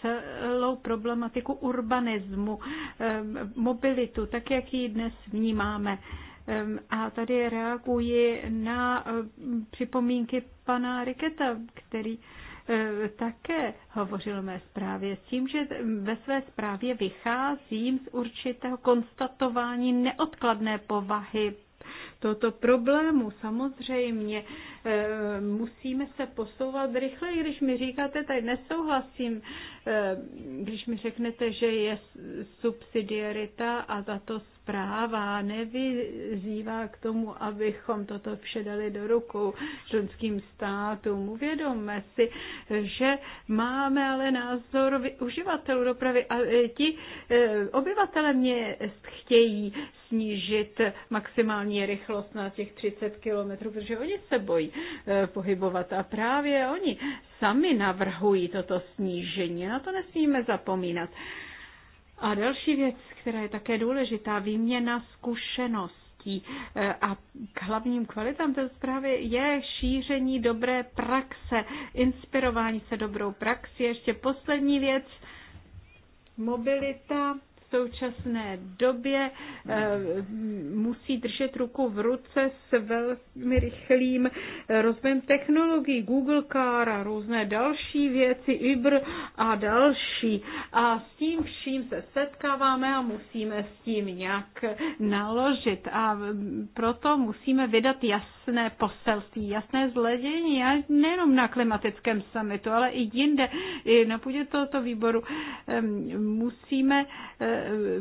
celou problematiku urbanismu, e, mobilitu, tak jak ji dnes vnímáme. E, a tady reaguji na připomínky pana Riketa, který Eh, také hovořil o mé zprávě s tím, že ve své zprávě vycházím z určitého konstatování neodkladné povahy tohoto problému. Samozřejmě Eh, musíme se posouvat rychle. Když mi říkáte, tady nesouhlasím, eh, když mi řeknete, že je subsidiarita a tato zpráva nevyzývá k tomu, abychom toto vše dali do rukou členským státům. Uvědomme si, že máme ale názor uživatelů dopravy a eh, ti obyvatele mě chtějí snížit maximální rychlost na těch 30 kilometrů, protože oni se bojí Eh, pohybovat. A právě oni sami navrhují toto snížení. Na to nesmíme zapomínat. A další věc, která je také důležitá, výměna zkušeností eh, a k hlavním kvalitám té zprávy je šíření dobré praxe, inspirování se dobrou praxi. Ještě poslední věc, mobilita současné době eh, musí držet ruku v ruce s velmi rychlým eh, rozvojem technologií, Google Car a různé další věci, Uber a další. A s tím vším se setkáváme a musíme s tím nějak naložit. A mm, proto musíme vydat jasné Jasné poselství, jasné zledění, a nejenom na klimatickém summitu, ale i jinde, i na půdě tohoto výboru. Musíme eh, eh,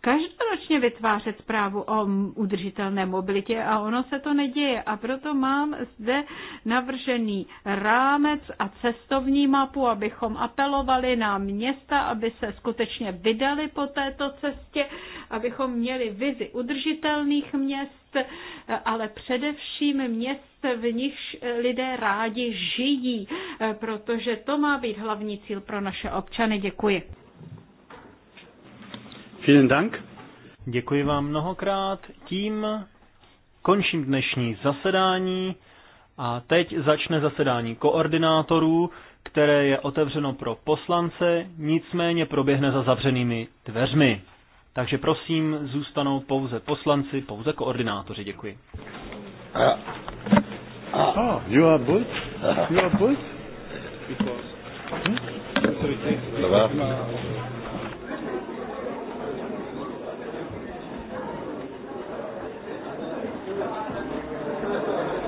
každoročně vytvářet zprávu o udržitelné mobilitě a ono se to neděje. A proto mám zde navržený rámec a cestovní mapu, abychom apelovali na města, aby se skutečně vydali po této cestě, abychom měli vizi udržitelných měst, ale především měst, v nichž lidé rádi žijí, protože to má být hlavní cíl pro naše občany. Děkuji. Vielen Dank. Děkuji vám mnohokrát. Tím končím dnešní zasedání a teď začne zasedání koordinátorů, které je otevřeno pro poslance, nicméně proběhne za zavřenými dveřmi. Takže prosím, zůstanou pouze poslanci, pouze koordinátoři. Děkuji. Uh, uh, you are good? You are good? Because... Hmm?